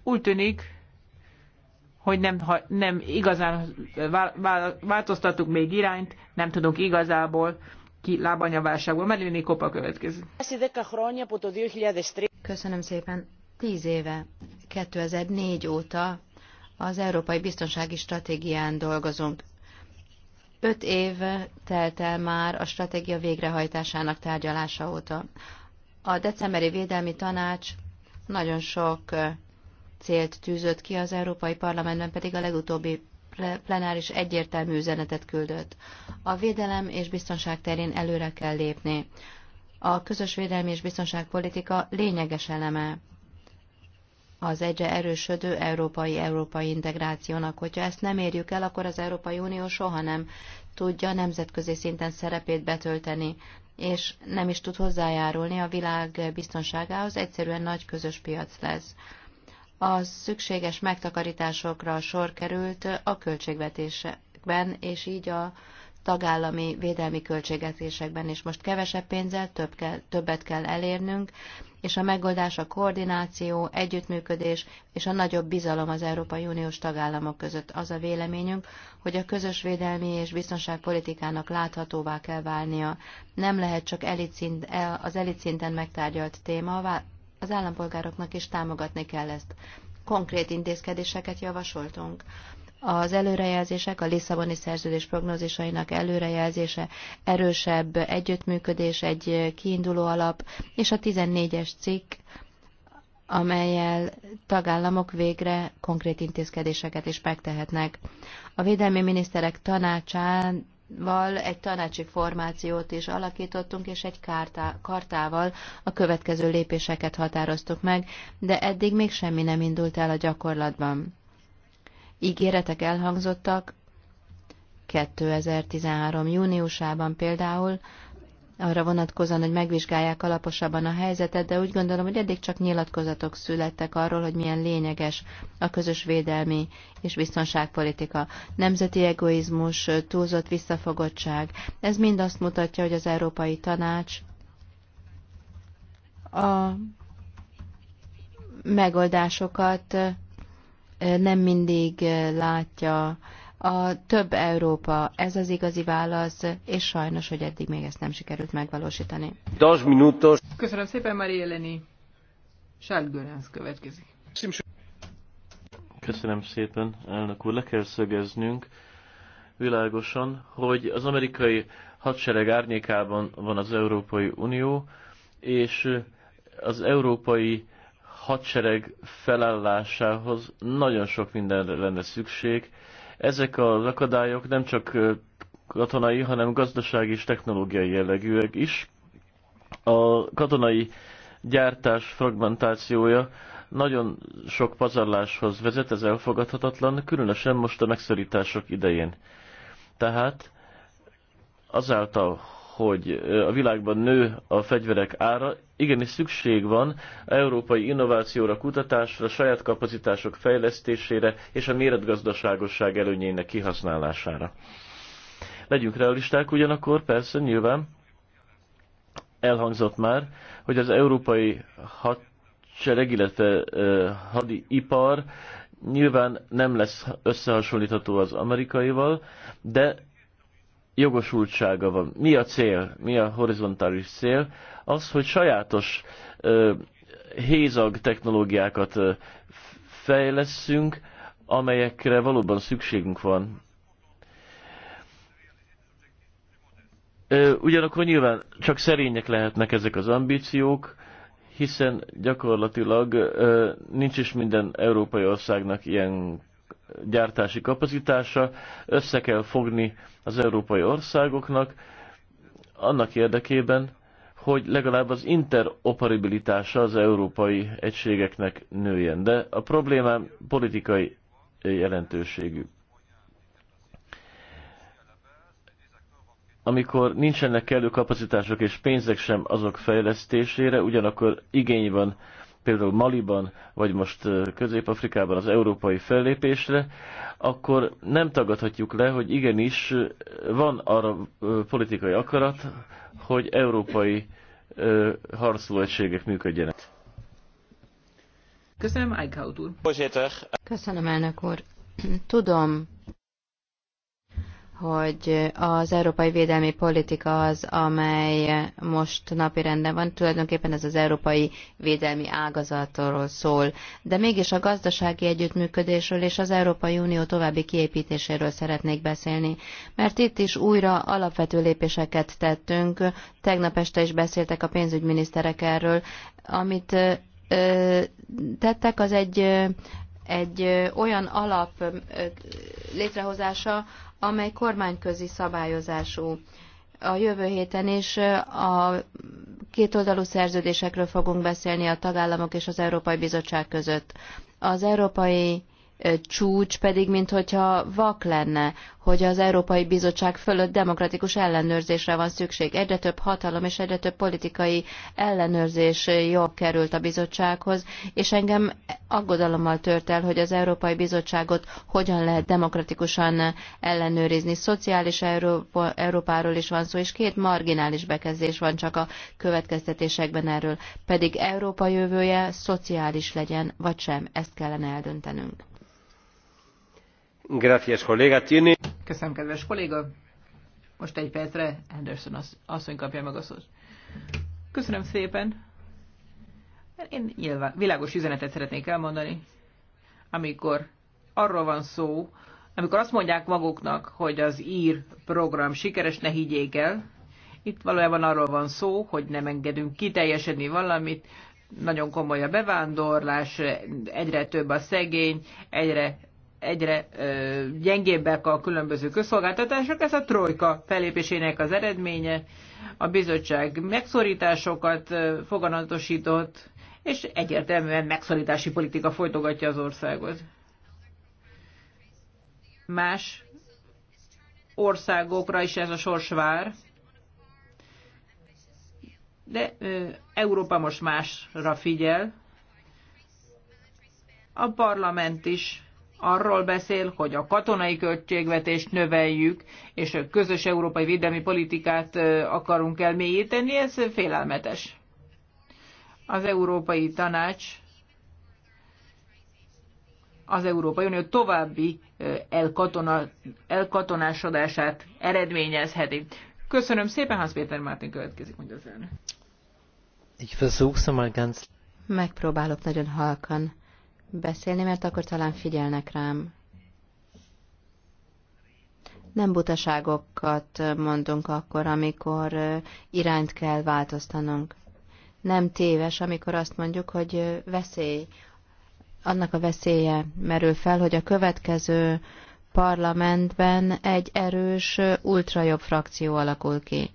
Úgy tűnik, hogy nem, ha nem igazán változtattuk még irányt, nem tudunk igazából ki lábanyaválságból. Merlini Kopa következik. Köszönöm szépen tíz éve, 2004 óta az Európai Biztonsági Stratégián dolgozunk. Öt év telt el már a stratégia végrehajtásának tárgyalása óta. A decemberi védelmi tanács nagyon sok célt tűzött ki, az Európai Parlamentben pedig a legutóbbi plenáris egyértelmű üzenetet küldött. A védelem és biztonság terén előre kell lépni. A közös védelmi és biztonságpolitika lényeges eleme az egyre erősödő európai-európai integrációnak. Hogyha ezt nem érjük el, akkor az Európai Unió soha nem tudja nemzetközi szinten szerepét betölteni, és nem is tud hozzájárulni a világ biztonságához, egyszerűen nagy közös piac lesz. A szükséges megtakarításokra sor került a költségvetésekben, és így a tagállami védelmi költségvetésekben, is most kevesebb pénzzel több kell, többet kell elérnünk, és a megoldás a koordináció, együttműködés és a nagyobb bizalom az Európai Uniós tagállamok között. Az a véleményünk, hogy a közös védelmi és biztonságpolitikának láthatóvá kell válnia. Nem lehet csak elit e, az elit szinten megtárgyalt téma, az állampolgároknak is támogatni kell ezt. Konkrét intézkedéseket javasoltunk az előrejelzések, a Lisszaboni szerződés prognózisainak előrejelzése, erősebb együttműködés, egy kiinduló alap, és a 14-es cikk, amelyel tagállamok végre konkrét intézkedéseket is megtehetnek. A Védelmi Miniszterek Tanácsán Val egy tanácsi formációt is alakítottunk, és egy kártá, kartával a következő lépéseket határoztuk meg, de eddig még semmi nem indult el a gyakorlatban ígéretek elhangzottak 2013. júniusában például, arra vonatkozóan, hogy megvizsgálják alaposabban a helyzetet, de úgy gondolom, hogy eddig csak nyilatkozatok születtek arról, hogy milyen lényeges a közös védelmi és biztonságpolitika. Nemzeti egoizmus, túlzott visszafogottság, ez mind azt mutatja, hogy az Európai Tanács a megoldásokat nem mindig látja a több Európa, ez az igazi válasz, és sajnos, hogy eddig még ezt nem sikerült megvalósítani. Dos minutos. Köszönöm szépen, Mari Eleni. Sárgőrenc következik. Köszönöm szépen, elnök úr. Le kell szögeznünk világosan, hogy az amerikai hadsereg árnyékában van az Európai Unió, és az európai hadsereg felállásához nagyon sok mindenre lenne szükség. Ezek az akadályok nem csak katonai, hanem gazdasági és technológiai jellegűek is. A katonai gyártás fragmentációja nagyon sok pazarláshoz vezet, ez elfogadhatatlan, különösen most a megszorítások idején. Tehát azáltal, hogy a világban nő a fegyverek ára, igenis szükség van európai innovációra, kutatásra, saját kapacitások fejlesztésére és a méretgazdaságosság előnyének kihasználására. Legyünk realisták ugyanakkor, persze, nyilván elhangzott már, hogy az európai hadsereg, illetve uh, hadipar nyilván nem lesz összehasonlítható az amerikaival, de jogosultsága van. Mi a cél, mi a horizontális cél? Az, hogy sajátos ö, hézag technológiákat ö, amelyekre valóban szükségünk van. Ö, ugyanakkor nyilván csak szerények lehetnek ezek az ambíciók, hiszen gyakorlatilag ö, nincs is minden európai országnak ilyen gyártási kapacitása, össze kell fogni az európai országoknak, annak érdekében, hogy legalább az interoperabilitása az európai egységeknek nőjen. De a problémám politikai jelentőségű. Amikor nincsenek kellő kapacitások és pénzek sem azok fejlesztésére, ugyanakkor igény van például Maliban, vagy most Közép-Afrikában az európai fellépésre, akkor nem tagadhatjuk le, hogy igenis van arra politikai akarat, hogy európai harcolóegységek működjenek. Köszönöm, Eichhaut úr. Köszönöm, elnök úr. Tudom, hogy az európai védelmi politika az, amely most napirenden van, tulajdonképpen ez az európai védelmi ágazatról szól, de mégis a gazdasági együttműködésről és az Európai Unió további kiépítéséről szeretnék beszélni, mert itt is újra alapvető lépéseket tettünk, tegnap este is beszéltek a pénzügyminiszterek erről, amit tettek, az egy egy olyan alap létrehozása, amely kormányközi szabályozású. A jövő héten is a kétoldalú szerződésekről fogunk beszélni a tagállamok és az Európai Bizottság között. Az Európai csúcs pedig, minthogyha vak lenne, hogy az Európai Bizottság fölött demokratikus ellenőrzésre van szükség. Egyre több hatalom és egyre több politikai ellenőrzés jog került a bizottsághoz, és engem aggodalommal tört el, hogy az Európai Bizottságot hogyan lehet demokratikusan ellenőrizni. Szociális Európa, Európáról is van szó, és két marginális bekezdés van csak a következtetésekben erről. Pedig Európa jövője szociális legyen, vagy sem, ezt kellene eldöntenünk. Gracias, kolléga. Tiene... Köszönöm, kedves kolléga. Most egy percre Anderson asszony kapja meg a szót. Köszönöm szépen. Én nyilván világos üzenetet szeretnék elmondani, amikor arról van szó, amikor azt mondják maguknak, hogy az ír program sikeres, ne higgyék el. Itt valójában arról van szó, hogy nem engedünk kiteljesedni valamit, nagyon komoly a bevándorlás, egyre több a szegény, egyre egyre ö, gyengébbek a különböző közszolgáltatások, ez a trojka felépésének az eredménye. A bizottság megszorításokat foganatosított, és egyértelműen megszorítási politika folytogatja az országot. Más országokra is ez a sors vár, de ö, Európa most másra figyel. A parlament is arról beszél, hogy a katonai költségvetést növeljük, és a közös európai védelmi politikát akarunk elmélyíteni, ez félelmetes. Az Európai Tanács az Európai Unió további elkatona, elkatonásodását eredményezheti. Köszönöm szépen, Hans Péter Mártin következik, mondja az elnök. Megpróbálok nagyon halkan beszélni, mert akkor talán figyelnek rám. Nem butaságokat mondunk akkor, amikor irányt kell változtanunk. Nem téves, amikor azt mondjuk, hogy veszély, annak a veszélye merül fel, hogy a következő parlamentben egy erős ultrajobb frakció alakul ki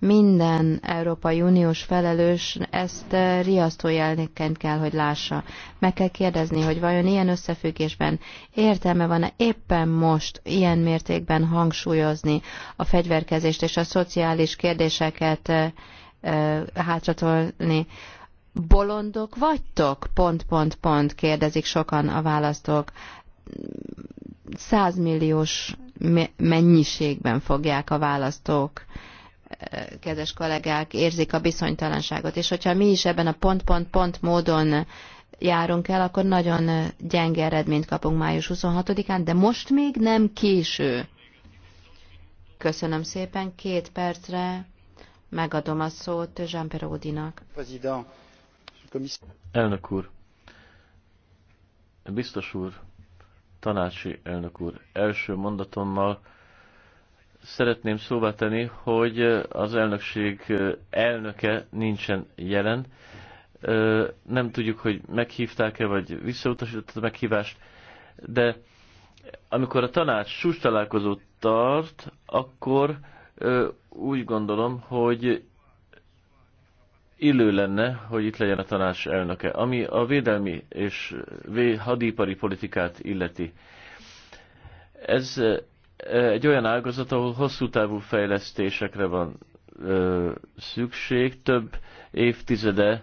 minden Európai Uniós felelős ezt eh, riasztó jelnéként kell, hogy lássa. Meg kell kérdezni, hogy vajon ilyen összefüggésben értelme van-e éppen most ilyen mértékben hangsúlyozni a fegyverkezést és a szociális kérdéseket eh, eh, hátratolni. Bolondok vagytok? Pont, pont, pont, kérdezik sokan a választók. Százmilliós mennyiségben fogják a választók kedves kollégák, érzik a bizonytalanságot, és hogyha mi is ebben a pont-pont-pont módon járunk el, akkor nagyon gyenge eredményt kapunk május 26-án, de most még nem késő. Köszönöm szépen, két percre megadom a szót Jean Perodinak. Elnök úr, biztos úr, tanácsi elnök úr, első mondatommal szeretném szóba tenni, hogy az elnökség elnöke nincsen jelen. Nem tudjuk, hogy meghívták-e, vagy visszautasította a meghívást, de amikor a tanács sus találkozót tart, akkor úgy gondolom, hogy illő lenne, hogy itt legyen a tanács elnöke. Ami a védelmi és hadipari politikát illeti, ez egy olyan ágazat, ahol hosszú távú fejlesztésekre van ö, szükség. Több évtizede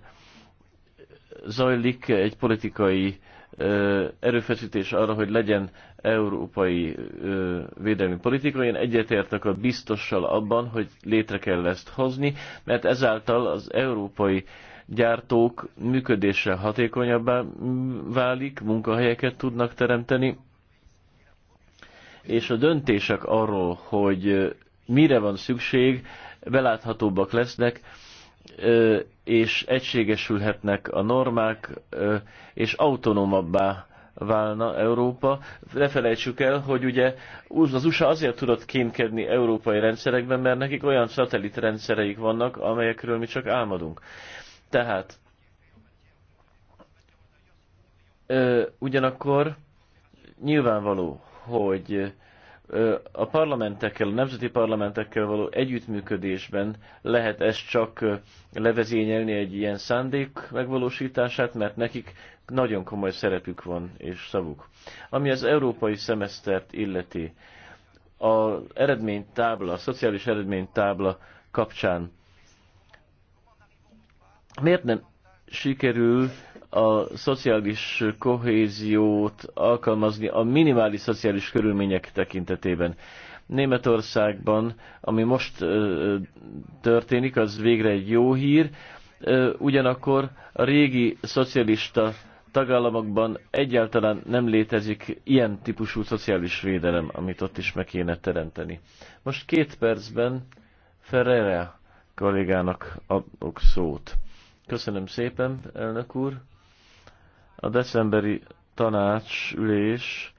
zajlik egy politikai ö, erőfeszítés arra, hogy legyen európai ö, védelmi politika. Én egyetértek a biztossal abban, hogy létre kell ezt hozni, mert ezáltal az európai gyártók működése hatékonyabbá válik, munkahelyeket tudnak teremteni, és a döntések arról, hogy mire van szükség, beláthatóbbak lesznek, és egységesülhetnek a normák, és autonómabbá válna Európa. Ne felejtsük el, hogy ugye az USA azért tudott kémkedni európai rendszerekben, mert nekik olyan szatellitrendszereik vannak, amelyekről mi csak álmodunk. Tehát ugyanakkor nyilvánvaló, hogy a parlamentekkel, a nemzeti parlamentekkel való együttműködésben lehet ezt csak levezényelni egy ilyen szándék megvalósítását, mert nekik nagyon komoly szerepük van és szavuk. Ami az európai szemesztert illeti, az eredménytábla, a szociális eredménytábla kapcsán miért nem sikerül a szociális kohéziót alkalmazni a minimális szociális körülmények tekintetében. Németországban, ami most történik, az végre egy jó hír, ugyanakkor a régi szocialista tagállamokban egyáltalán nem létezik ilyen típusú szociális védelem, amit ott is meg kéne teremteni. Most két percben Ferreira kollégának adok szót. Köszönöm szépen, elnök úr! a decemberi tanácsülés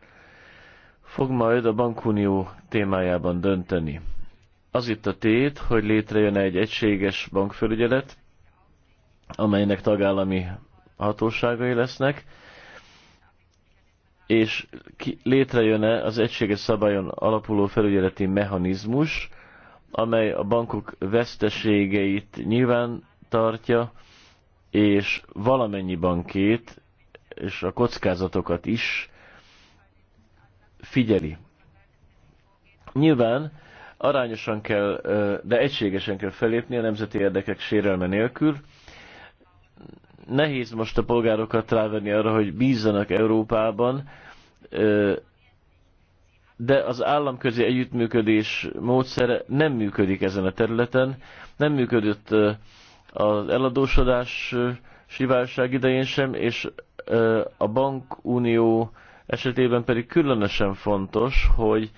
fog majd a bankunió témájában dönteni. Az itt a tét, hogy létrejön egy egységes bankfelügyelet, amelynek tagállami hatóságai lesznek, és létrejön-e az egységes szabályon alapuló felügyeleti mechanizmus, amely a bankok veszteségeit nyilván tartja, és valamennyi bankét és a kockázatokat is figyeli. Nyilván arányosan kell, de egységesen kell felépni a nemzeti érdekek sérelme nélkül. Nehéz most a polgárokat rávenni arra, hogy bízzanak Európában, de az államközi együttműködés módszere nem működik ezen a területen. Nem működött az eladósodás siválság idején sem, és a bankunió esetében pedig különösen fontos, hogy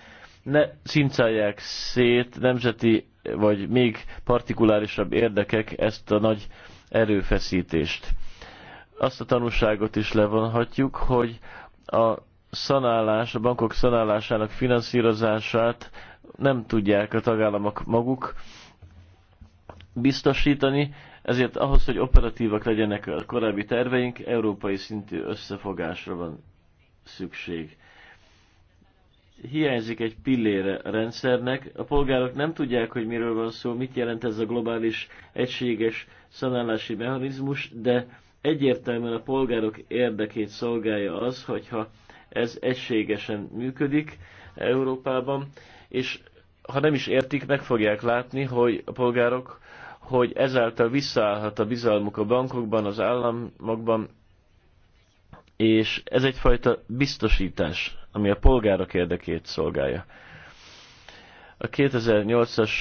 ne cincálják szét nemzeti vagy még partikulárisabb érdekek ezt a nagy erőfeszítést. Azt a tanúságot is levonhatjuk, hogy a szanálás, a bankok szanálásának finanszírozását nem tudják a tagállamok maguk biztosítani, ezért ahhoz, hogy operatívak legyenek a korábbi terveink, európai szintű összefogásra van szükség. Hiányzik egy pillére a rendszernek, a polgárok nem tudják, hogy miről van szó, mit jelent ez a globális, egységes szanálási mechanizmus, de egyértelműen a polgárok érdekét szolgálja az, hogyha ez egységesen működik Európában, és ha nem is értik, meg fogják látni, hogy a polgárok hogy ezáltal visszaállhat a bizalmuk a bankokban, az államokban, és ez egyfajta biztosítás, ami a polgárok érdekét szolgálja. A 2008-as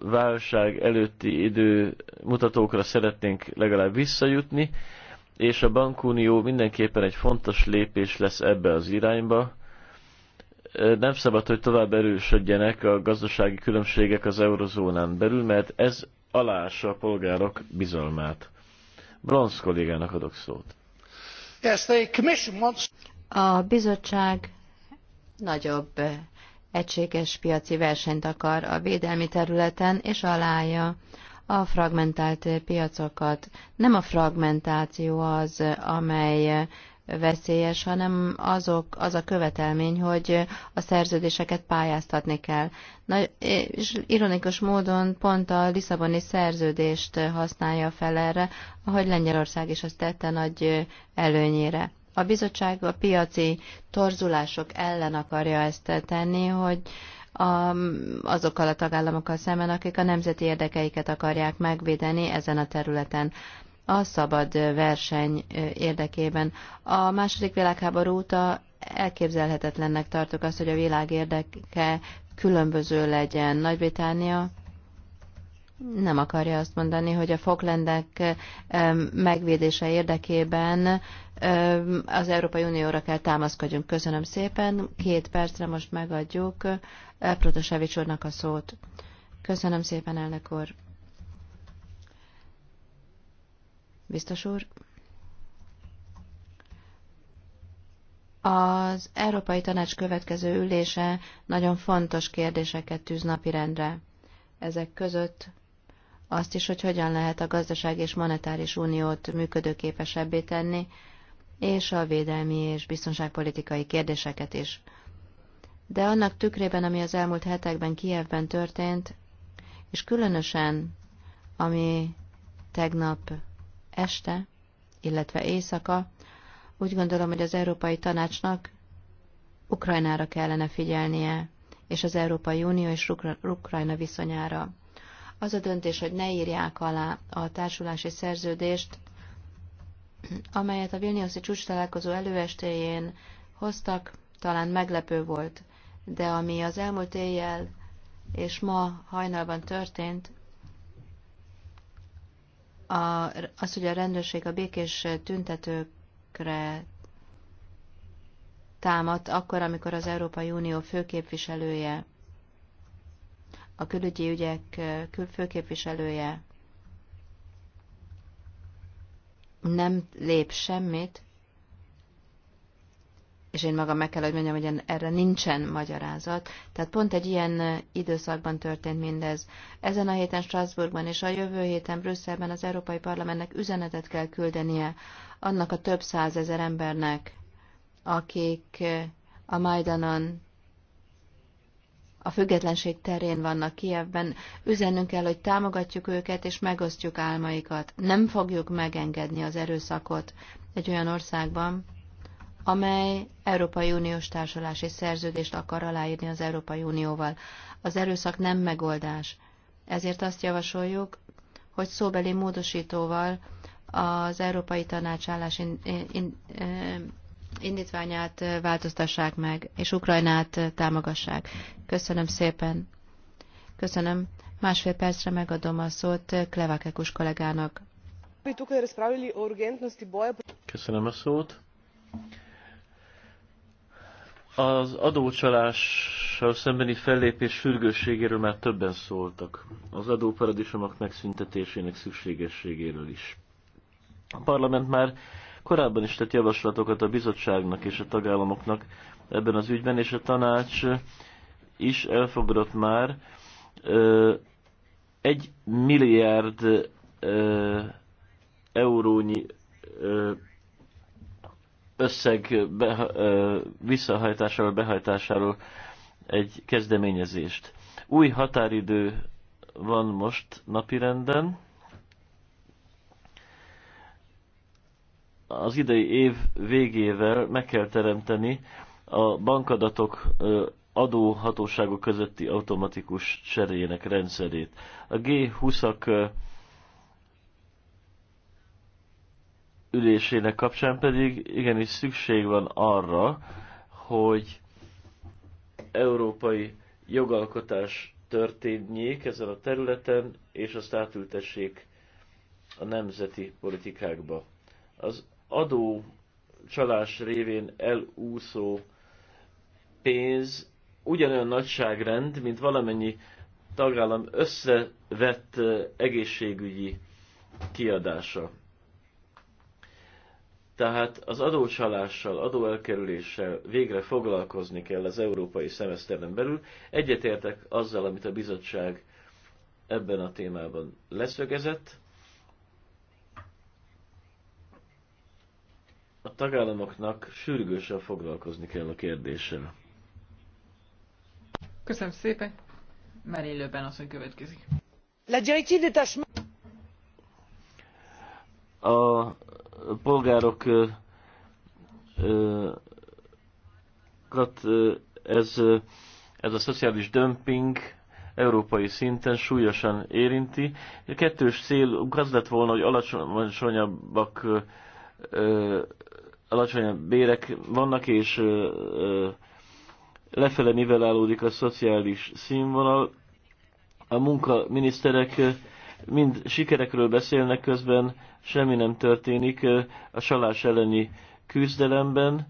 válság előtti idő mutatókra szeretnénk legalább visszajutni, és a bankunió mindenképpen egy fontos lépés lesz ebbe az irányba, nem szabad, hogy tovább erősödjenek a gazdasági különbségek az eurozónán belül, mert ez alása a polgárok bizalmát. Bronz kollégának adok szót. A bizottság nagyobb egységes piaci versenyt akar a védelmi területen, és alája a fragmentált piacokat. Nem a fragmentáció az, amely veszélyes, hanem azok, az a követelmény, hogy a szerződéseket pályáztatni kell. Na, és ironikus módon pont a Lisszaboni szerződést használja fel erre, ahogy Lengyelország is azt tette nagy előnyére. A bizottság a piaci torzulások ellen akarja ezt tenni, hogy a, azokkal a tagállamokkal szemben, akik a nemzeti érdekeiket akarják megvédeni ezen a területen a szabad verseny érdekében. A második világháború óta elképzelhetetlennek tartok azt, hogy a világ érdeke különböző legyen. Nagy-Británia nem akarja azt mondani, hogy a foklendek megvédése érdekében az Európai Unióra kell támaszkodjunk. Köszönöm szépen. Két percre most megadjuk Protosevics úrnak a szót. Köszönöm szépen, elnök úr. Biztos úr. Az Európai Tanács következő ülése nagyon fontos kérdéseket tűz napirendre. Ezek között azt is, hogy hogyan lehet a gazdaság és monetáris uniót működőképesebbé tenni, és a védelmi és biztonságpolitikai kérdéseket is. De annak tükrében, ami az elmúlt hetekben Kijevben történt, és különösen, ami tegnap este, illetve éjszaka, úgy gondolom, hogy az Európai Tanácsnak Ukrajnára kellene figyelnie, és az Európai Unió és Ukrajna viszonyára. Az a döntés, hogy ne írják alá a társulási szerződést, amelyet a Vilniuszi csúcs találkozó előestéjén hoztak, talán meglepő volt, de ami az elmúlt éjjel és ma hajnalban történt, a, az, hogy a rendőrség a békés tüntetőkre támadt akkor, amikor az Európai Unió főképviselője, a külügyi ügyek főképviselője nem lép semmit, és én magam meg kell, hogy mondjam, hogy erre nincsen magyarázat. Tehát pont egy ilyen eh, időszakban történt mindez. Ezen a héten Strasbourgban és a jövő héten Brüsszelben az Európai Parlamentnek üzenetet kell küldenie annak a több százezer embernek, akik eh, a Majdanon a függetlenség terén vannak Kievben, üzennünk kell, hogy támogatjuk őket és megosztjuk álmaikat. Nem fogjuk megengedni az erőszakot egy olyan országban, amely Európai Uniós társulási szerződést akar aláírni az Európai Unióval. Az erőszak nem megoldás. Ezért azt javasoljuk, hogy szóbeli módosítóval az Európai Tanács állás in, in, eh, indítványát változtassák meg, és Ukrajnát támogassák. Köszönöm szépen. Köszönöm. Másfél percre megadom a szót Klevakekus kollégának. Köszönöm a szót. Az adócsalással szembeni fellépés sürgősségéről már többen szóltak. Az adóparadicsomok megszüntetésének szükségességéről is. A parlament már korábban is tett javaslatokat a bizottságnak és a tagállamoknak ebben az ügyben, és a tanács is elfogadott már ö, egy milliárd ö, eurónyi ö, összeg ö, visszahajtásáról, behajtásáról egy kezdeményezést. Új határidő van most napirenden. Az idei év végével meg kell teremteni a bankadatok adóhatóságok közötti automatikus cserének rendszerét. A G20-ak ülésének kapcsán pedig igenis szükség van arra, hogy európai jogalkotás történjék ezen a területen, és azt átültessék a nemzeti politikákba. Az adó csalás révén elúszó pénz ugyanolyan nagyságrend, mint valamennyi tagállam összevett eh, egészségügyi kiadása. Tehát az adócsalással, adóelkerüléssel végre foglalkozni kell az európai szemeszteren belül. Egyetértek azzal, amit a bizottság ebben a témában leszögezett. A tagállamoknak sürgősen foglalkozni kell a kérdéssel. Köszönöm szépen. Már élőben hogy következik. La directive A polgárok ez, ez a szociális dömping európai szinten súlyosan érinti. A kettős cél az lett volna, hogy alacsonyabbak alacsonyabb bérek vannak, és lefele nivelálódik a szociális színvonal. A munkaminiszterek miniszterek mind sikerekről beszélnek közben, semmi nem történik a salás elleni küzdelemben,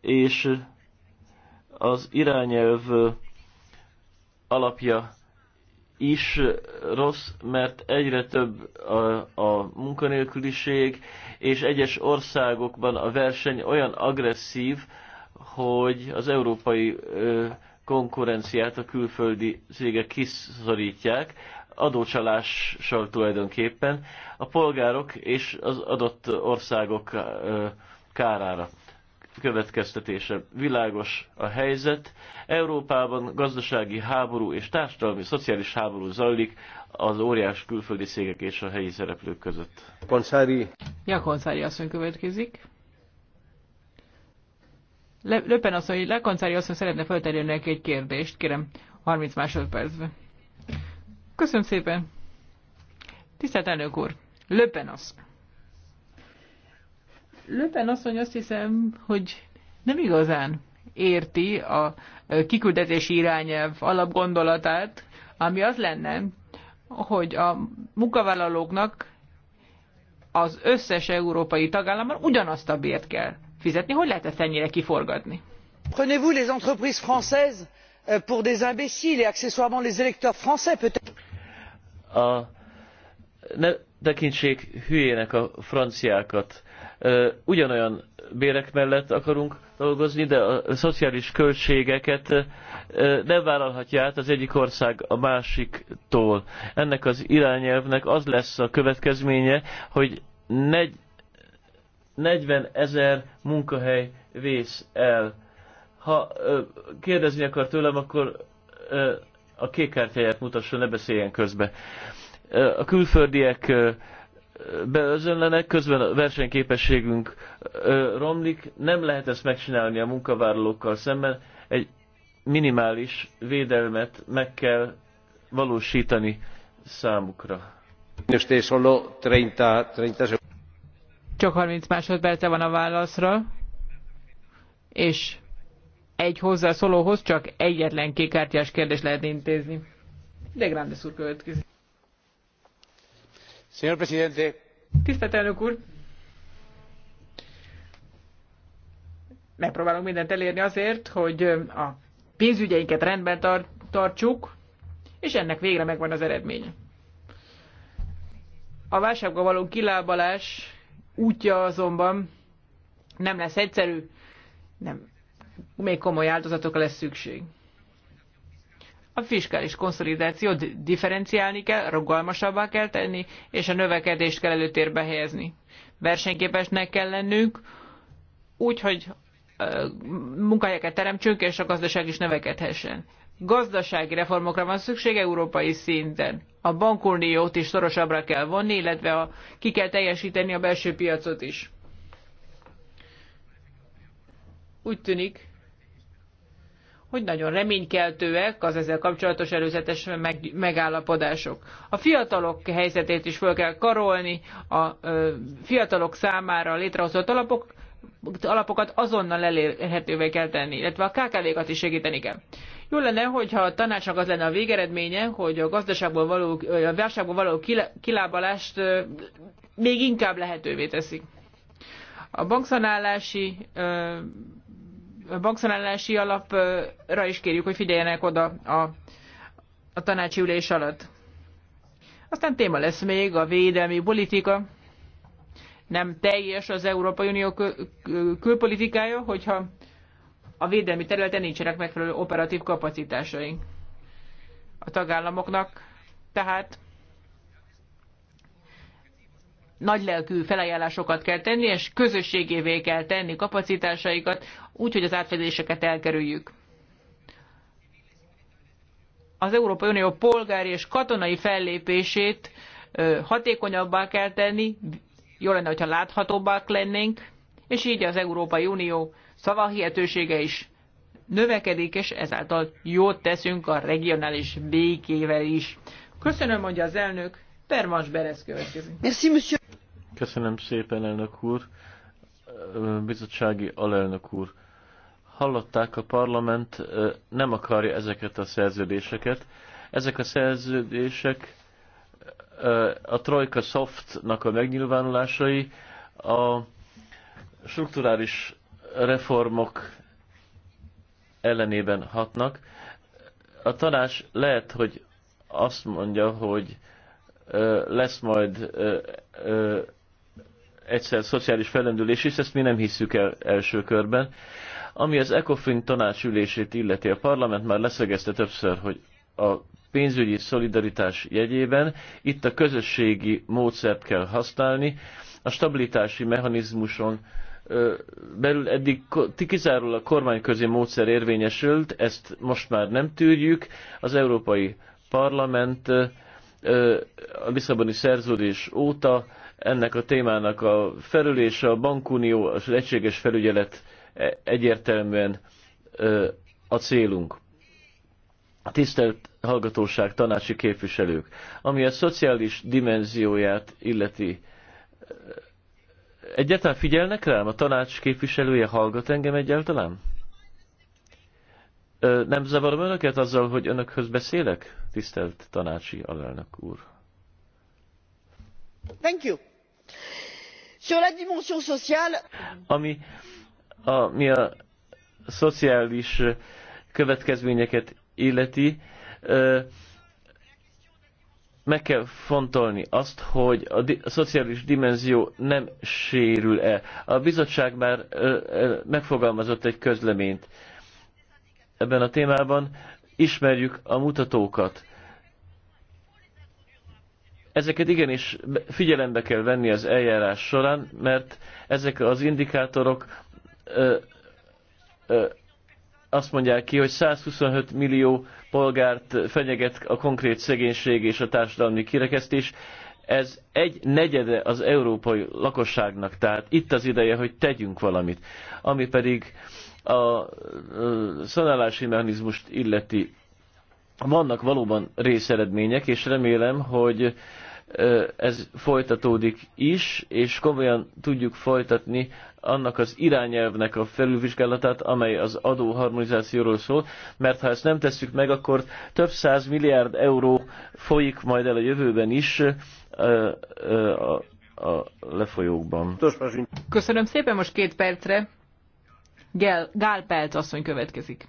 és az irányelv alapja is rossz, mert egyre több a, a munkanélküliség, és egyes országokban a verseny olyan agresszív, hogy az európai ö, konkurenciát a külföldi cégek kiszorítják adócsalással tulajdonképpen a polgárok és az adott országok kárára következtetése. Világos a helyzet. Európában gazdasági háború és társadalmi, szociális háború zajlik az óriás külföldi szégek és a helyi szereplők között. Konszári. Ja, Konszári asszony következik. Le, Löpen asszony, Le Konszári asszony szeretne feltenni egy kérdést, kérem, 30 másodpercben. Köszönöm szépen. Tisztelt elnök úr, Löpen az. Löpen asszony azt hiszem, hogy nem igazán érti a kiküldetési irányelv alapgondolatát, ami az lenne, hogy a munkavállalóknak az összes európai tagállamban ugyanazt a bért kell fizetni. Hogy lehet ezt ennyire kiforgatni? Prenez-vous les entreprises françaises Euh, pour des imbéciles et accessoirement les électeurs français peut être. ne tekintsék hülyének a franciákat. Ugyanolyan bérek mellett akarunk dolgozni, de a szociális költségeket nem vállalhatja át az egyik ország a másiktól. Ennek az irányelvnek az lesz a következménye, hogy negy, 40 ezer munkahely vész el ha kérdezni akar tőlem, akkor a kék kártyáját mutasson, ne beszéljen közbe. A külföldiek beözönlenek, közben a versenyképességünk romlik, nem lehet ezt megcsinálni a munkavállalókkal szemben, egy minimális védelmet meg kell valósítani számukra. Csak 30 másodperce van a válaszra, és egy hozzászólóhoz csak egyetlen kékártyás kérdés lehet intézni. De Grandes úr következik. Señor Presidente. Tisztelt elnök úr! Megpróbálunk mindent elérni azért, hogy a pénzügyeinket rendben tar- tartsuk, és ennek végre megvan az eredménye. A válságba való kilábalás útja azonban nem lesz egyszerű, nem még komoly áldozatokra lesz szükség. A fiskális konszolidációt differenciálni kell, rugalmasabbá kell tenni, és a növekedést kell előtérbe helyezni. Versenyképesnek kell lennünk, úgy, hogy munkahelyeket teremtsünk, és a gazdaság is növekedhessen. Gazdasági reformokra van szükség európai szinten. A bankuniót is szorosabbra kell vonni, illetve a, ki kell teljesíteni a belső piacot is. Úgy tűnik, hogy nagyon reménykeltőek az ezzel kapcsolatos előzetes meg, megállapodások. A fiatalok helyzetét is föl kell karolni, a ö, fiatalok számára létrehozott alapok, alapokat azonnal elérhetővé kell tenni, illetve a KKV-kat is segíteni kell. Jó lenne, hogyha a tanácsnak az lenne a végeredménye, hogy a gazdaságból való, a válságból való kilábalást még inkább lehetővé teszik. A bankszanálási bankszállási alapra is kérjük, hogy figyeljenek oda a, a tanácsi ülés alatt. Aztán téma lesz még a védelmi politika. Nem teljes az Európai Unió külpolitikája, hogyha a védelmi területen nincsenek megfelelő operatív kapacitásaink. A tagállamoknak tehát nagylelkű felajánlásokat kell tenni, és közösségévé kell tenni kapacitásaikat, úgy, hogy az átfedéseket elkerüljük. Az Európai Unió polgári és katonai fellépését hatékonyabbá kell tenni, jó lenne, hogyha láthatóbbak lennénk, és így az Európai Unió szavahihetősége is növekedik, és ezáltal jót teszünk a regionális békével is. Köszönöm, mondja az elnök, Permas Berez következik. Merci, monsieur. Köszönöm szépen, elnök úr, bizottsági alelnök úr. Hallották, a parlament nem akarja ezeket a szerződéseket. Ezek a szerződések a Trojka Softnak a megnyilvánulásai, a strukturális reformok ellenében hatnak. A tanács lehet, hogy azt mondja, hogy lesz majd egyszer szociális felendülés, és ezt mi nem hisszük el első körben. Ami az ECOFIN tanácsülését illeti, a parlament már leszögezte többször, hogy a pénzügyi szolidaritás jegyében itt a közösségi módszert kell használni, a stabilitási mechanizmuson belül eddig kizárólag kormányközi módszer érvényesült, ezt most már nem tűrjük. Az Európai Parlament a Lisszaboni szerződés óta ennek a témának a felülése, a bankunió, az egységes felügyelet e- egyértelműen a célunk. Tisztelt hallgatóság, tanácsi képviselők, ami a szociális dimenzióját illeti, egyáltalán figyelnek rám? A tanács képviselője hallgat engem egyáltalán? Nem zavarom önöket azzal, hogy önökhöz beszélek, tisztelt tanácsi alelnök úr? ami a, mi a szociális következményeket illeti, meg kell fontolni azt, hogy a, di- a szociális dimenzió nem sérül-e. A bizottság már megfogalmazott egy közleményt ebben a témában. Ismerjük a mutatókat Ezeket igenis figyelembe kell venni az eljárás során, mert ezek az indikátorok ö, ö, azt mondják ki, hogy 125 millió polgárt fenyeget a konkrét szegénység és a társadalmi kirekesztés. Ez egy negyede az európai lakosságnak, tehát itt az ideje, hogy tegyünk valamit. Ami pedig a szanálási mechanizmust illeti, vannak valóban részeredmények, és remélem, hogy ez folytatódik is, és komolyan tudjuk folytatni annak az irányelvnek a felülvizsgálatát, amely az adóharmonizációról szól, mert ha ezt nem tesszük meg, akkor több száz milliárd euró folyik majd el a jövőben is a, a lefolyókban. Köszönöm szépen, most két percre. Gál, Pelt asszony következik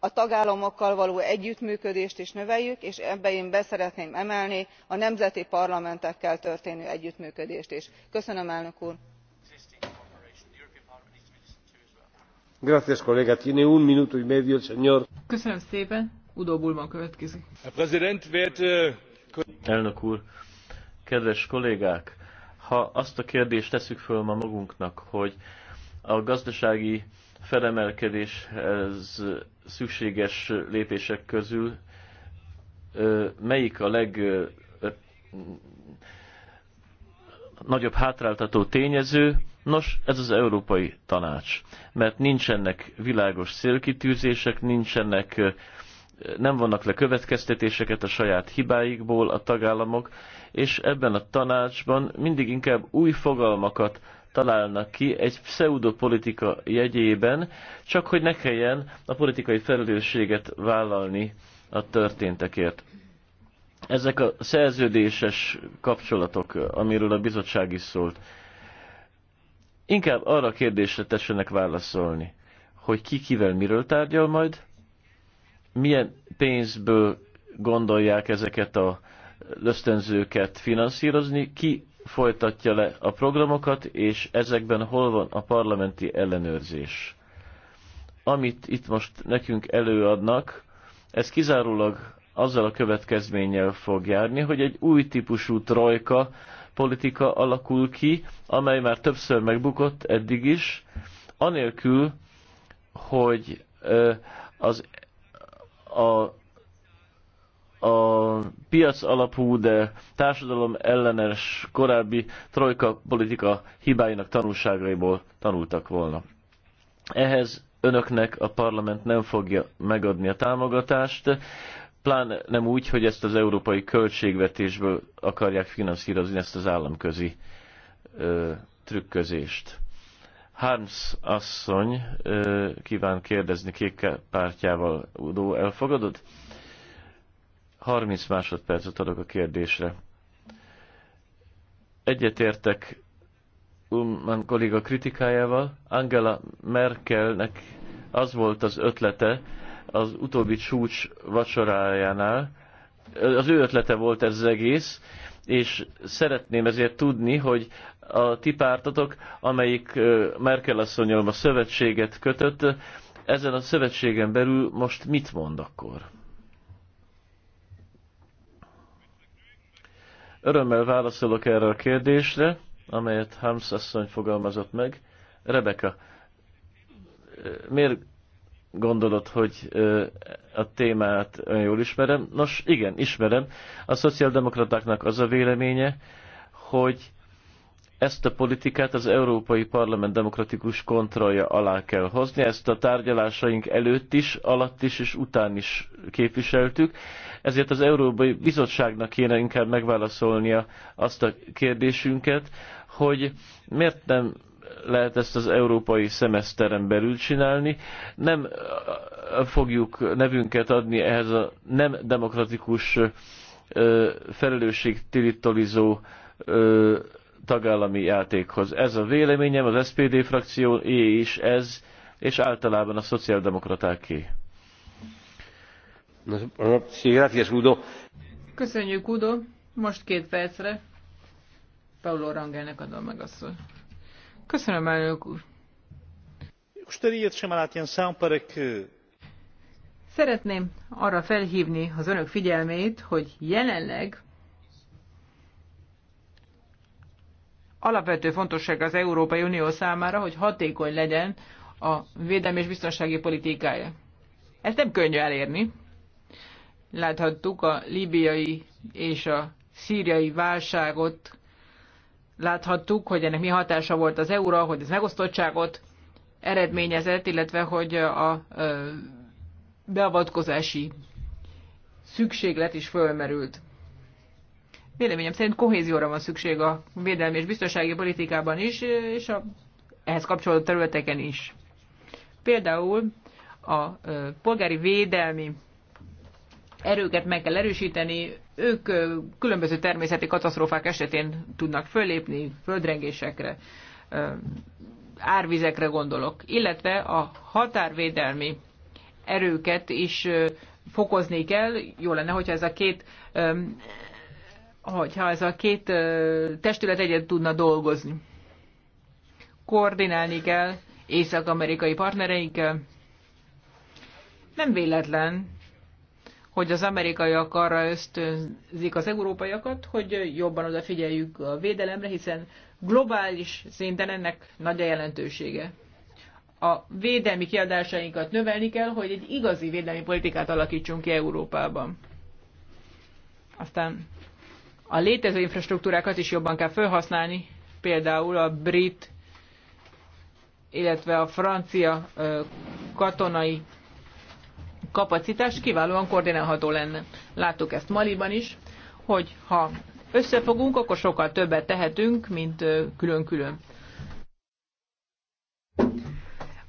a tagállamokkal való együttműködést is növeljük és ebbe én be szeretném emelni a nemzeti parlamentekkel történő együttműködést is. köszönöm elnök úr! kedves kollégák! ha azt a kérdést tesszük föl ma magunknak hogy a gazdasági felemelkedéshez szükséges lépések közül melyik a leg nagyobb hátráltató tényező, nos, ez az Európai Tanács. Mert nincsenek világos célkitűzések, nincsenek, nem vannak le következtetéseket a saját hibáikból a tagállamok, és ebben a tanácsban mindig inkább új fogalmakat találnak ki egy pseudopolitika jegyében, csak hogy ne kelljen a politikai felelősséget vállalni a történtekért. Ezek a szerződéses kapcsolatok, amiről a bizottság is szólt, inkább arra a kérdésre tessenek válaszolni, hogy ki kivel miről tárgyal majd, milyen pénzből gondolják ezeket a ösztönzőket finanszírozni, ki folytatja le a programokat, és ezekben hol van a parlamenti ellenőrzés. Amit itt most nekünk előadnak, ez kizárólag azzal a következménnyel fog járni, hogy egy új típusú trojka politika alakul ki, amely már többször megbukott eddig is, anélkül, hogy az a a piac alapú, de társadalom ellenes korábbi trojka politika hibáinak tanulságaiból tanultak volna. Ehhez önöknek a parlament nem fogja megadni a támogatást, pláne nem úgy, hogy ezt az európai költségvetésből akarják finanszírozni ezt az államközi ö, trükközést. Harms asszony ö, kíván kérdezni kék pártjával, Udó, elfogadod? Ö, 30 másodpercet adok a kérdésre. Egyetértek Umman kolléga kritikájával. Angela Merkelnek az volt az ötlete az utóbbi csúcs vacsorájánál, az ő ötlete volt ez az egész, és szeretném ezért tudni, hogy a ti pártotok, amelyik Merkel asszonyom a szövetséget kötött, ezen a szövetségen belül most mit mond akkor? Örömmel válaszolok erre a kérdésre, amelyet Hams asszony fogalmazott meg. Rebeka, miért gondolod, hogy a témát olyan jól ismerem? Nos, igen, ismerem. A szociáldemokratáknak az a véleménye, hogy ezt a politikát az Európai Parlament demokratikus kontrollja alá kell hozni, ezt a tárgyalásaink előtt is, alatt is és után is képviseltük, ezért az Európai Bizottságnak kéne inkább megválaszolnia azt a kérdésünket, hogy miért nem lehet ezt az európai szemeszteren belül csinálni. Nem fogjuk nevünket adni ehhez a nem demokratikus felelősségtilitolizó tagállami játékhoz. Ez a véleményem, az SPD frakció é is ez, és általában a szociáldemokratáké. Köszönjük, Udo. Most két percre. Paulo Rangelnek adom meg a szó. Köszönöm, elnök úr. Szeretném arra felhívni az önök figyelmét, hogy jelenleg alapvető fontosság az Európai Unió számára, hogy hatékony legyen a védelmi és biztonsági politikája. Ezt nem könnyű elérni. Láthattuk a libiai és a szíriai válságot, láthattuk, hogy ennek mi hatása volt az euró, hogy ez megosztottságot eredményezett, illetve hogy a beavatkozási szükséglet is fölmerült. Véleményem szerint kohézióra van szükség a védelmi és biztonsági politikában is, és a ehhez kapcsolódó területeken is. Például a polgári védelmi erőket meg kell erősíteni, ők különböző természeti katasztrófák esetén tudnak fölépni földrengésekre, árvizekre gondolok, illetve a határvédelmi erőket is fokozni kell. Jó lenne, hogyha ez a két hogyha ez a két testület egyet tudna dolgozni. Koordinálni kell észak-amerikai partnereinkkel. Nem véletlen, hogy az amerikaiak arra ösztönzik az európaiakat, hogy jobban odafigyeljük a védelemre, hiszen globális szinten ennek nagy a jelentősége. A védelmi kiadásainkat növelni kell, hogy egy igazi védelmi politikát alakítsunk ki Európában. Aztán a létező infrastruktúrákat is jobban kell felhasználni, például a brit, illetve a francia katonai kapacitás kiválóan koordinálható lenne. Láttuk ezt Maliban is, hogy ha összefogunk, akkor sokkal többet tehetünk, mint külön-külön.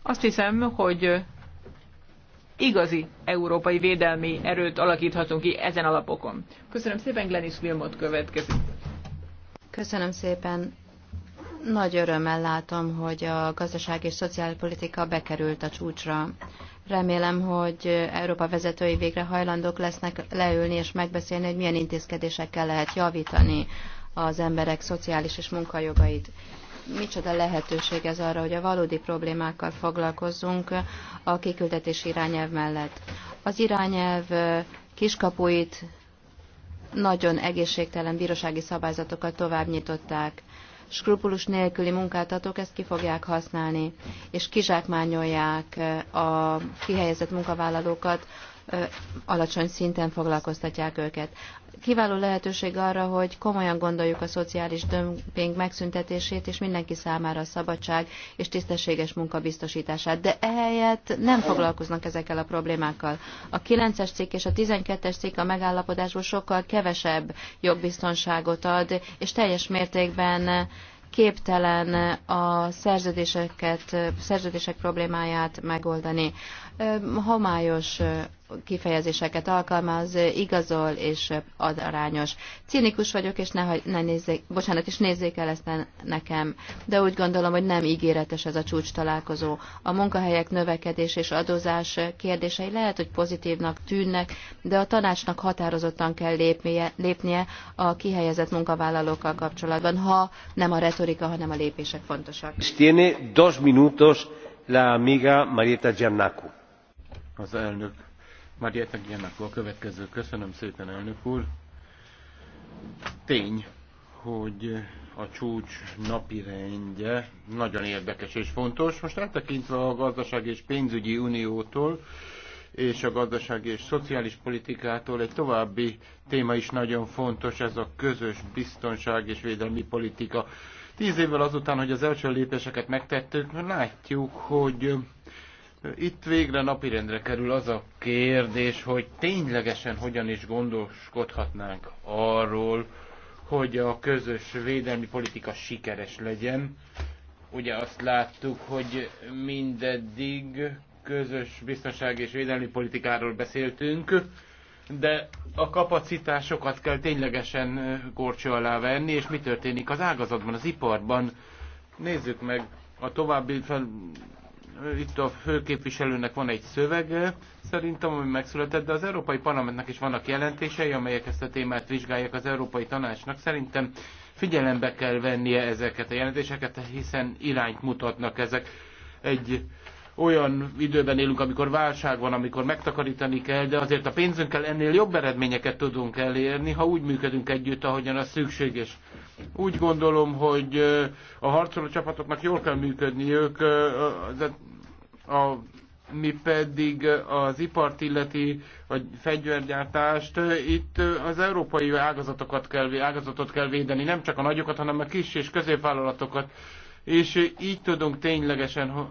Azt hiszem, hogy igazi európai védelmi erőt alakíthatunk ki ezen alapokon. Köszönöm szépen, Glenis Wilmot következik. Köszönöm szépen. Nagy örömmel látom, hogy a gazdaság és szociálpolitika bekerült a csúcsra. Remélem, hogy Európa vezetői végre hajlandók lesznek leülni és megbeszélni, hogy milyen intézkedésekkel lehet javítani az emberek szociális és munkajogait micsoda lehetőség ez arra, hogy a valódi problémákkal foglalkozzunk a kiküldetés irányelv mellett. Az irányelv kiskapuit nagyon egészségtelen bírósági szabályzatokat tovább nyitották. Skrupulus nélküli munkáltatók ezt ki fogják használni, és kizsákmányolják a kihelyezett munkavállalókat, alacsony szinten foglalkoztatják őket kiváló lehetőség arra, hogy komolyan gondoljuk a szociális dömping megszüntetését, és mindenki számára a szabadság és tisztességes munka biztosítását. De ehelyett nem foglalkoznak ezekkel a problémákkal. A 9-es cikk és a 12-es cikk a megállapodásból sokkal kevesebb jogbiztonságot ad, és teljes mértékben képtelen a szerződéseket, szerződések problémáját megoldani homályos kifejezéseket alkalmaz, igazol és ad arányos. Cinikus vagyok, és ne, ne nézzék, bocsánat, és nézzék el ezt nekem, de úgy gondolom, hogy nem ígéretes ez a csúcs találkozó. A munkahelyek növekedés és adózás kérdései lehet, hogy pozitívnak tűnnek, de a tanácsnak határozottan kell lépnie, lépnie a kihelyezett munkavállalókkal kapcsolatban, ha nem a retorika, hanem a lépések fontosak. Tiene dos minutos la amiga Marieta Giannaku az elnök. Marietta Giannaku a következő. Köszönöm szépen, elnök úr. Tény, hogy a csúcs napi rendje nagyon érdekes és fontos. Most eltekintve a gazdaság és pénzügyi uniótól, és a gazdasági és szociális politikától egy további téma is nagyon fontos, ez a közös biztonság és védelmi politika. Tíz évvel azután, hogy az első lépéseket megtettük, látjuk, hogy itt végre napirendre kerül az a kérdés, hogy ténylegesen hogyan is gondoskodhatnánk arról, hogy a közös védelmi politika sikeres legyen. Ugye azt láttuk, hogy mindeddig közös biztonság és védelmi politikáról beszéltünk, de a kapacitásokat kell ténylegesen korcsó alá venni, és mi történik az ágazatban, az iparban. Nézzük meg a további fel itt a főképviselőnek van egy szövege, szerintem, ami megszületett, de az Európai Parlamentnek is vannak jelentései, amelyek ezt a témát vizsgálják az Európai Tanácsnak. Szerintem figyelembe kell vennie ezeket a jelentéseket, hiszen irányt mutatnak ezek. Egy olyan időben élünk, amikor válság van, amikor megtakarítani kell, de azért a pénzünkkel ennél jobb eredményeket tudunk elérni, ha úgy működünk együtt, ahogyan az szükséges. Úgy gondolom, hogy a harcoló csapatoknak jól kell működniük, a, a, mi pedig az ipart illeti, vagy fegyvergyártást, itt az európai ágazatokat kell, ágazatot kell védeni, nem csak a nagyokat, hanem a kis és középvállalatokat, és így tudunk ténylegesen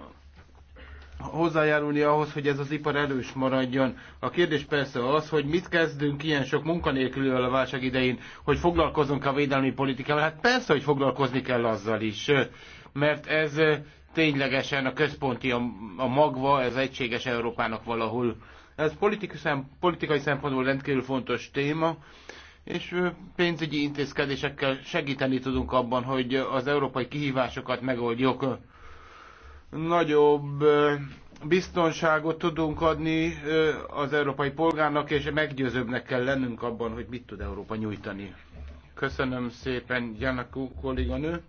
hozzájárulni ahhoz, hogy ez az ipar erős maradjon. A kérdés persze az, hogy mit kezdünk ilyen sok munkanélkülővel a válság idején, hogy foglalkozunk a védelmi politikával. Hát persze, hogy foglalkozni kell azzal is, mert ez eh, ténylegesen a központi, a, a magva, ez egységes Európának valahol. Ez politikai szempontból rendkívül fontos téma, és eh, pénzügyi intézkedésekkel segíteni tudunk abban, hogy az európai kihívásokat megoldjuk nagyobb biztonságot tudunk adni az európai polgárnak, és meggyőzőbbnek kell lennünk abban, hogy mit tud Európa nyújtani. Köszönöm szépen, Janakú kolléganő.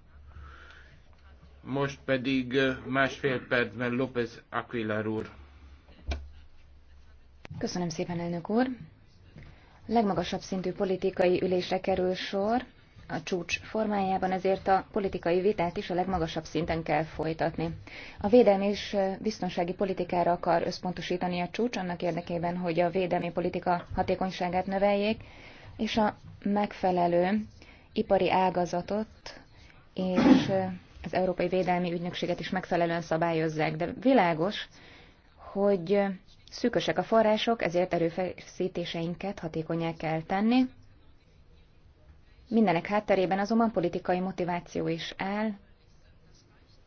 Most pedig másfél percben López Aquilar úr. Köszönöm szépen, elnök úr. Legmagasabb szintű politikai ülésre kerül sor, a csúcs formájában, ezért a politikai vitát is a legmagasabb szinten kell folytatni. A védelmi és biztonsági politikára akar összpontosítani a csúcs annak érdekében, hogy a védelmi politika hatékonyságát növeljék, és a megfelelő ipari ágazatot és az Európai Védelmi Ügynökséget is megfelelően szabályozzák. De világos, hogy szűkösek a források, ezért erőfeszítéseinket hatékonyá kell tenni, Mindenek hátterében azonban politikai motiváció is áll,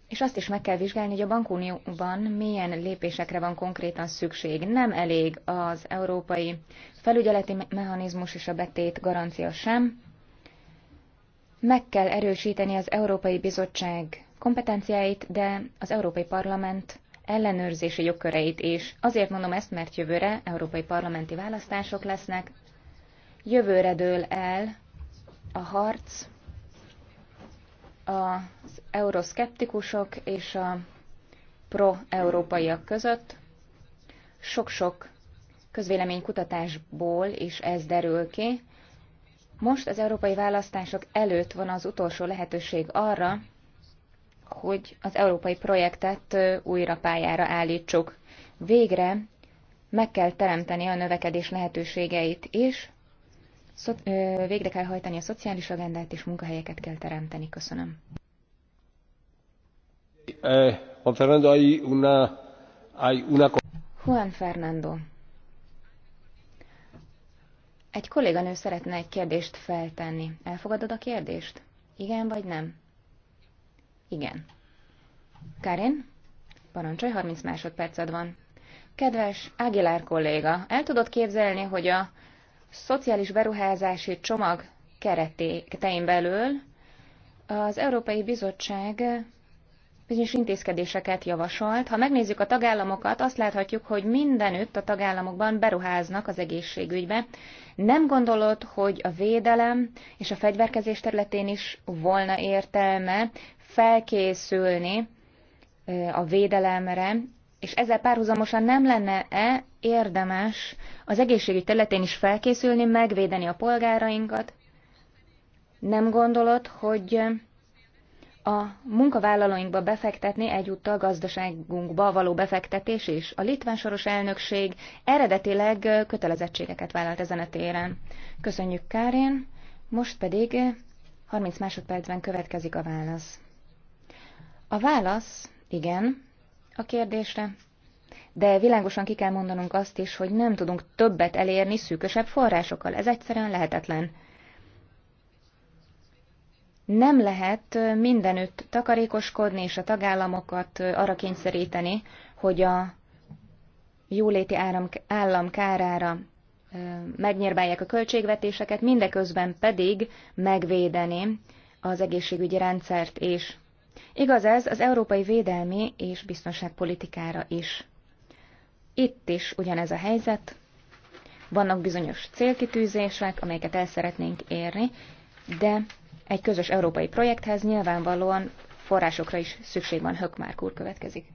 és azt is meg kell vizsgálni, hogy a bankunióban milyen lépésekre van konkrétan szükség. Nem elég az európai felügyeleti mechanizmus és a betét garancia sem. Meg kell erősíteni az Európai Bizottság kompetenciáit, de az Európai Parlament ellenőrzési jogköreit is. Azért mondom ezt, mert jövőre európai parlamenti választások lesznek. Jövőre dől el a harc az euroszkeptikusok és a pro-európaiak között. Sok-sok közvéleménykutatásból is ez derül ki. Most az európai választások előtt van az utolsó lehetőség arra, hogy az európai projektet újra pályára állítsuk. Végre meg kell teremteni a növekedés lehetőségeit is, végre kell hajtani a szociális agendát, és munkahelyeket kell teremteni. Köszönöm. Eh, Juan Fernando, hay una, hay una... Juan Fernando. Egy kolléganő szeretne egy kérdést feltenni. Elfogadod a kérdést? Igen vagy nem? Igen. Karin? Parancsolj, 30 másodperced van. Kedves Aguilar kolléga, el tudod képzelni, hogy a szociális beruházási csomag keretein belül az Európai Bizottság bizonyos intézkedéseket javasolt. Ha megnézzük a tagállamokat, azt láthatjuk, hogy mindenütt a tagállamokban beruháznak az egészségügybe. Nem gondolod, hogy a védelem és a fegyverkezés területén is volna értelme felkészülni a védelemre és ezzel párhuzamosan nem lenne-e érdemes az egészségügy területén is felkészülni, megvédeni a polgárainkat? Nem gondolod, hogy a munkavállalóinkba befektetni egyúttal gazdaságunkba való befektetés is. A litván soros elnökség eredetileg kötelezettségeket vállalt ezen a téren. Köszönjük Kárén, most pedig 30 másodpercben következik a válasz. A válasz, igen, a kérdésre, de világosan ki kell mondanunk azt is, hogy nem tudunk többet elérni szűkösebb forrásokkal. Ez egyszerűen lehetetlen. Nem lehet mindenütt takarékoskodni és a tagállamokat arra kényszeríteni, hogy a jóléti áram, állam kárára megnyírbálják a költségvetéseket, mindeközben pedig megvédeni az egészségügyi rendszert és Igaz ez az európai védelmi és biztonságpolitikára is. Itt is ugyanez a helyzet. Vannak bizonyos célkitűzések, amelyeket el szeretnénk érni, de egy közös európai projekthez nyilvánvalóan forrásokra is szükség van. Hökmárk úr következik.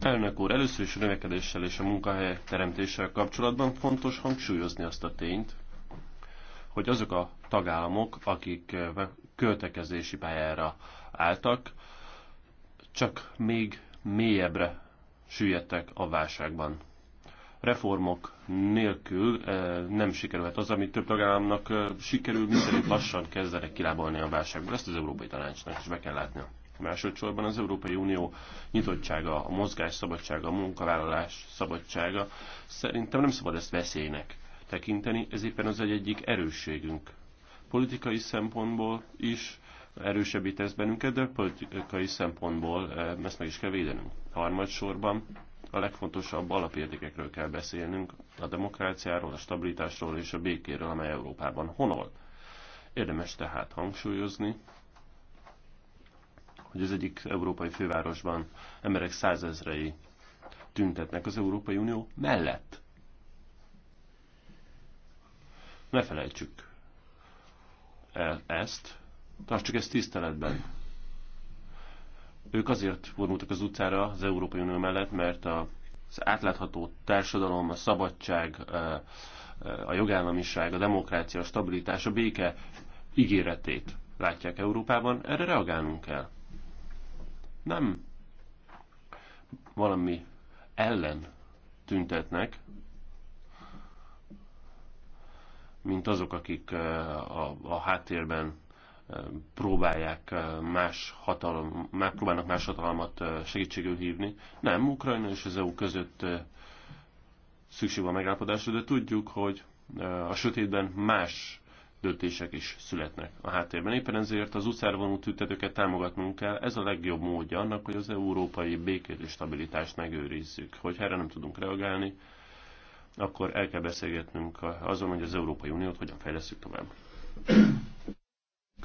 Elnök úr, először is a növekedéssel és a munkahelyek teremtéssel kapcsolatban fontos hangsúlyozni azt a tényt, hogy azok a tagállamok, akik költekezési pályára álltak, csak még mélyebbre süllyedtek a válságban. Reformok nélkül eh, nem sikerülhet az, amit több tagállamnak eh, sikerül, miszerint lassan kezdenek kilábolni a válságból. Ezt az Európai Tanácsnak is be kell látnia. Másodszorban az Európai Unió nyitottsága, a mozgás szabadsága, a munkavállalás szabadsága szerintem nem szabad ezt veszélynek tekinteni, ez éppen az egy egyik erősségünk. Politikai szempontból is, erősebbít ez bennünket, de politikai szempontból eh, ezt meg is kell védenünk. Harmadsorban a legfontosabb alapértékekről kell beszélnünk, a demokráciáról, a stabilitásról és a békéről, amely Európában honol. Érdemes tehát hangsúlyozni, hogy az egyik európai fővárosban emberek százezrei tüntetnek az Európai Unió mellett. Ne felejtsük el ezt, tartsuk ezt tiszteletben. Ők azért vonultak az utcára az Európai Unió mellett, mert az átlátható társadalom, a szabadság, eh, eh, a jogállamiság, a demokrácia, a stabilitás, a béke ígéretét látják Európában, erre reagálnunk kell. Nem valami ellen tüntetnek, mint azok, akik eh, a, a háttérben próbálják más hatalom, már próbálnak más hatalmat segítségül hívni. Nem, Ukrajna és az EU között szükség van megállapodásra, de tudjuk, hogy a sötétben más döntések is születnek a háttérben. Éppen ezért az utcára vonult tüntetőket támogatnunk kell. Ez a legjobb módja annak, hogy az európai békét és stabilitást megőrizzük. Hogy erre nem tudunk reagálni, akkor el kell beszélgetnünk azon, hogy az Európai Uniót hogyan fejlesztjük tovább.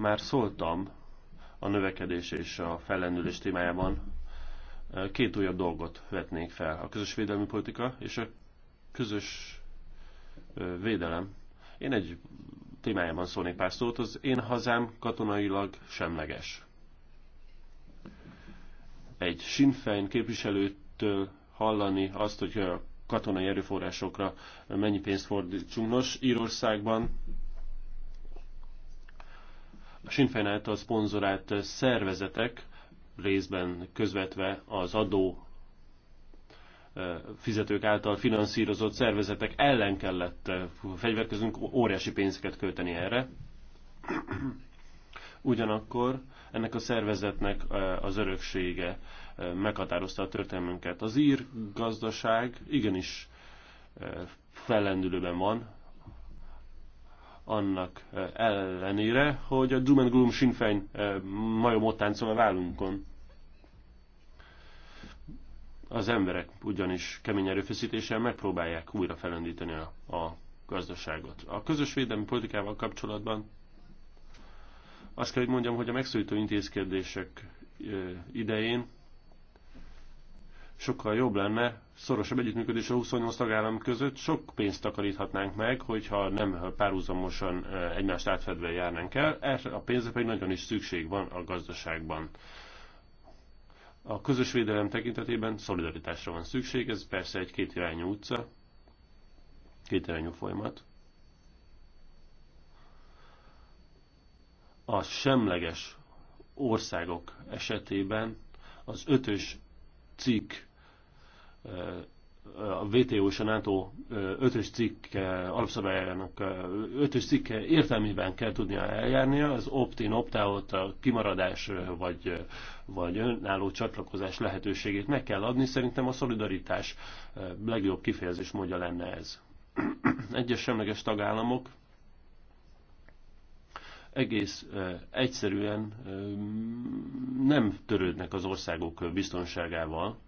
Már szóltam a növekedés és a fellendülés témájában. Két újabb dolgot vetnék fel. A közös védelmi politika és a közös védelem. Én egy témájában szólnék pár szót, az én hazám katonailag semleges. Egy Sinfein képviselőtől hallani azt, hogy a katonai erőforrásokra mennyi pénzt fordítsunk. Nos, Írországban a Sinn Féin által szponzorált szervezetek részben közvetve az adó fizetők által finanszírozott szervezetek ellen kellett fegyverkezünk, óriási pénzeket költeni erre. Ugyanakkor ennek a szervezetnek az öröksége meghatározta a történelmünket. Az ír gazdaság igenis fellendülőben van, annak ellenére, hogy a Doom and Gloom Sinn Féin majom ott táncol a vállunkon. Az emberek ugyanis kemény erőfeszítéssel megpróbálják újra felendíteni a, a gazdaságot. A közös védelmi politikával kapcsolatban azt kell, hogy mondjam, hogy a megszólító intézkedések idején sokkal jobb lenne szorosabb együttműködés a 28 tagállam között, sok pénzt takaríthatnánk meg, hogyha nem párhuzamosan egymást átfedve járnánk el, erre a pénzre pedig nagyon is szükség van a gazdaságban. A közös védelem tekintetében szolidaritásra van szükség, ez persze egy kétirányú utca, kétirányú folyamat. A semleges országok esetében az ötös cikk a WTO és a NATO ötös cikk cikke alapszabályának ötös cikke értelmében kell tudnia eljárnia, az opt-in, opt-out, a kimaradás vagy, vagy önálló csatlakozás lehetőségét meg kell adni. Szerintem a szolidaritás legjobb kifejezés módja lenne ez. [CLEARS THROAT] Egyes semleges tagállamok egész egyszerűen nem törődnek az országok biztonságával,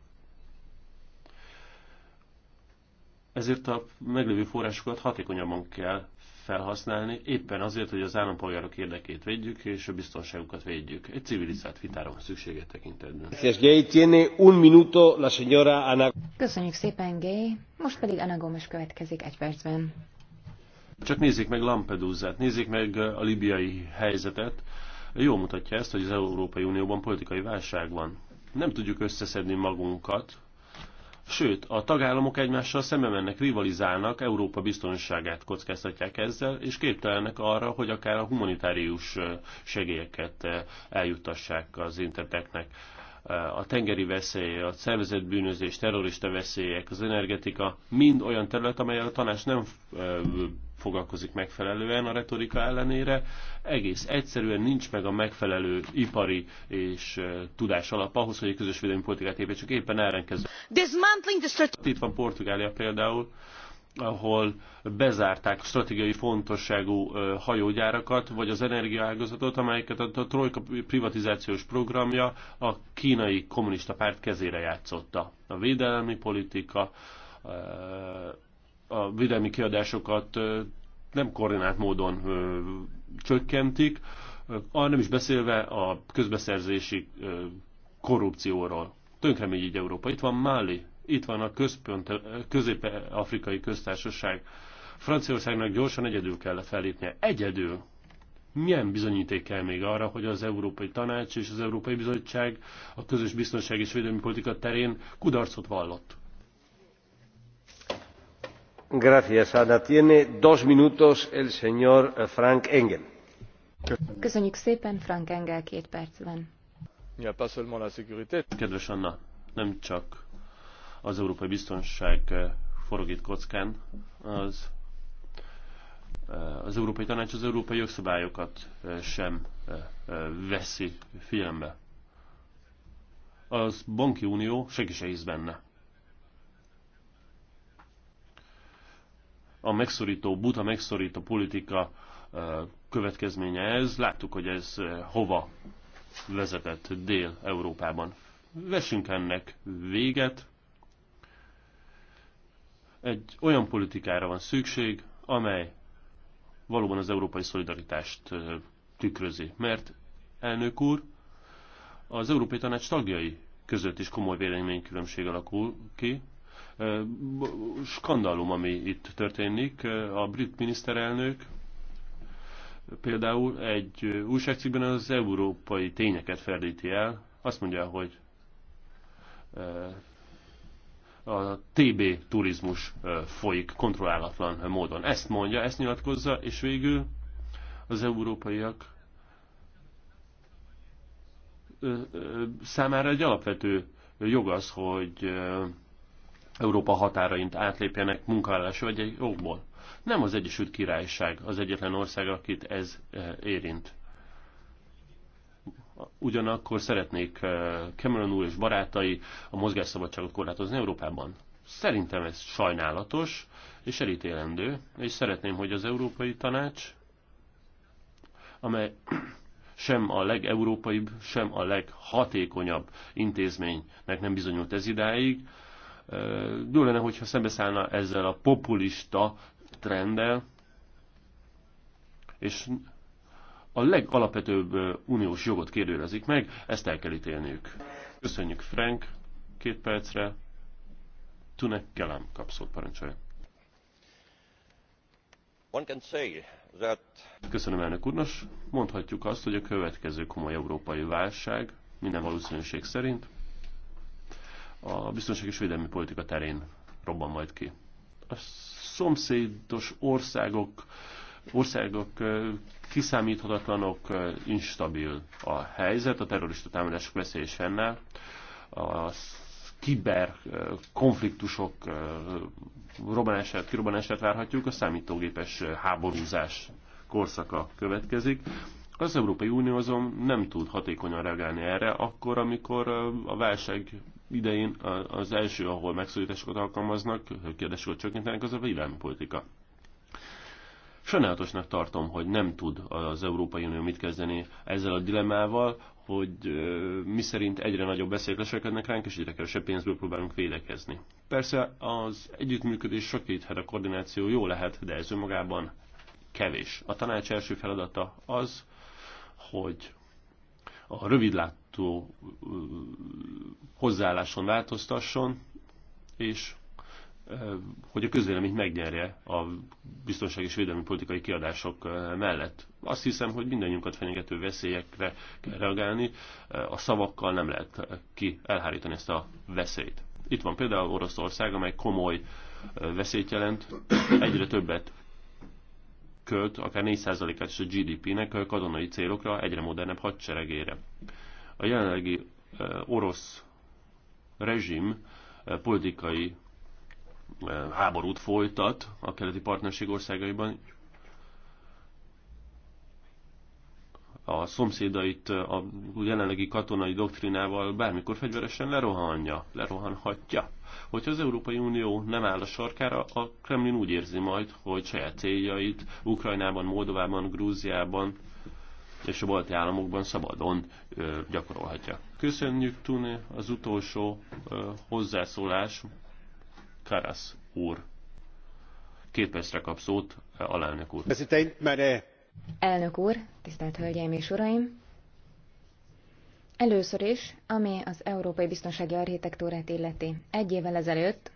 Ezért a meglévő forrásokat hatékonyabban kell felhasználni, éppen azért, hogy az állampolgárok érdekét védjük és a biztonságukat védjük. Egy civilizált vitára van szüksége tekintetben. Köszönjük szépen, Gay. Most pedig Anna Gomes következik egy percben. Csak nézzék meg Lampedusát, nézzék meg a libiai helyzetet. Jó mutatja ezt, hogy az Európai Unióban politikai válság van. Nem tudjuk összeszedni magunkat, Sőt, a tagállamok egymással szembe mennek, rivalizálnak, Európa biztonságát kockáztatják ezzel, és képtelenek arra, hogy akár a humanitárius segélyeket eljuttassák az interteknek a tengeri veszély, a szervezett bűnözés, terrorista veszélyek, az energetika, mind olyan terület, amelyel a tanács nem foglalkozik megfelelően a retorika ellenére. Egész egyszerűen nincs meg a megfelelő ipari és tudás alap ahhoz, hogy egy közös védelmi politikát építsük. Éppen ellenkező. Itt van Portugália például, ahol bezárták stratégiai fontosságú hajógyárakat, vagy az energiaágazatot, amelyeket a Trojka privatizációs programja a kínai kommunista párt kezére játszotta. A védelmi politika, a védelmi kiadásokat nem koordinált módon csökkentik, nem is beszélve a közbeszerzési korrupcióról. Tönkremegy így Európa. Itt van Máli itt van a közép-afrikai köztársaság. Franciaországnak gyorsan egyedül kell fellépnie. Egyedül! Milyen bizonyíték kell még arra, hogy az Európai Tanács és az Európai Bizottság a közös biztonság és védelmi politika terén kudarcot vallott? Gracias, Ana. Tiene dos minutos el señor Frank Engel. Köszönjük szépen, Frank Engel két percben. Kedves Anna, nem csak az európai biztonság eh, forog itt kockán, az eh, az Európai Tanács az európai jogszabályokat eh, sem veszi figyelembe. Az banki unió senki se hisz benne. A megszorító, buta megszorító politika következménye ez. Láttuk, hogy ez hova vezetett Dél-Európában. Vessünk ennek véget, egy olyan politikára van szükség, amely valóban az európai szolidaritást tükrözi. Mert, elnök úr, az Európai Tanács tagjai között is komoly véleménykülönbség alakul ki. Skandalum, ami itt történik. A brit miniszterelnök például egy újságcikkben az európai tényeket ferdíti el. Azt mondja, hogy a TB turizmus folyik kontrollálatlan módon. Ezt mondja, ezt nyilatkozza, és végül az európaiak számára egy alapvető jog az, hogy Európa határaint átlépjenek munkaállásra vagy egy jogból. Nem az Egyesült Királyság az egyetlen ország, akit ez érint. Ugyanakkor szeretnék eh, Cameron úr és barátai a mozgásszabadságot korlátozni Európában. Szerintem ez sajnálatos és elítélendő, és szeretném, hogy az Európai Tanács, amely [CLEARS THROAT] sem a legeurópaibb, sem a leghatékonyabb intézménynek nem bizonyult ez idáig, eh, jó lenne, hogyha szembeszállna ezzel a populista trenddel, és a legalapvetőbb uniós jogot kérdőrezik meg, ezt el kell ítélniük. Köszönjük Frank, két percre. Tunek Kelem kapszót parancsolja. That... Köszönöm elnök úrnos. mondhatjuk azt, hogy a következő komoly európai válság minden valószínűség szerint a biztonság és védelmi politika terén robban majd ki. A szomszédos országok országok kiszámíthatatlanok, instabil a helyzet, a terrorista támadások veszélye is fennáll, a kiber konfliktusok robbanását, kirobbanását várhatjuk, a számítógépes háborúzás korszaka következik. Az Európai Unió azon nem tud hatékonyan reagálni erre, akkor, amikor a válság idején az első, ahol megszólításokat alkalmaznak, kérdéseket csökkentenek, az a védelmi politika. Sajnálatosnak tartom, hogy nem tud az Európai Unió mit kezdeni ezzel a dilemával, hogy mi szerint egyre nagyobb veszélyek leselkednek ránk, és egyre kevesebb pénzből próbálunk védekezni. Persze az együttműködés sötéthet, a koordináció jó lehet, de ez önmagában kevés. A tanács első feladata az, hogy a rövidlátó hozzáálláson változtasson, és hogy a közvéleményt megnyerje a biztonsági és védelmi politikai kiadások mellett. Azt hiszem, hogy mindannyiunkat fenyegető veszélyekre kell reagálni, a szavakkal nem lehet ki elhárítani ezt a veszélyt. Itt van például Oroszország, amely komoly veszélyt jelent, egyre többet költ, akár 4%-át is a GDP-nek katonai célokra, egyre modernebb hadseregére. A jelenlegi orosz rezsim politikai háborút folytat a keleti partnerség országaiban. A szomszédait a jelenlegi katonai doktrinával bármikor fegyveresen lerohanja, lerohanhatja. Hogyha az Európai Unió nem áll a sarkára, a Kremlin úgy érzi majd, hogy saját céljait Ukrajnában, Moldovában, Grúziában és a balti államokban szabadon ö, gyakorolhatja. Köszönjük, Tune, az utolsó ö, hozzászólás Karas úr. Két percre kap szót, alelnök úr. Elnök úr, tisztelt Hölgyeim és Uraim! Először is, ami az európai biztonsági architektúrát illeti. Egy évvel ezelőtt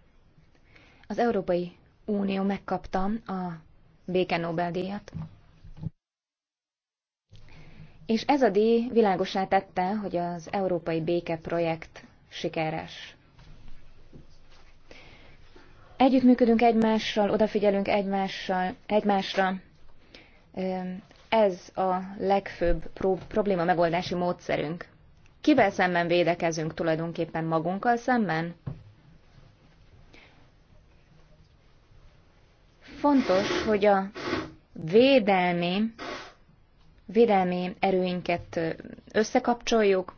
az Európai Unió megkapta a béke Nobel-díjat, és ez a díj világosá tette, hogy az európai békeprojekt sikeres Együttműködünk egymással, odafigyelünk egymással, egymásra. Ez a legfőbb pro- probléma megoldási módszerünk. Kivel szemben védekezünk tulajdonképpen magunkkal szemben? Fontos, hogy a védelmi, védelmi erőinket összekapcsoljuk,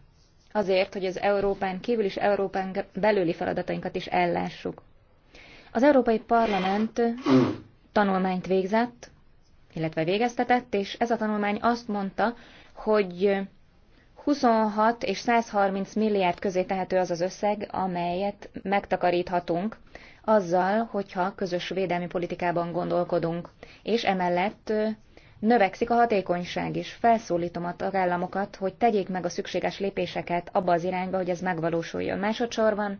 azért, hogy az Európán kívül és Európán belüli feladatainkat is ellássuk. Az Európai Parlament tanulmányt végzett, illetve végeztetett, és ez a tanulmány azt mondta, hogy 26 és 130 milliárd közé tehető az az összeg, amelyet megtakaríthatunk azzal, hogyha közös védelmi politikában gondolkodunk, és emellett növekszik a hatékonyság is. Felszólítom a tagállamokat, hogy tegyék meg a szükséges lépéseket abba az irányba, hogy ez megvalósuljon. Másodszorban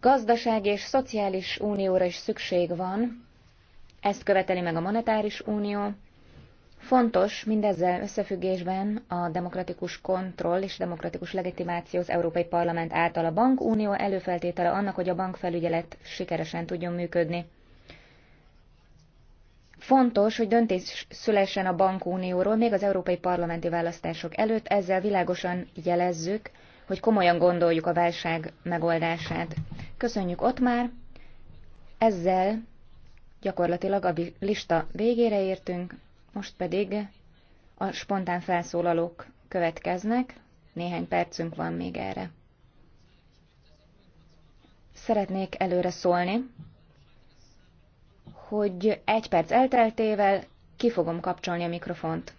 gazdasági és szociális unióra is szükség van, ezt követeli meg a monetáris unió. Fontos mindezzel összefüggésben a demokratikus kontroll és demokratikus legitimáció az Európai Parlament által a bankunió előfeltétele annak, hogy a bankfelügyelet sikeresen tudjon működni. Fontos, hogy döntés szülessen a bankunióról még az európai parlamenti választások előtt, ezzel világosan jelezzük, hogy komolyan gondoljuk a válság megoldását. Köszönjük ott már. Ezzel gyakorlatilag a lista végére értünk, most pedig a spontán felszólalók következnek. Néhány percünk van még erre. Szeretnék előre szólni, hogy egy perc elteltével ki fogom kapcsolni a mikrofont.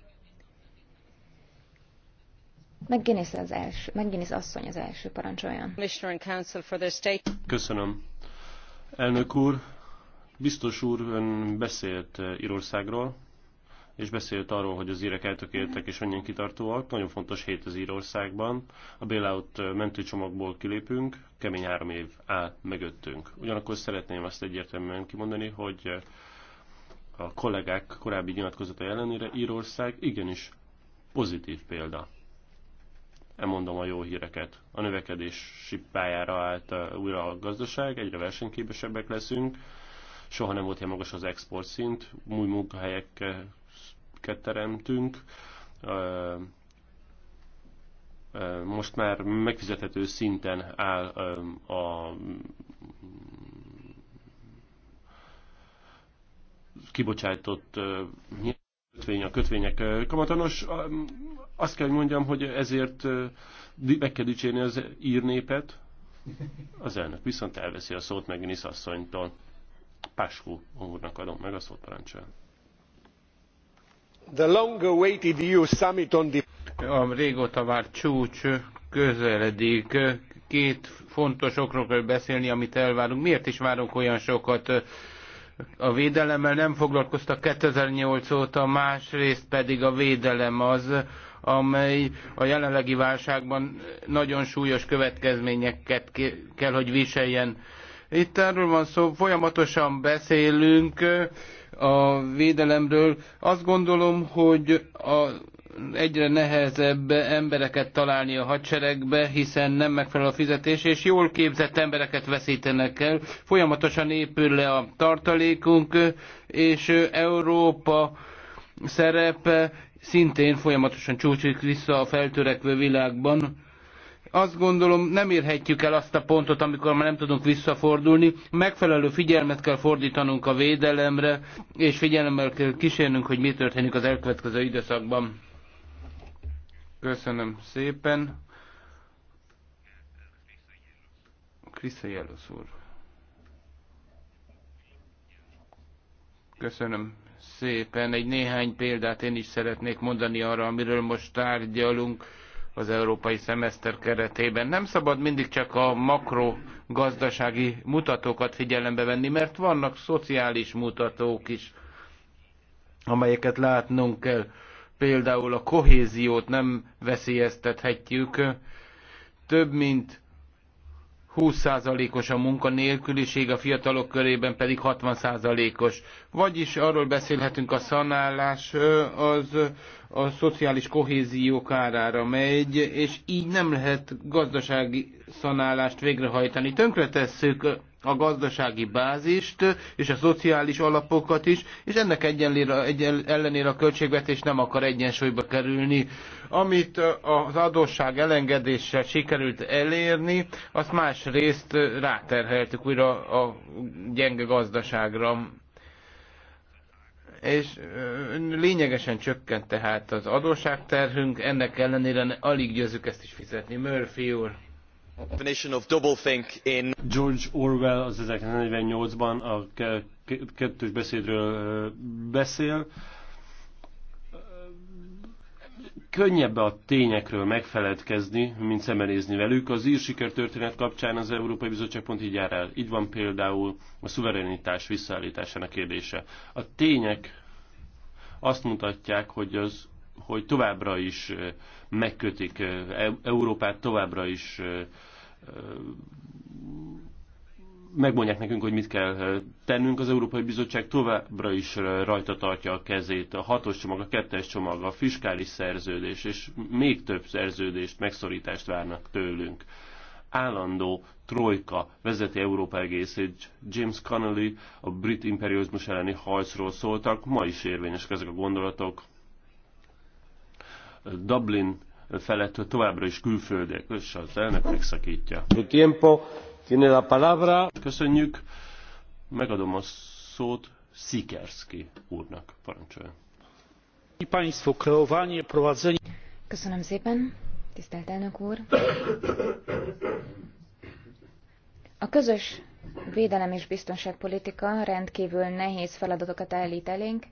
McGuinness, az első, McGuinness asszony az első parancsoljon. Köszönöm. Elnök úr, biztos úr ön beszélt eh, Írországról, és beszélt arról, hogy az írek eltökéltek és mennyien kitartóak. Nagyon fontos hét az Írországban. A bailout eh, mentőcsomagból kilépünk, kemény három év áll mögöttünk. Ugyanakkor szeretném azt egyértelműen kimondani, hogy eh, a kollégák korábbi nyilatkozata ellenére Írország igenis pozitív példa elmondom a jó híreket. A növekedési pályára állt újra a gazdaság, egyre versenyképesebbek leszünk, soha nem volt ilyen magas az export szint, új munkahelyeket teremtünk, most már megfizethető szinten áll a kibocsátott kötvény, a kötvények kamatonos. Azt kell, hogy mondjam, hogy ezért meg kell dicsérni az írnépet. Az elnök viszont elveszi a szót Meginisz asszonytól. Páskó úrnak adom meg a szót parancsol. The long awaited EU summit on the... A régóta várt csúcs közeledik. Két fontos okról kell beszélni, amit elvárunk. Miért is várunk olyan sokat? a védelemmel nem foglalkoztak 2008 óta, másrészt pedig a védelem az, amely a jelenlegi válságban nagyon súlyos következményeket kell, hogy viseljen. Itt erről van szó, folyamatosan beszélünk a védelemről. Azt gondolom, hogy a egyre nehezebb embereket találni a hadseregbe, hiszen nem megfelel a fizetés, és jól képzett embereket veszítenek el. Folyamatosan épül le a tartalékunk, és Európa szerepe szintén folyamatosan csúcsik vissza a feltörekvő világban. Azt gondolom, nem érhetjük el azt a pontot, amikor már nem tudunk visszafordulni. Megfelelő figyelmet kell fordítanunk a védelemre, és figyelemmel kell kísérnünk, hogy mi történik az elkövetkező időszakban. Köszönöm szépen. Krisza Jelosz úr. Köszönöm szépen. Egy néhány példát én is szeretnék mondani arra, amiről most tárgyalunk az európai szemeszter keretében. Nem szabad mindig csak a makro gazdasági mutatókat figyelembe venni, mert vannak szociális mutatók is, amelyeket látnunk kell. Például a kohéziót nem veszélyeztethetjük. Több mint 20%-os a munkanélküliség, a fiatalok körében pedig 60%-os. Vagyis arról beszélhetünk, a szanálás az a szociális kohézió kárára megy, és így nem lehet gazdasági szanálást végrehajtani. Tönkretesszük a gazdasági bázist és a szociális alapokat is, és ennek egyenlére, egyen, ellenére a költségvetés nem akar egyensúlyba kerülni. Amit az adósság elengedéssel sikerült elérni, azt másrészt ráterheltük újra a gyenge gazdaságra. És lényegesen csökkent tehát az adósságterhünk, ennek ellenére alig győzzük ezt is fizetni. Murphy úr. George Orwell az 1948-ban a kettős beszédről beszél. Könnyebb a tényekről megfeledkezni, mint szemelézni velük. Az írsikertörténet kapcsán az Európai Bizottság pont így jár el. Így van például a szuverenitás visszaállításának kérdése. A tények azt mutatják, hogy az hogy továbbra is megkötik Európát, továbbra is megmondják nekünk, hogy mit kell eh, tennünk. Az Európai Bizottság továbbra is eh, rajta tartja a kezét. A hatos csomag, a kettes csomag, a fiskális szerződés, és még több szerződést, megszorítást várnak tőlünk. Állandó trojka vezeti Európa egészét. James Connolly a brit imperializmus elleni harcról szóltak, ma is érvényesek ezek a gondolatok. Dublin felett továbbra is külföldiek, és az elnök megszakítja. Köszönjük, megadom a szót Szikerszki úrnak, parancsoljon. Köszönöm szépen, tisztelt elnök úr. A közös védelem és biztonságpolitika rendkívül nehéz feladatokat állít elénk,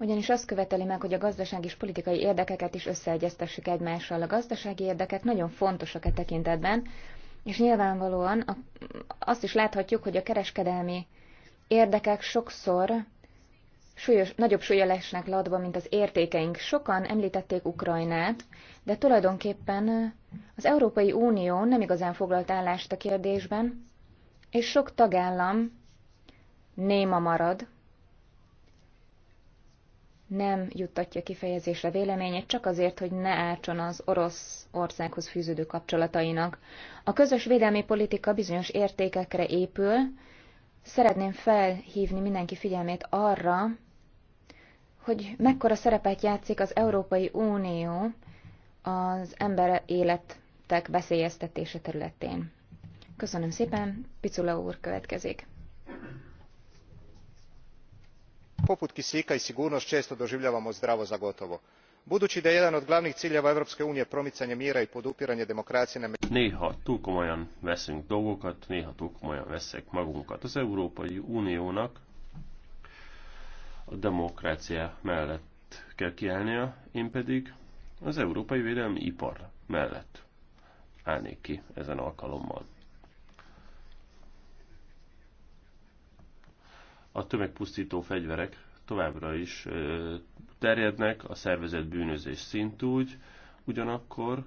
ugyanis azt követeli meg, hogy a gazdaság és politikai érdekeket is összeegyeztessük egymással. A gazdasági érdekek nagyon fontosak e tekintetben, és nyilvánvalóan a, azt is láthatjuk, hogy a kereskedelmi érdekek sokszor súlyos, nagyobb súlya lesnek ladva, mint az értékeink. Sokan említették Ukrajnát, de tulajdonképpen az Európai Unió nem igazán foglalt állást a kérdésben, és sok tagállam néma marad nem juttatja kifejezésre véleményét, csak azért, hogy ne ártson az orosz országhoz fűződő kapcsolatainak. A közös védelmi politika bizonyos értékekre épül. Szeretném felhívni mindenki figyelmét arra, hogy mekkora szerepet játszik az Európai Unió az ember életek veszélyeztetése területén. Köszönöm szépen, Picula úr következik. poput kisika i sigurnost esto doivljavamo zdravo za gotovo. budui da je jedan od glavnih ciljeva europske unije promicanje mira i podupiranje demokráciájának néha túl komolyan veszünk dolgokat, néha túl komolyan veszek magunkat. Az Európai Uniónak a demokrácia mellett kell kiállnia, én pedig az európai védelmi ipar mellett állnék ki ezen alkalommal. A tömegpusztító fegyverek továbbra is terjednek, a szervezet bűnözés szintúgy, ugyanakkor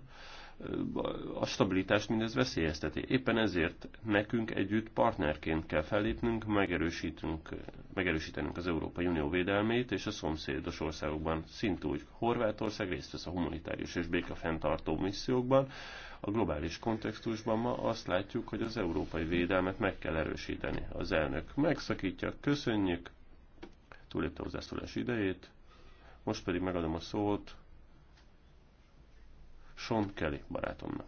a stabilitást mindez veszélyezteti. Éppen ezért nekünk együtt partnerként kell fellépnünk, megerősítünk, megerősítenünk az Európai Unió védelmét, és a szomszédos országokban szintúgy Horvátország részt vesz a humanitárius és békafenntartó missziókban. A globális kontextusban ma azt látjuk, hogy az európai védelmet meg kell erősíteni. Az elnök megszakítja, köszönjük, túlépte hozzászólás idejét, most pedig megadom a szót Sean Kelly barátomnak.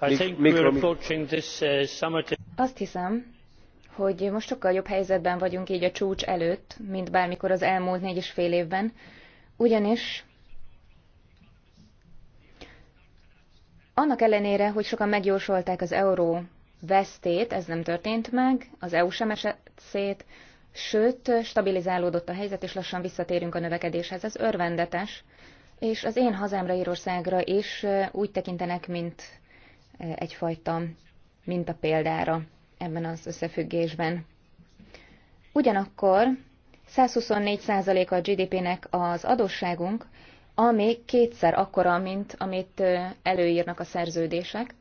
Uh, Azt hiszem, hogy most sokkal jobb helyzetben vagyunk így a csúcs előtt, mint bármikor az elmúlt négy és fél évben, ugyanis annak ellenére, hogy sokan megjósolták az euró vesztét, ez nem történt meg, az EU sem esett szét, sőt, stabilizálódott a helyzet, és lassan visszatérünk a növekedéshez. Ez örvendetes, és az én hazámra, Írországra is úgy tekintenek, mint e, egyfajta példára ebben az összefüggésben. Ugyanakkor 124% a GDP-nek az adósságunk, ami kétszer akkora, mint amit e, előírnak a szerződések,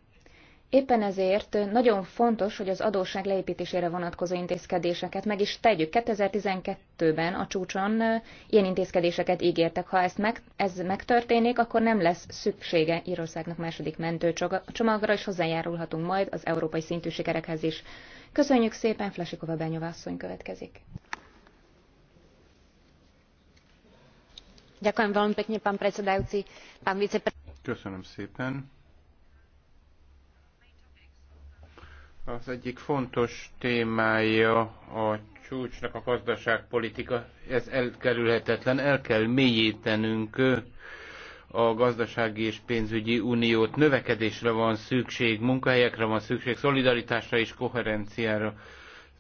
Éppen ezért nagyon fontos, hogy az adósság leépítésére vonatkozó intézkedéseket meg is tegyük. 2012-ben a csúcson ilyen intézkedéseket ígértek. Ha ezt meg, ez megtörténik, akkor nem lesz szüksége Írországnak második mentőcsomagra, és hozzájárulhatunk majd az európai szintű sikerekhez is. Köszönjük szépen, Flasikova Benyova asszony következik. Köszönöm szépen. Az egyik fontos témája a csúcsnak a gazdaságpolitika, ez elkerülhetetlen, el kell mélyítenünk a gazdasági és pénzügyi uniót. Növekedésre van szükség, munkahelyekre van szükség, szolidaritásra és koherenciára.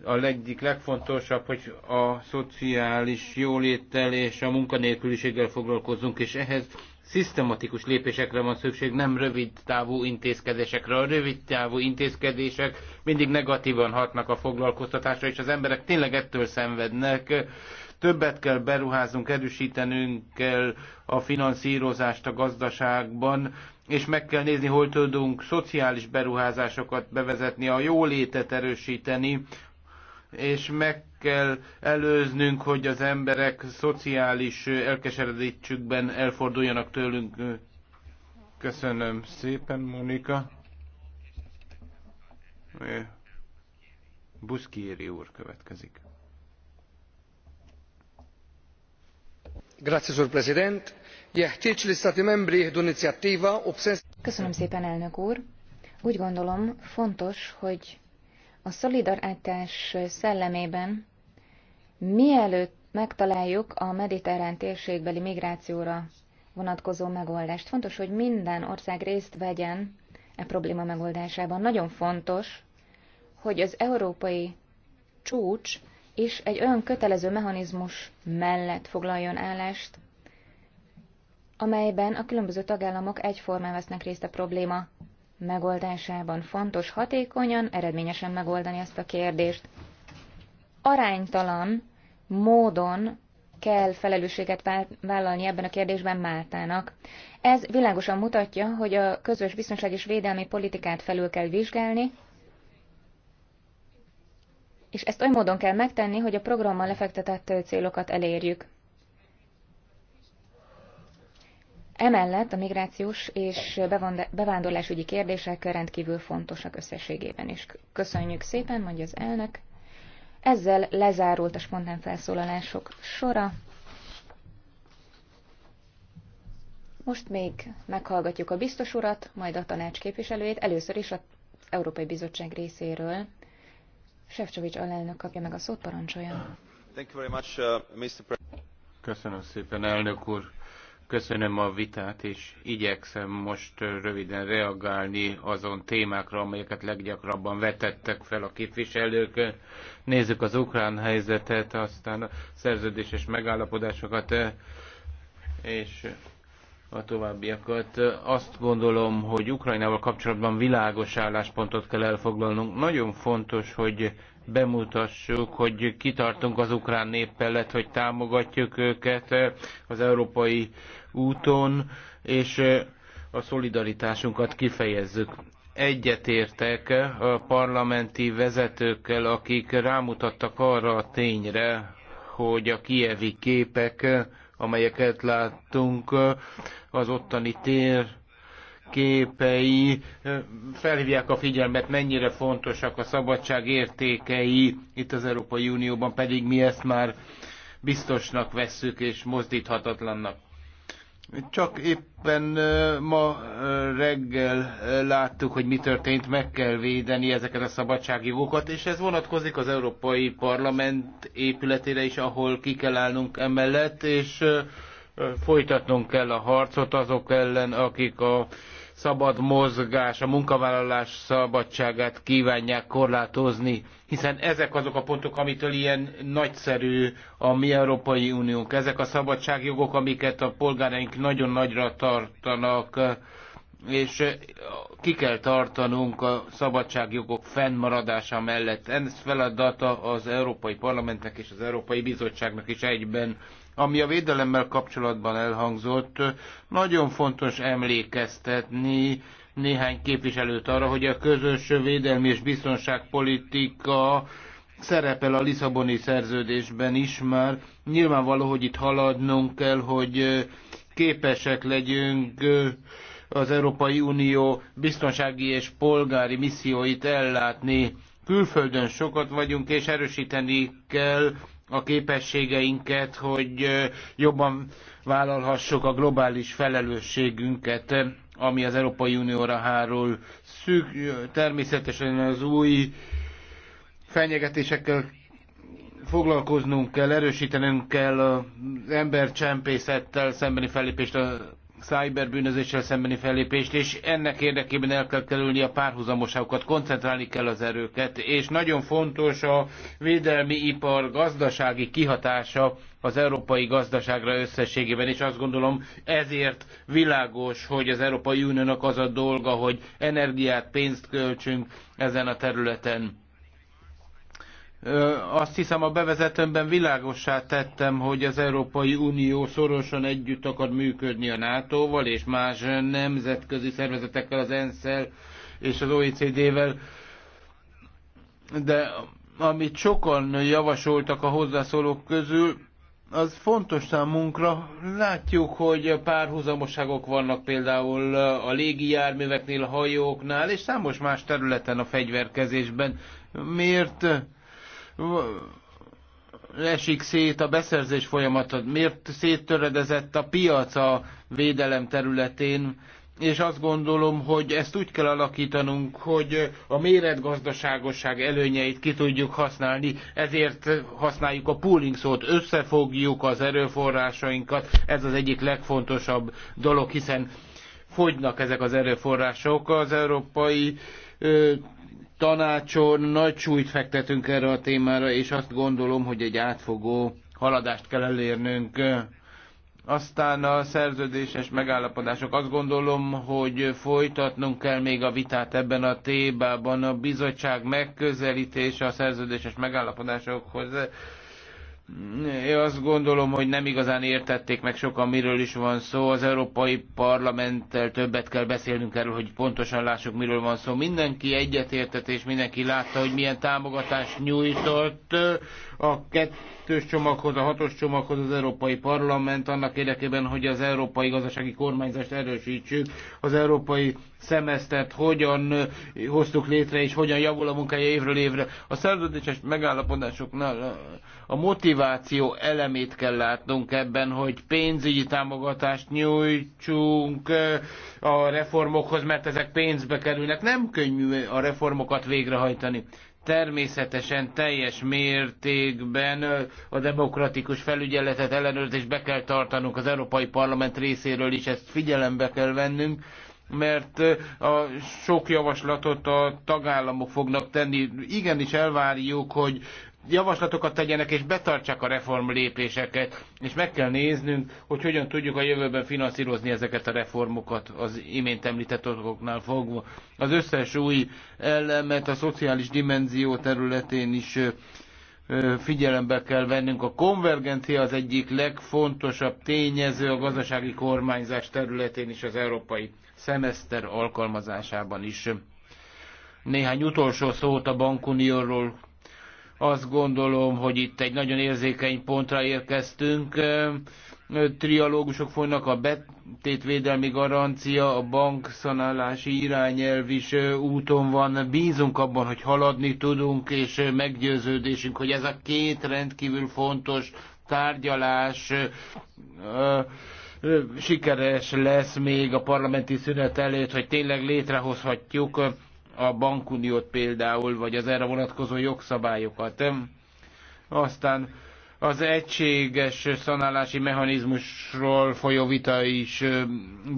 A egyik legfontosabb, hogy a szociális jóléttel és a munkanélküliséggel foglalkozunk, és ehhez szisztematikus lépésekre van szükség, nem rövid távú intézkedésekre. A rövid távú intézkedések mindig negatívan hatnak a foglalkoztatásra, és az emberek tényleg ettől szenvednek. Többet kell beruházunk erősítenünk kell a finanszírozást a gazdaságban, és meg kell nézni, hol tudunk szociális beruházásokat bevezetni, a jólétet erősíteni, és meg kell előznünk, hogy az emberek szociális elkeseredítsükben elforduljanak tőlünk. Köszönöm szépen, Monika. Buszkiéri úr következik. Grazie, signor Presidente. Köszönöm szépen, elnök úr. Úgy gondolom, fontos, hogy a szolidaritás szellemében mielőtt megtaláljuk a mediterrán térségbeli migrációra vonatkozó megoldást. Fontos, hogy minden ország részt vegyen e probléma megoldásában. Nagyon fontos, hogy az európai csúcs is egy olyan kötelező mechanizmus mellett foglaljon állást, amelyben a különböző tagállamok egyformán vesznek részt a probléma megoldásában. Fontos hatékonyan, eredményesen megoldani ezt a kérdést. Aránytalan, módon kell felelősséget vállalni ebben a kérdésben Máltának. Ez világosan mutatja, hogy a közös biztonság és védelmi politikát felül kell vizsgálni, és ezt oly módon kell megtenni, hogy a programmal lefektetett célokat elérjük. Emellett a migrációs és bevándorlásügyi kérdések rendkívül fontosak összességében is. Köszönjük szépen, mondja az elnök. Ezzel lezárult a spontán felszólalások sora. Most még meghallgatjuk a biztos urat, majd a tanács képviselőjét, először is az Európai Bizottság részéről. Sefcsovics alelnök kapja meg a szót, parancsoljon. Uh, Köszönöm szépen, elnök úr. Köszönöm a vitát, és igyekszem most röviden reagálni azon témákra, amelyeket leggyakrabban vetettek fel a képviselők. Nézzük az ukrán helyzetet, aztán a szerződéses megállapodásokat, eh, és a továbbiakat. Azt gondolom, hogy Ukrajnával kapcsolatban világos álláspontot kell elfoglalnunk. Nagyon fontos, hogy bemutassuk, hogy kitartunk az ukrán néppellet, hogy támogatjuk őket az Európai úton, és a szolidaritásunkat kifejezzük. Egyetértek a parlamenti vezetőkkel, akik rámutattak arra a tényre, hogy a kievi képek, amelyeket láttunk, az ottani tér képei felhívják a figyelmet, mennyire fontosak a szabadság értékei itt az Európai Unióban, pedig mi ezt már biztosnak vesszük és mozdíthatatlannak. Csak éppen ma reggel láttuk, hogy mi történt, meg kell védeni ezeket a szabadságjogokat, és ez vonatkozik az Európai Parlament épületére is, ahol ki kell állnunk emellett, és folytatnunk kell a harcot azok ellen, akik a szabad mozgás, a munkavállalás szabadságát kívánják korlátozni, hiszen ezek azok a pontok, amitől ilyen nagyszerű a mi Európai Uniónk. Ezek a szabadságjogok, amiket a polgáraink nagyon nagyra tartanak, és ki kell tartanunk a szabadságjogok fennmaradása mellett. Ez feladata az Európai Parlamentnek és az Európai Bizottságnak is egyben. Ami a védelemmel kapcsolatban elhangzott, nagyon fontos emlékeztetni néhány képviselőt arra, hogy a közös védelmi és biztonságpolitika szerepel a Lisszaboni szerződésben is már. Nyilvánvaló, hogy itt haladnunk kell, hogy képesek legyünk az Európai Unió biztonsági és polgári misszióit ellátni. Külföldön sokat vagyunk, és erősíteni kell a képességeinket, hogy jobban vállalhassuk a globális felelősségünket, ami az Európai Unióra hárul. Szűk, természetesen az új fenyegetésekkel foglalkoznunk kell, erősítenünk kell az embercsempészettel szembeni fellépést a szájberbűnözéssel szembeni fellépést, és ennek érdekében el kell kerülni a párhuzamoságokat, koncentrálni kell az erőket, és nagyon fontos a védelmi ipar gazdasági kihatása az európai gazdaságra összességében, és azt gondolom ezért világos, hogy az Európai Uniónak az a dolga, hogy energiát, pénzt költsünk ezen a területen azt hiszem a bevezetőmben világossá tettem, hogy az Európai Unió szorosan együtt akar működni a NATO-val és más nemzetközi szervezetekkel, az ENSZ-el és az OECD-vel. De amit sokan javasoltak a hozzászólók közül, az fontos számunkra. Látjuk, hogy párhuzamoságok vannak például a légi járműveknél, a hajóknál, és számos más területen a fegyverkezésben. Miért esik szét a beszerzés folyamatod? miért széttöredezett a piac a védelem területén, és azt gondolom, hogy ezt úgy kell alakítanunk, hogy a méretgazdaságosság előnyeit ki tudjuk használni, ezért használjuk a pooling szót, összefogjuk az erőforrásainkat, ez az egyik legfontosabb dolog, hiszen fogynak ezek az erőforrások. Az európai tanácson nagy súlyt fektetünk erre a témára, és azt gondolom, hogy egy átfogó haladást kell elérnünk. Aztán a szerződéses megállapodások. Azt gondolom, hogy folytatnunk kell még a vitát ebben a tébában. A bizottság megközelítése a szerződéses megállapodásokhoz én azt gondolom, hogy nem igazán értették meg sokan, miről is van szó. Az Európai Parlamenttel többet kell beszélnünk erről, hogy pontosan lássuk, miről van szó. Mindenki egyetértett, és mindenki látta, hogy milyen támogatást nyújtott a kettős csomaghoz, a hatos csomaghoz az Európai Parlament annak érdekében, hogy az európai gazdasági kormányzást erősítsük, az európai szemesztet hogyan hoztuk létre és hogyan javul a munkája évről évre. A szerződéses megállapodásoknál a motiváció elemét kell látnunk ebben, hogy pénzügyi támogatást nyújtsunk a reformokhoz, mert ezek pénzbe kerülnek. Nem könnyű a reformokat végrehajtani természetesen teljes mértékben a demokratikus felügyeletet ellenőrzést be kell tartanunk az Európai Parlament részéről is, ezt figyelembe kell vennünk, mert a sok javaslatot a tagállamok fognak tenni. Igenis elvárjuk, hogy javaslatokat tegyenek, és betartsák a reform lépéseket, és meg kell néznünk, hogy hogyan tudjuk a jövőben finanszírozni ezeket a reformokat az imént említett okoknál fogva. Az összes új elemet a szociális dimenzió területén is figyelembe kell vennünk. A konvergencia az egyik legfontosabb tényező a gazdasági kormányzás területén is, az európai szemeszter alkalmazásában is. Néhány utolsó szót a bankunióról azt gondolom, hogy itt egy nagyon érzékeny pontra érkeztünk. Trialógusok folynak a betétvédelmi garancia, a bankszanálási irányelv is úton van. Bízunk abban, hogy haladni tudunk, és meggyőződésünk, hogy ez a két rendkívül fontos tárgyalás sikeres lesz még a parlamenti szünet előtt, hogy tényleg létrehozhatjuk a bankuniót például, vagy az erre vonatkozó jogszabályokat. Aztán az egységes szanálási mechanizmusról folyó vita is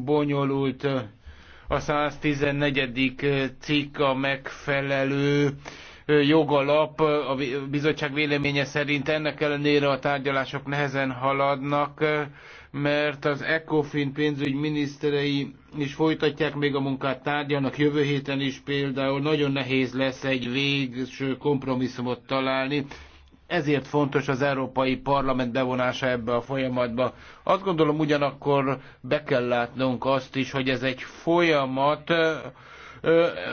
bonyolult. A 114. cikk a megfelelő jogalap. A bizottság véleménye szerint ennek ellenére a tárgyalások nehezen haladnak mert az ECOFIN pénzügyminiszterei is folytatják még a munkát, tárgyalnak jövő héten is például. Nagyon nehéz lesz egy végső kompromisszumot találni. Ezért fontos az Európai Parlament bevonása ebbe a folyamatba. Azt gondolom ugyanakkor be kell látnunk azt is, hogy ez egy folyamat,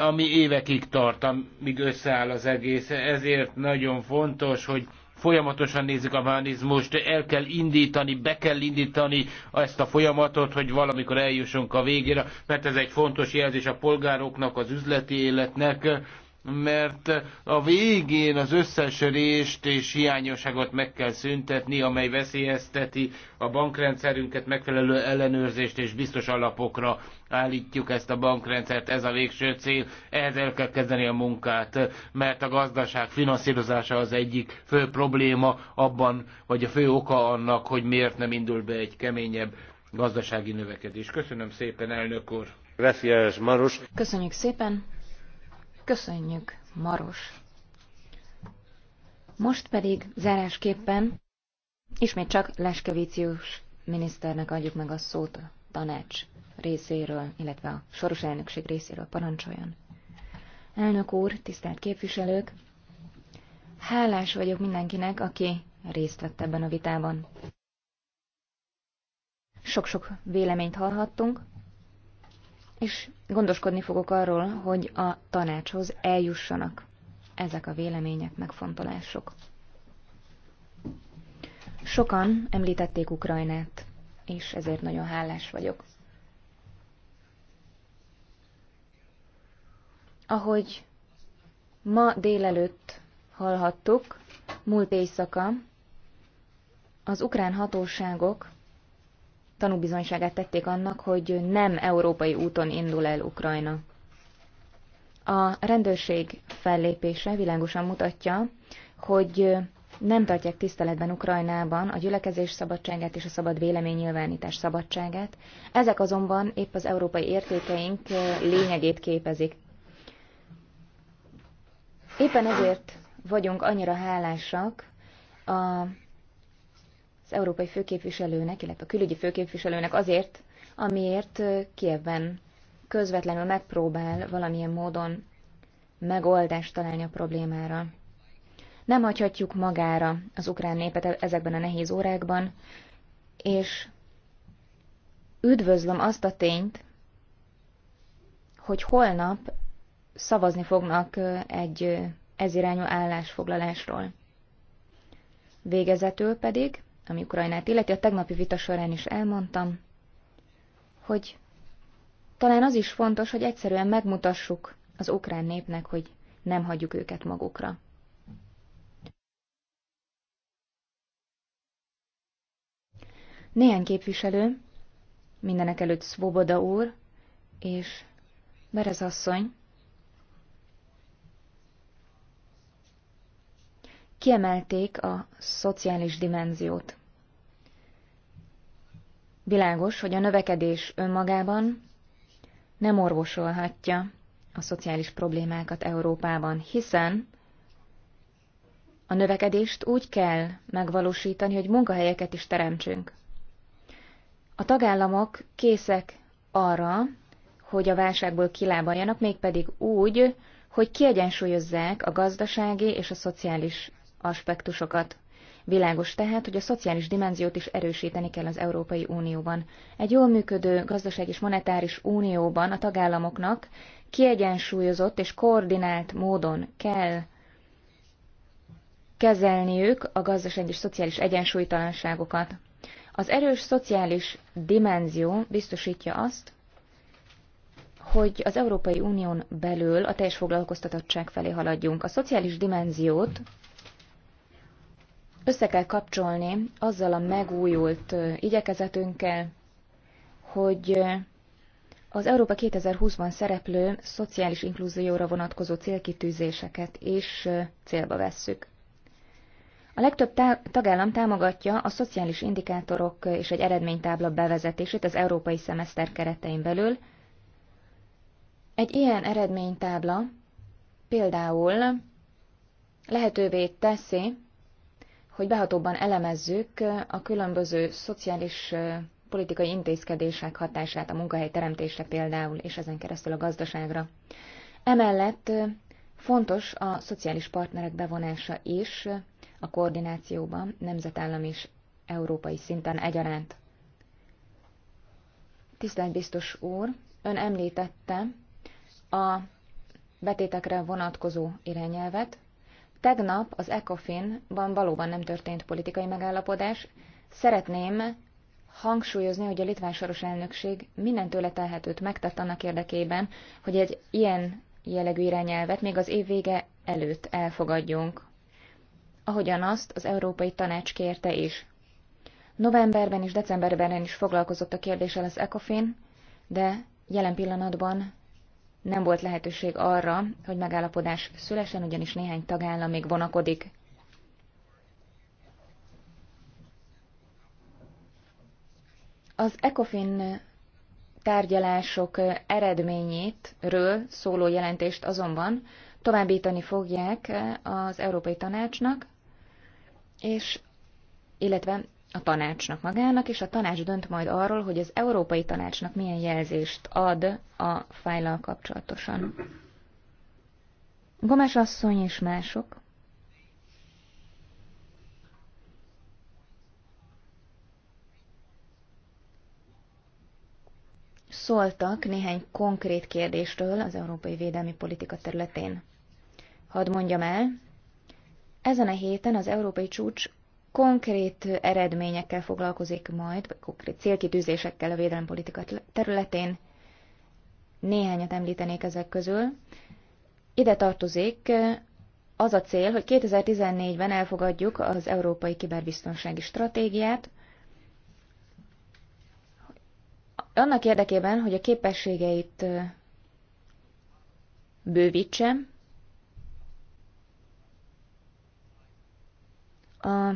ami évekig tart, amíg összeáll az egész. Ezért nagyon fontos, hogy folyamatosan nézik a mechanizmust, el kell indítani, be kell indítani ezt a folyamatot, hogy valamikor eljussunk a végére, mert ez egy fontos jelzés a polgároknak, az üzleti életnek, mert a végén az összes rést és hiányosságot meg kell szüntetni, amely veszélyezteti a bankrendszerünket megfelelő ellenőrzést és biztos alapokra állítjuk ezt a bankrendszert, ez a végső cél, ehhez el kell kezdeni a munkát, mert a gazdaság finanszírozása az egyik fő probléma abban, vagy a fő oka annak, hogy miért nem indul be egy keményebb gazdasági növekedés. Köszönöm szépen, elnök úr! Gracias, Maros. Köszönjük szépen! Köszönjük, Maros! Most pedig zárásképpen ismét csak Leskevíciós miniszternek adjuk meg a szót, tanács részéről, illetve a soros elnökség részéről parancsoljon. Elnök úr, tisztelt képviselők! Hálás vagyok mindenkinek, aki részt vett ebben a vitában. Sok-sok véleményt hallhattunk, és gondoskodni fogok arról, hogy a tanácshoz eljussanak ezek a vélemények, megfontolások. Sokan említették Ukrajnát, és ezért nagyon hálás vagyok. Ahogy ma délelőtt hallhattuk, múlt éjszaka az ukrán hatóságok tanúbizonyságát tették annak, hogy nem európai úton indul el Ukrajna. A rendőrség fellépése világosan mutatja, hogy nem tartják tiszteletben Ukrajnában a gyülekezés szabadságát és a szabad véleménynyilvánítás szabadságát. Ezek azonban épp az európai értékeink lényegét képezik. Éppen ezért vagyunk annyira hálásak a, az európai főképviselőnek, illetve a külügyi főképviselőnek azért, amiért Kievben közvetlenül megpróbál valamilyen módon megoldást találni a problémára. Nem hagyhatjuk magára az ukrán népet e- ezekben a nehéz órákban, és üdvözlöm azt a tényt, hogy holnap szavazni fognak egy ezirányú állásfoglalásról. Végezetül pedig, ami Ukrajnát illeti, a tegnapi vita során is elmondtam, hogy talán az is fontos, hogy egyszerűen megmutassuk az ukrán népnek, hogy nem hagyjuk őket magukra. Néhány képviselő, mindenek előtt Svoboda úr és Berez asszony, kiemelték a szociális dimenziót. Világos, hogy a növekedés önmagában nem orvosolhatja a szociális problémákat Európában, hiszen a növekedést úgy kell megvalósítani, hogy munkahelyeket is teremtsünk. A tagállamok készek arra, hogy a válságból kilábaljanak, mégpedig úgy, hogy kiegyensúlyozzák a gazdasági és a szociális aspektusokat. Világos tehát, hogy a szociális dimenziót is erősíteni kell az Európai Unióban. Egy jól működő gazdaság és monetáris unióban a tagállamoknak kiegyensúlyozott és koordinált módon kell kezelniük a gazdaság és szociális egyensúlytalanságokat. Az erős szociális dimenzió biztosítja azt, hogy az Európai Unión belül a teljes foglalkoztatottság felé haladjunk. A szociális dimenziót össze kell kapcsolni azzal a megújult igyekezetünkkel, hogy az Európa 2020-ban szereplő szociális inkluzióra vonatkozó célkitűzéseket is célba vesszük. A legtöbb tagállam támogatja a szociális indikátorok és egy eredménytábla bevezetését az európai szemeszter keretein belül. Egy ilyen eredménytábla például lehetővé teszi, hogy behatóbban elemezzük a különböző szociális politikai intézkedések hatását a munkahely teremtésre például, és ezen keresztül a gazdaságra. Emellett fontos a szociális partnerek bevonása is a koordinációban nemzetállam és európai szinten egyaránt. Tisztelt biztos úr, ön említette a betétekre vonatkozó irányelvet, Tegnap az ECOFIN-ban valóban nem történt politikai megállapodás. Szeretném hangsúlyozni, hogy a litván soros elnökség mindentőle telhetőt megtett annak érdekében, hogy egy ilyen jellegű irányelvet még az év vége előtt elfogadjunk, ahogyan azt az Európai Tanács kérte is. Novemberben és decemberben is foglalkozott a kérdéssel az ECOFIN, de jelen pillanatban nem volt lehetőség arra, hogy megállapodás szülesen, ugyanis néhány tagállam még vonakodik. Az ECOFIN tárgyalások eredményét ről szóló jelentést azonban továbbítani fogják az Európai Tanácsnak, és illetve a tanácsnak magának, és a tanács dönt majd arról, hogy az Európai Tanácsnak milyen jelzést ad a fájlal kapcsolatosan. Gomes asszony és mások. Szóltak néhány konkrét kérdéstől az európai védelmi politika területén. Hadd mondjam el, ezen a héten az európai csúcs konkrét eredményekkel foglalkozik majd, vagy konkrét célkitűzésekkel a védelempolitika területén. Néhányat említenék ezek közül. Ide tartozik az a cél, hogy 2014-ben elfogadjuk az Európai Kiberbiztonsági Stratégiát, annak érdekében, hogy a képességeit bővítsem, a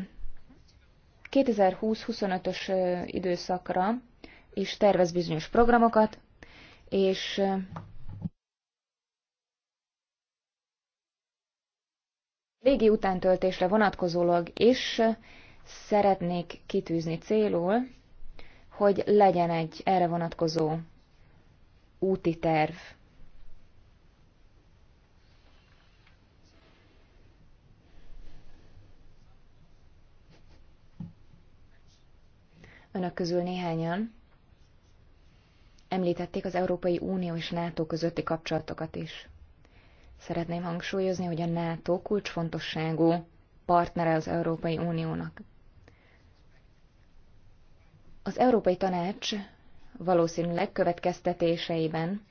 2020-25-ös időszakra is tervez bizonyos programokat, és régi utántöltésre vonatkozólag is szeretnék kitűzni célul, hogy legyen egy erre vonatkozó úti terv Önök közül néhányan említették az Európai Unió és NATO közötti kapcsolatokat is. Szeretném hangsúlyozni, hogy a NATO kulcsfontosságú partnere az Európai Uniónak. Az Európai Tanács valószínűleg következtetéseiben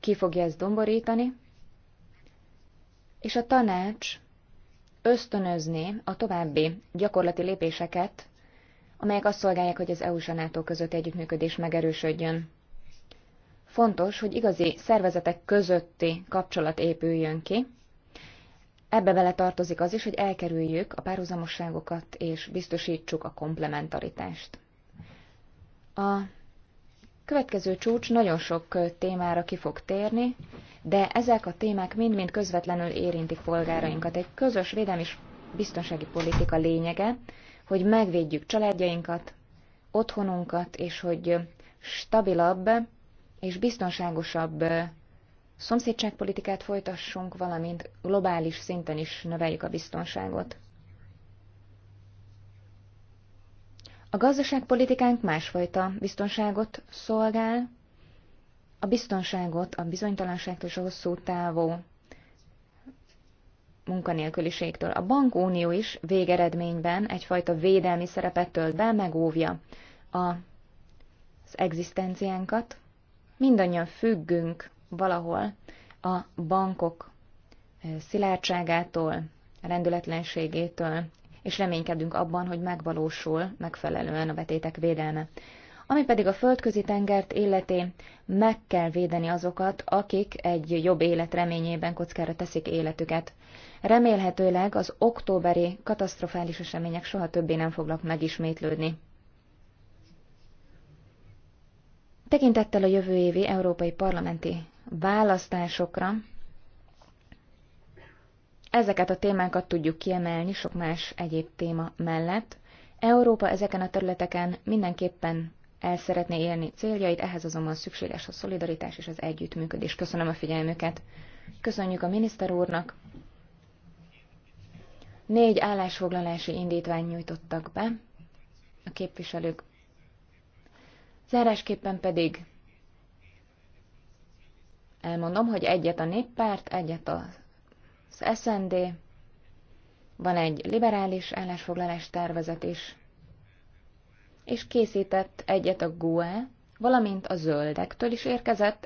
ki fogja ezt domborítani, és a tanács ösztönözné a további gyakorlati lépéseket amelyek azt szolgálják, hogy az EU-s a NATO között együttműködés megerősödjön. Fontos, hogy igazi szervezetek közötti kapcsolat épüljön ki. Ebbe bele tartozik az is, hogy elkerüljük a párhuzamosságokat és biztosítsuk a komplementaritást. A következő csúcs nagyon sok témára ki fog térni, de ezek a témák mind-mind közvetlenül érintik polgárainkat. Egy közös védelmi és biztonsági politika lényege, hogy megvédjük családjainkat, otthonunkat, és hogy stabilabb és biztonságosabb szomszédságpolitikát folytassunk, valamint globális szinten is növeljük a biztonságot. A gazdaságpolitikánk másfajta biztonságot szolgál, a biztonságot a bizonytalanságtól és a hosszú távú munkanélküliségtől. A bankunió is végeredményben egyfajta védelmi szerepet tölt be, megóvja a, az egzisztenciánkat. Mindannyian függünk valahol a bankok szilárdságától, rendületlenségétől, és reménykedünk abban, hogy megvalósul megfelelően a betétek védelme. Ami pedig a földközi tengert életé, meg kell védeni azokat, akik egy jobb élet reményében kockára teszik életüket. Remélhetőleg az októberi katasztrofális események soha többé nem fognak megismétlődni. Tekintettel a jövő évi európai parlamenti választásokra, ezeket a témákat tudjuk kiemelni sok más egyéb téma mellett. Európa ezeken a területeken mindenképpen el szeretné élni céljait, ehhez azonban szükséges a szolidaritás és az együttműködés. Köszönöm a figyelmüket. Köszönjük a miniszter úrnak. Négy állásfoglalási indítványt nyújtottak be a képviselők. Zárásképpen pedig elmondom, hogy egyet a néppárt, egyet az SND, van egy liberális állásfoglalás tervezet is, és készített egyet a GUE, valamint a zöldektől is érkezett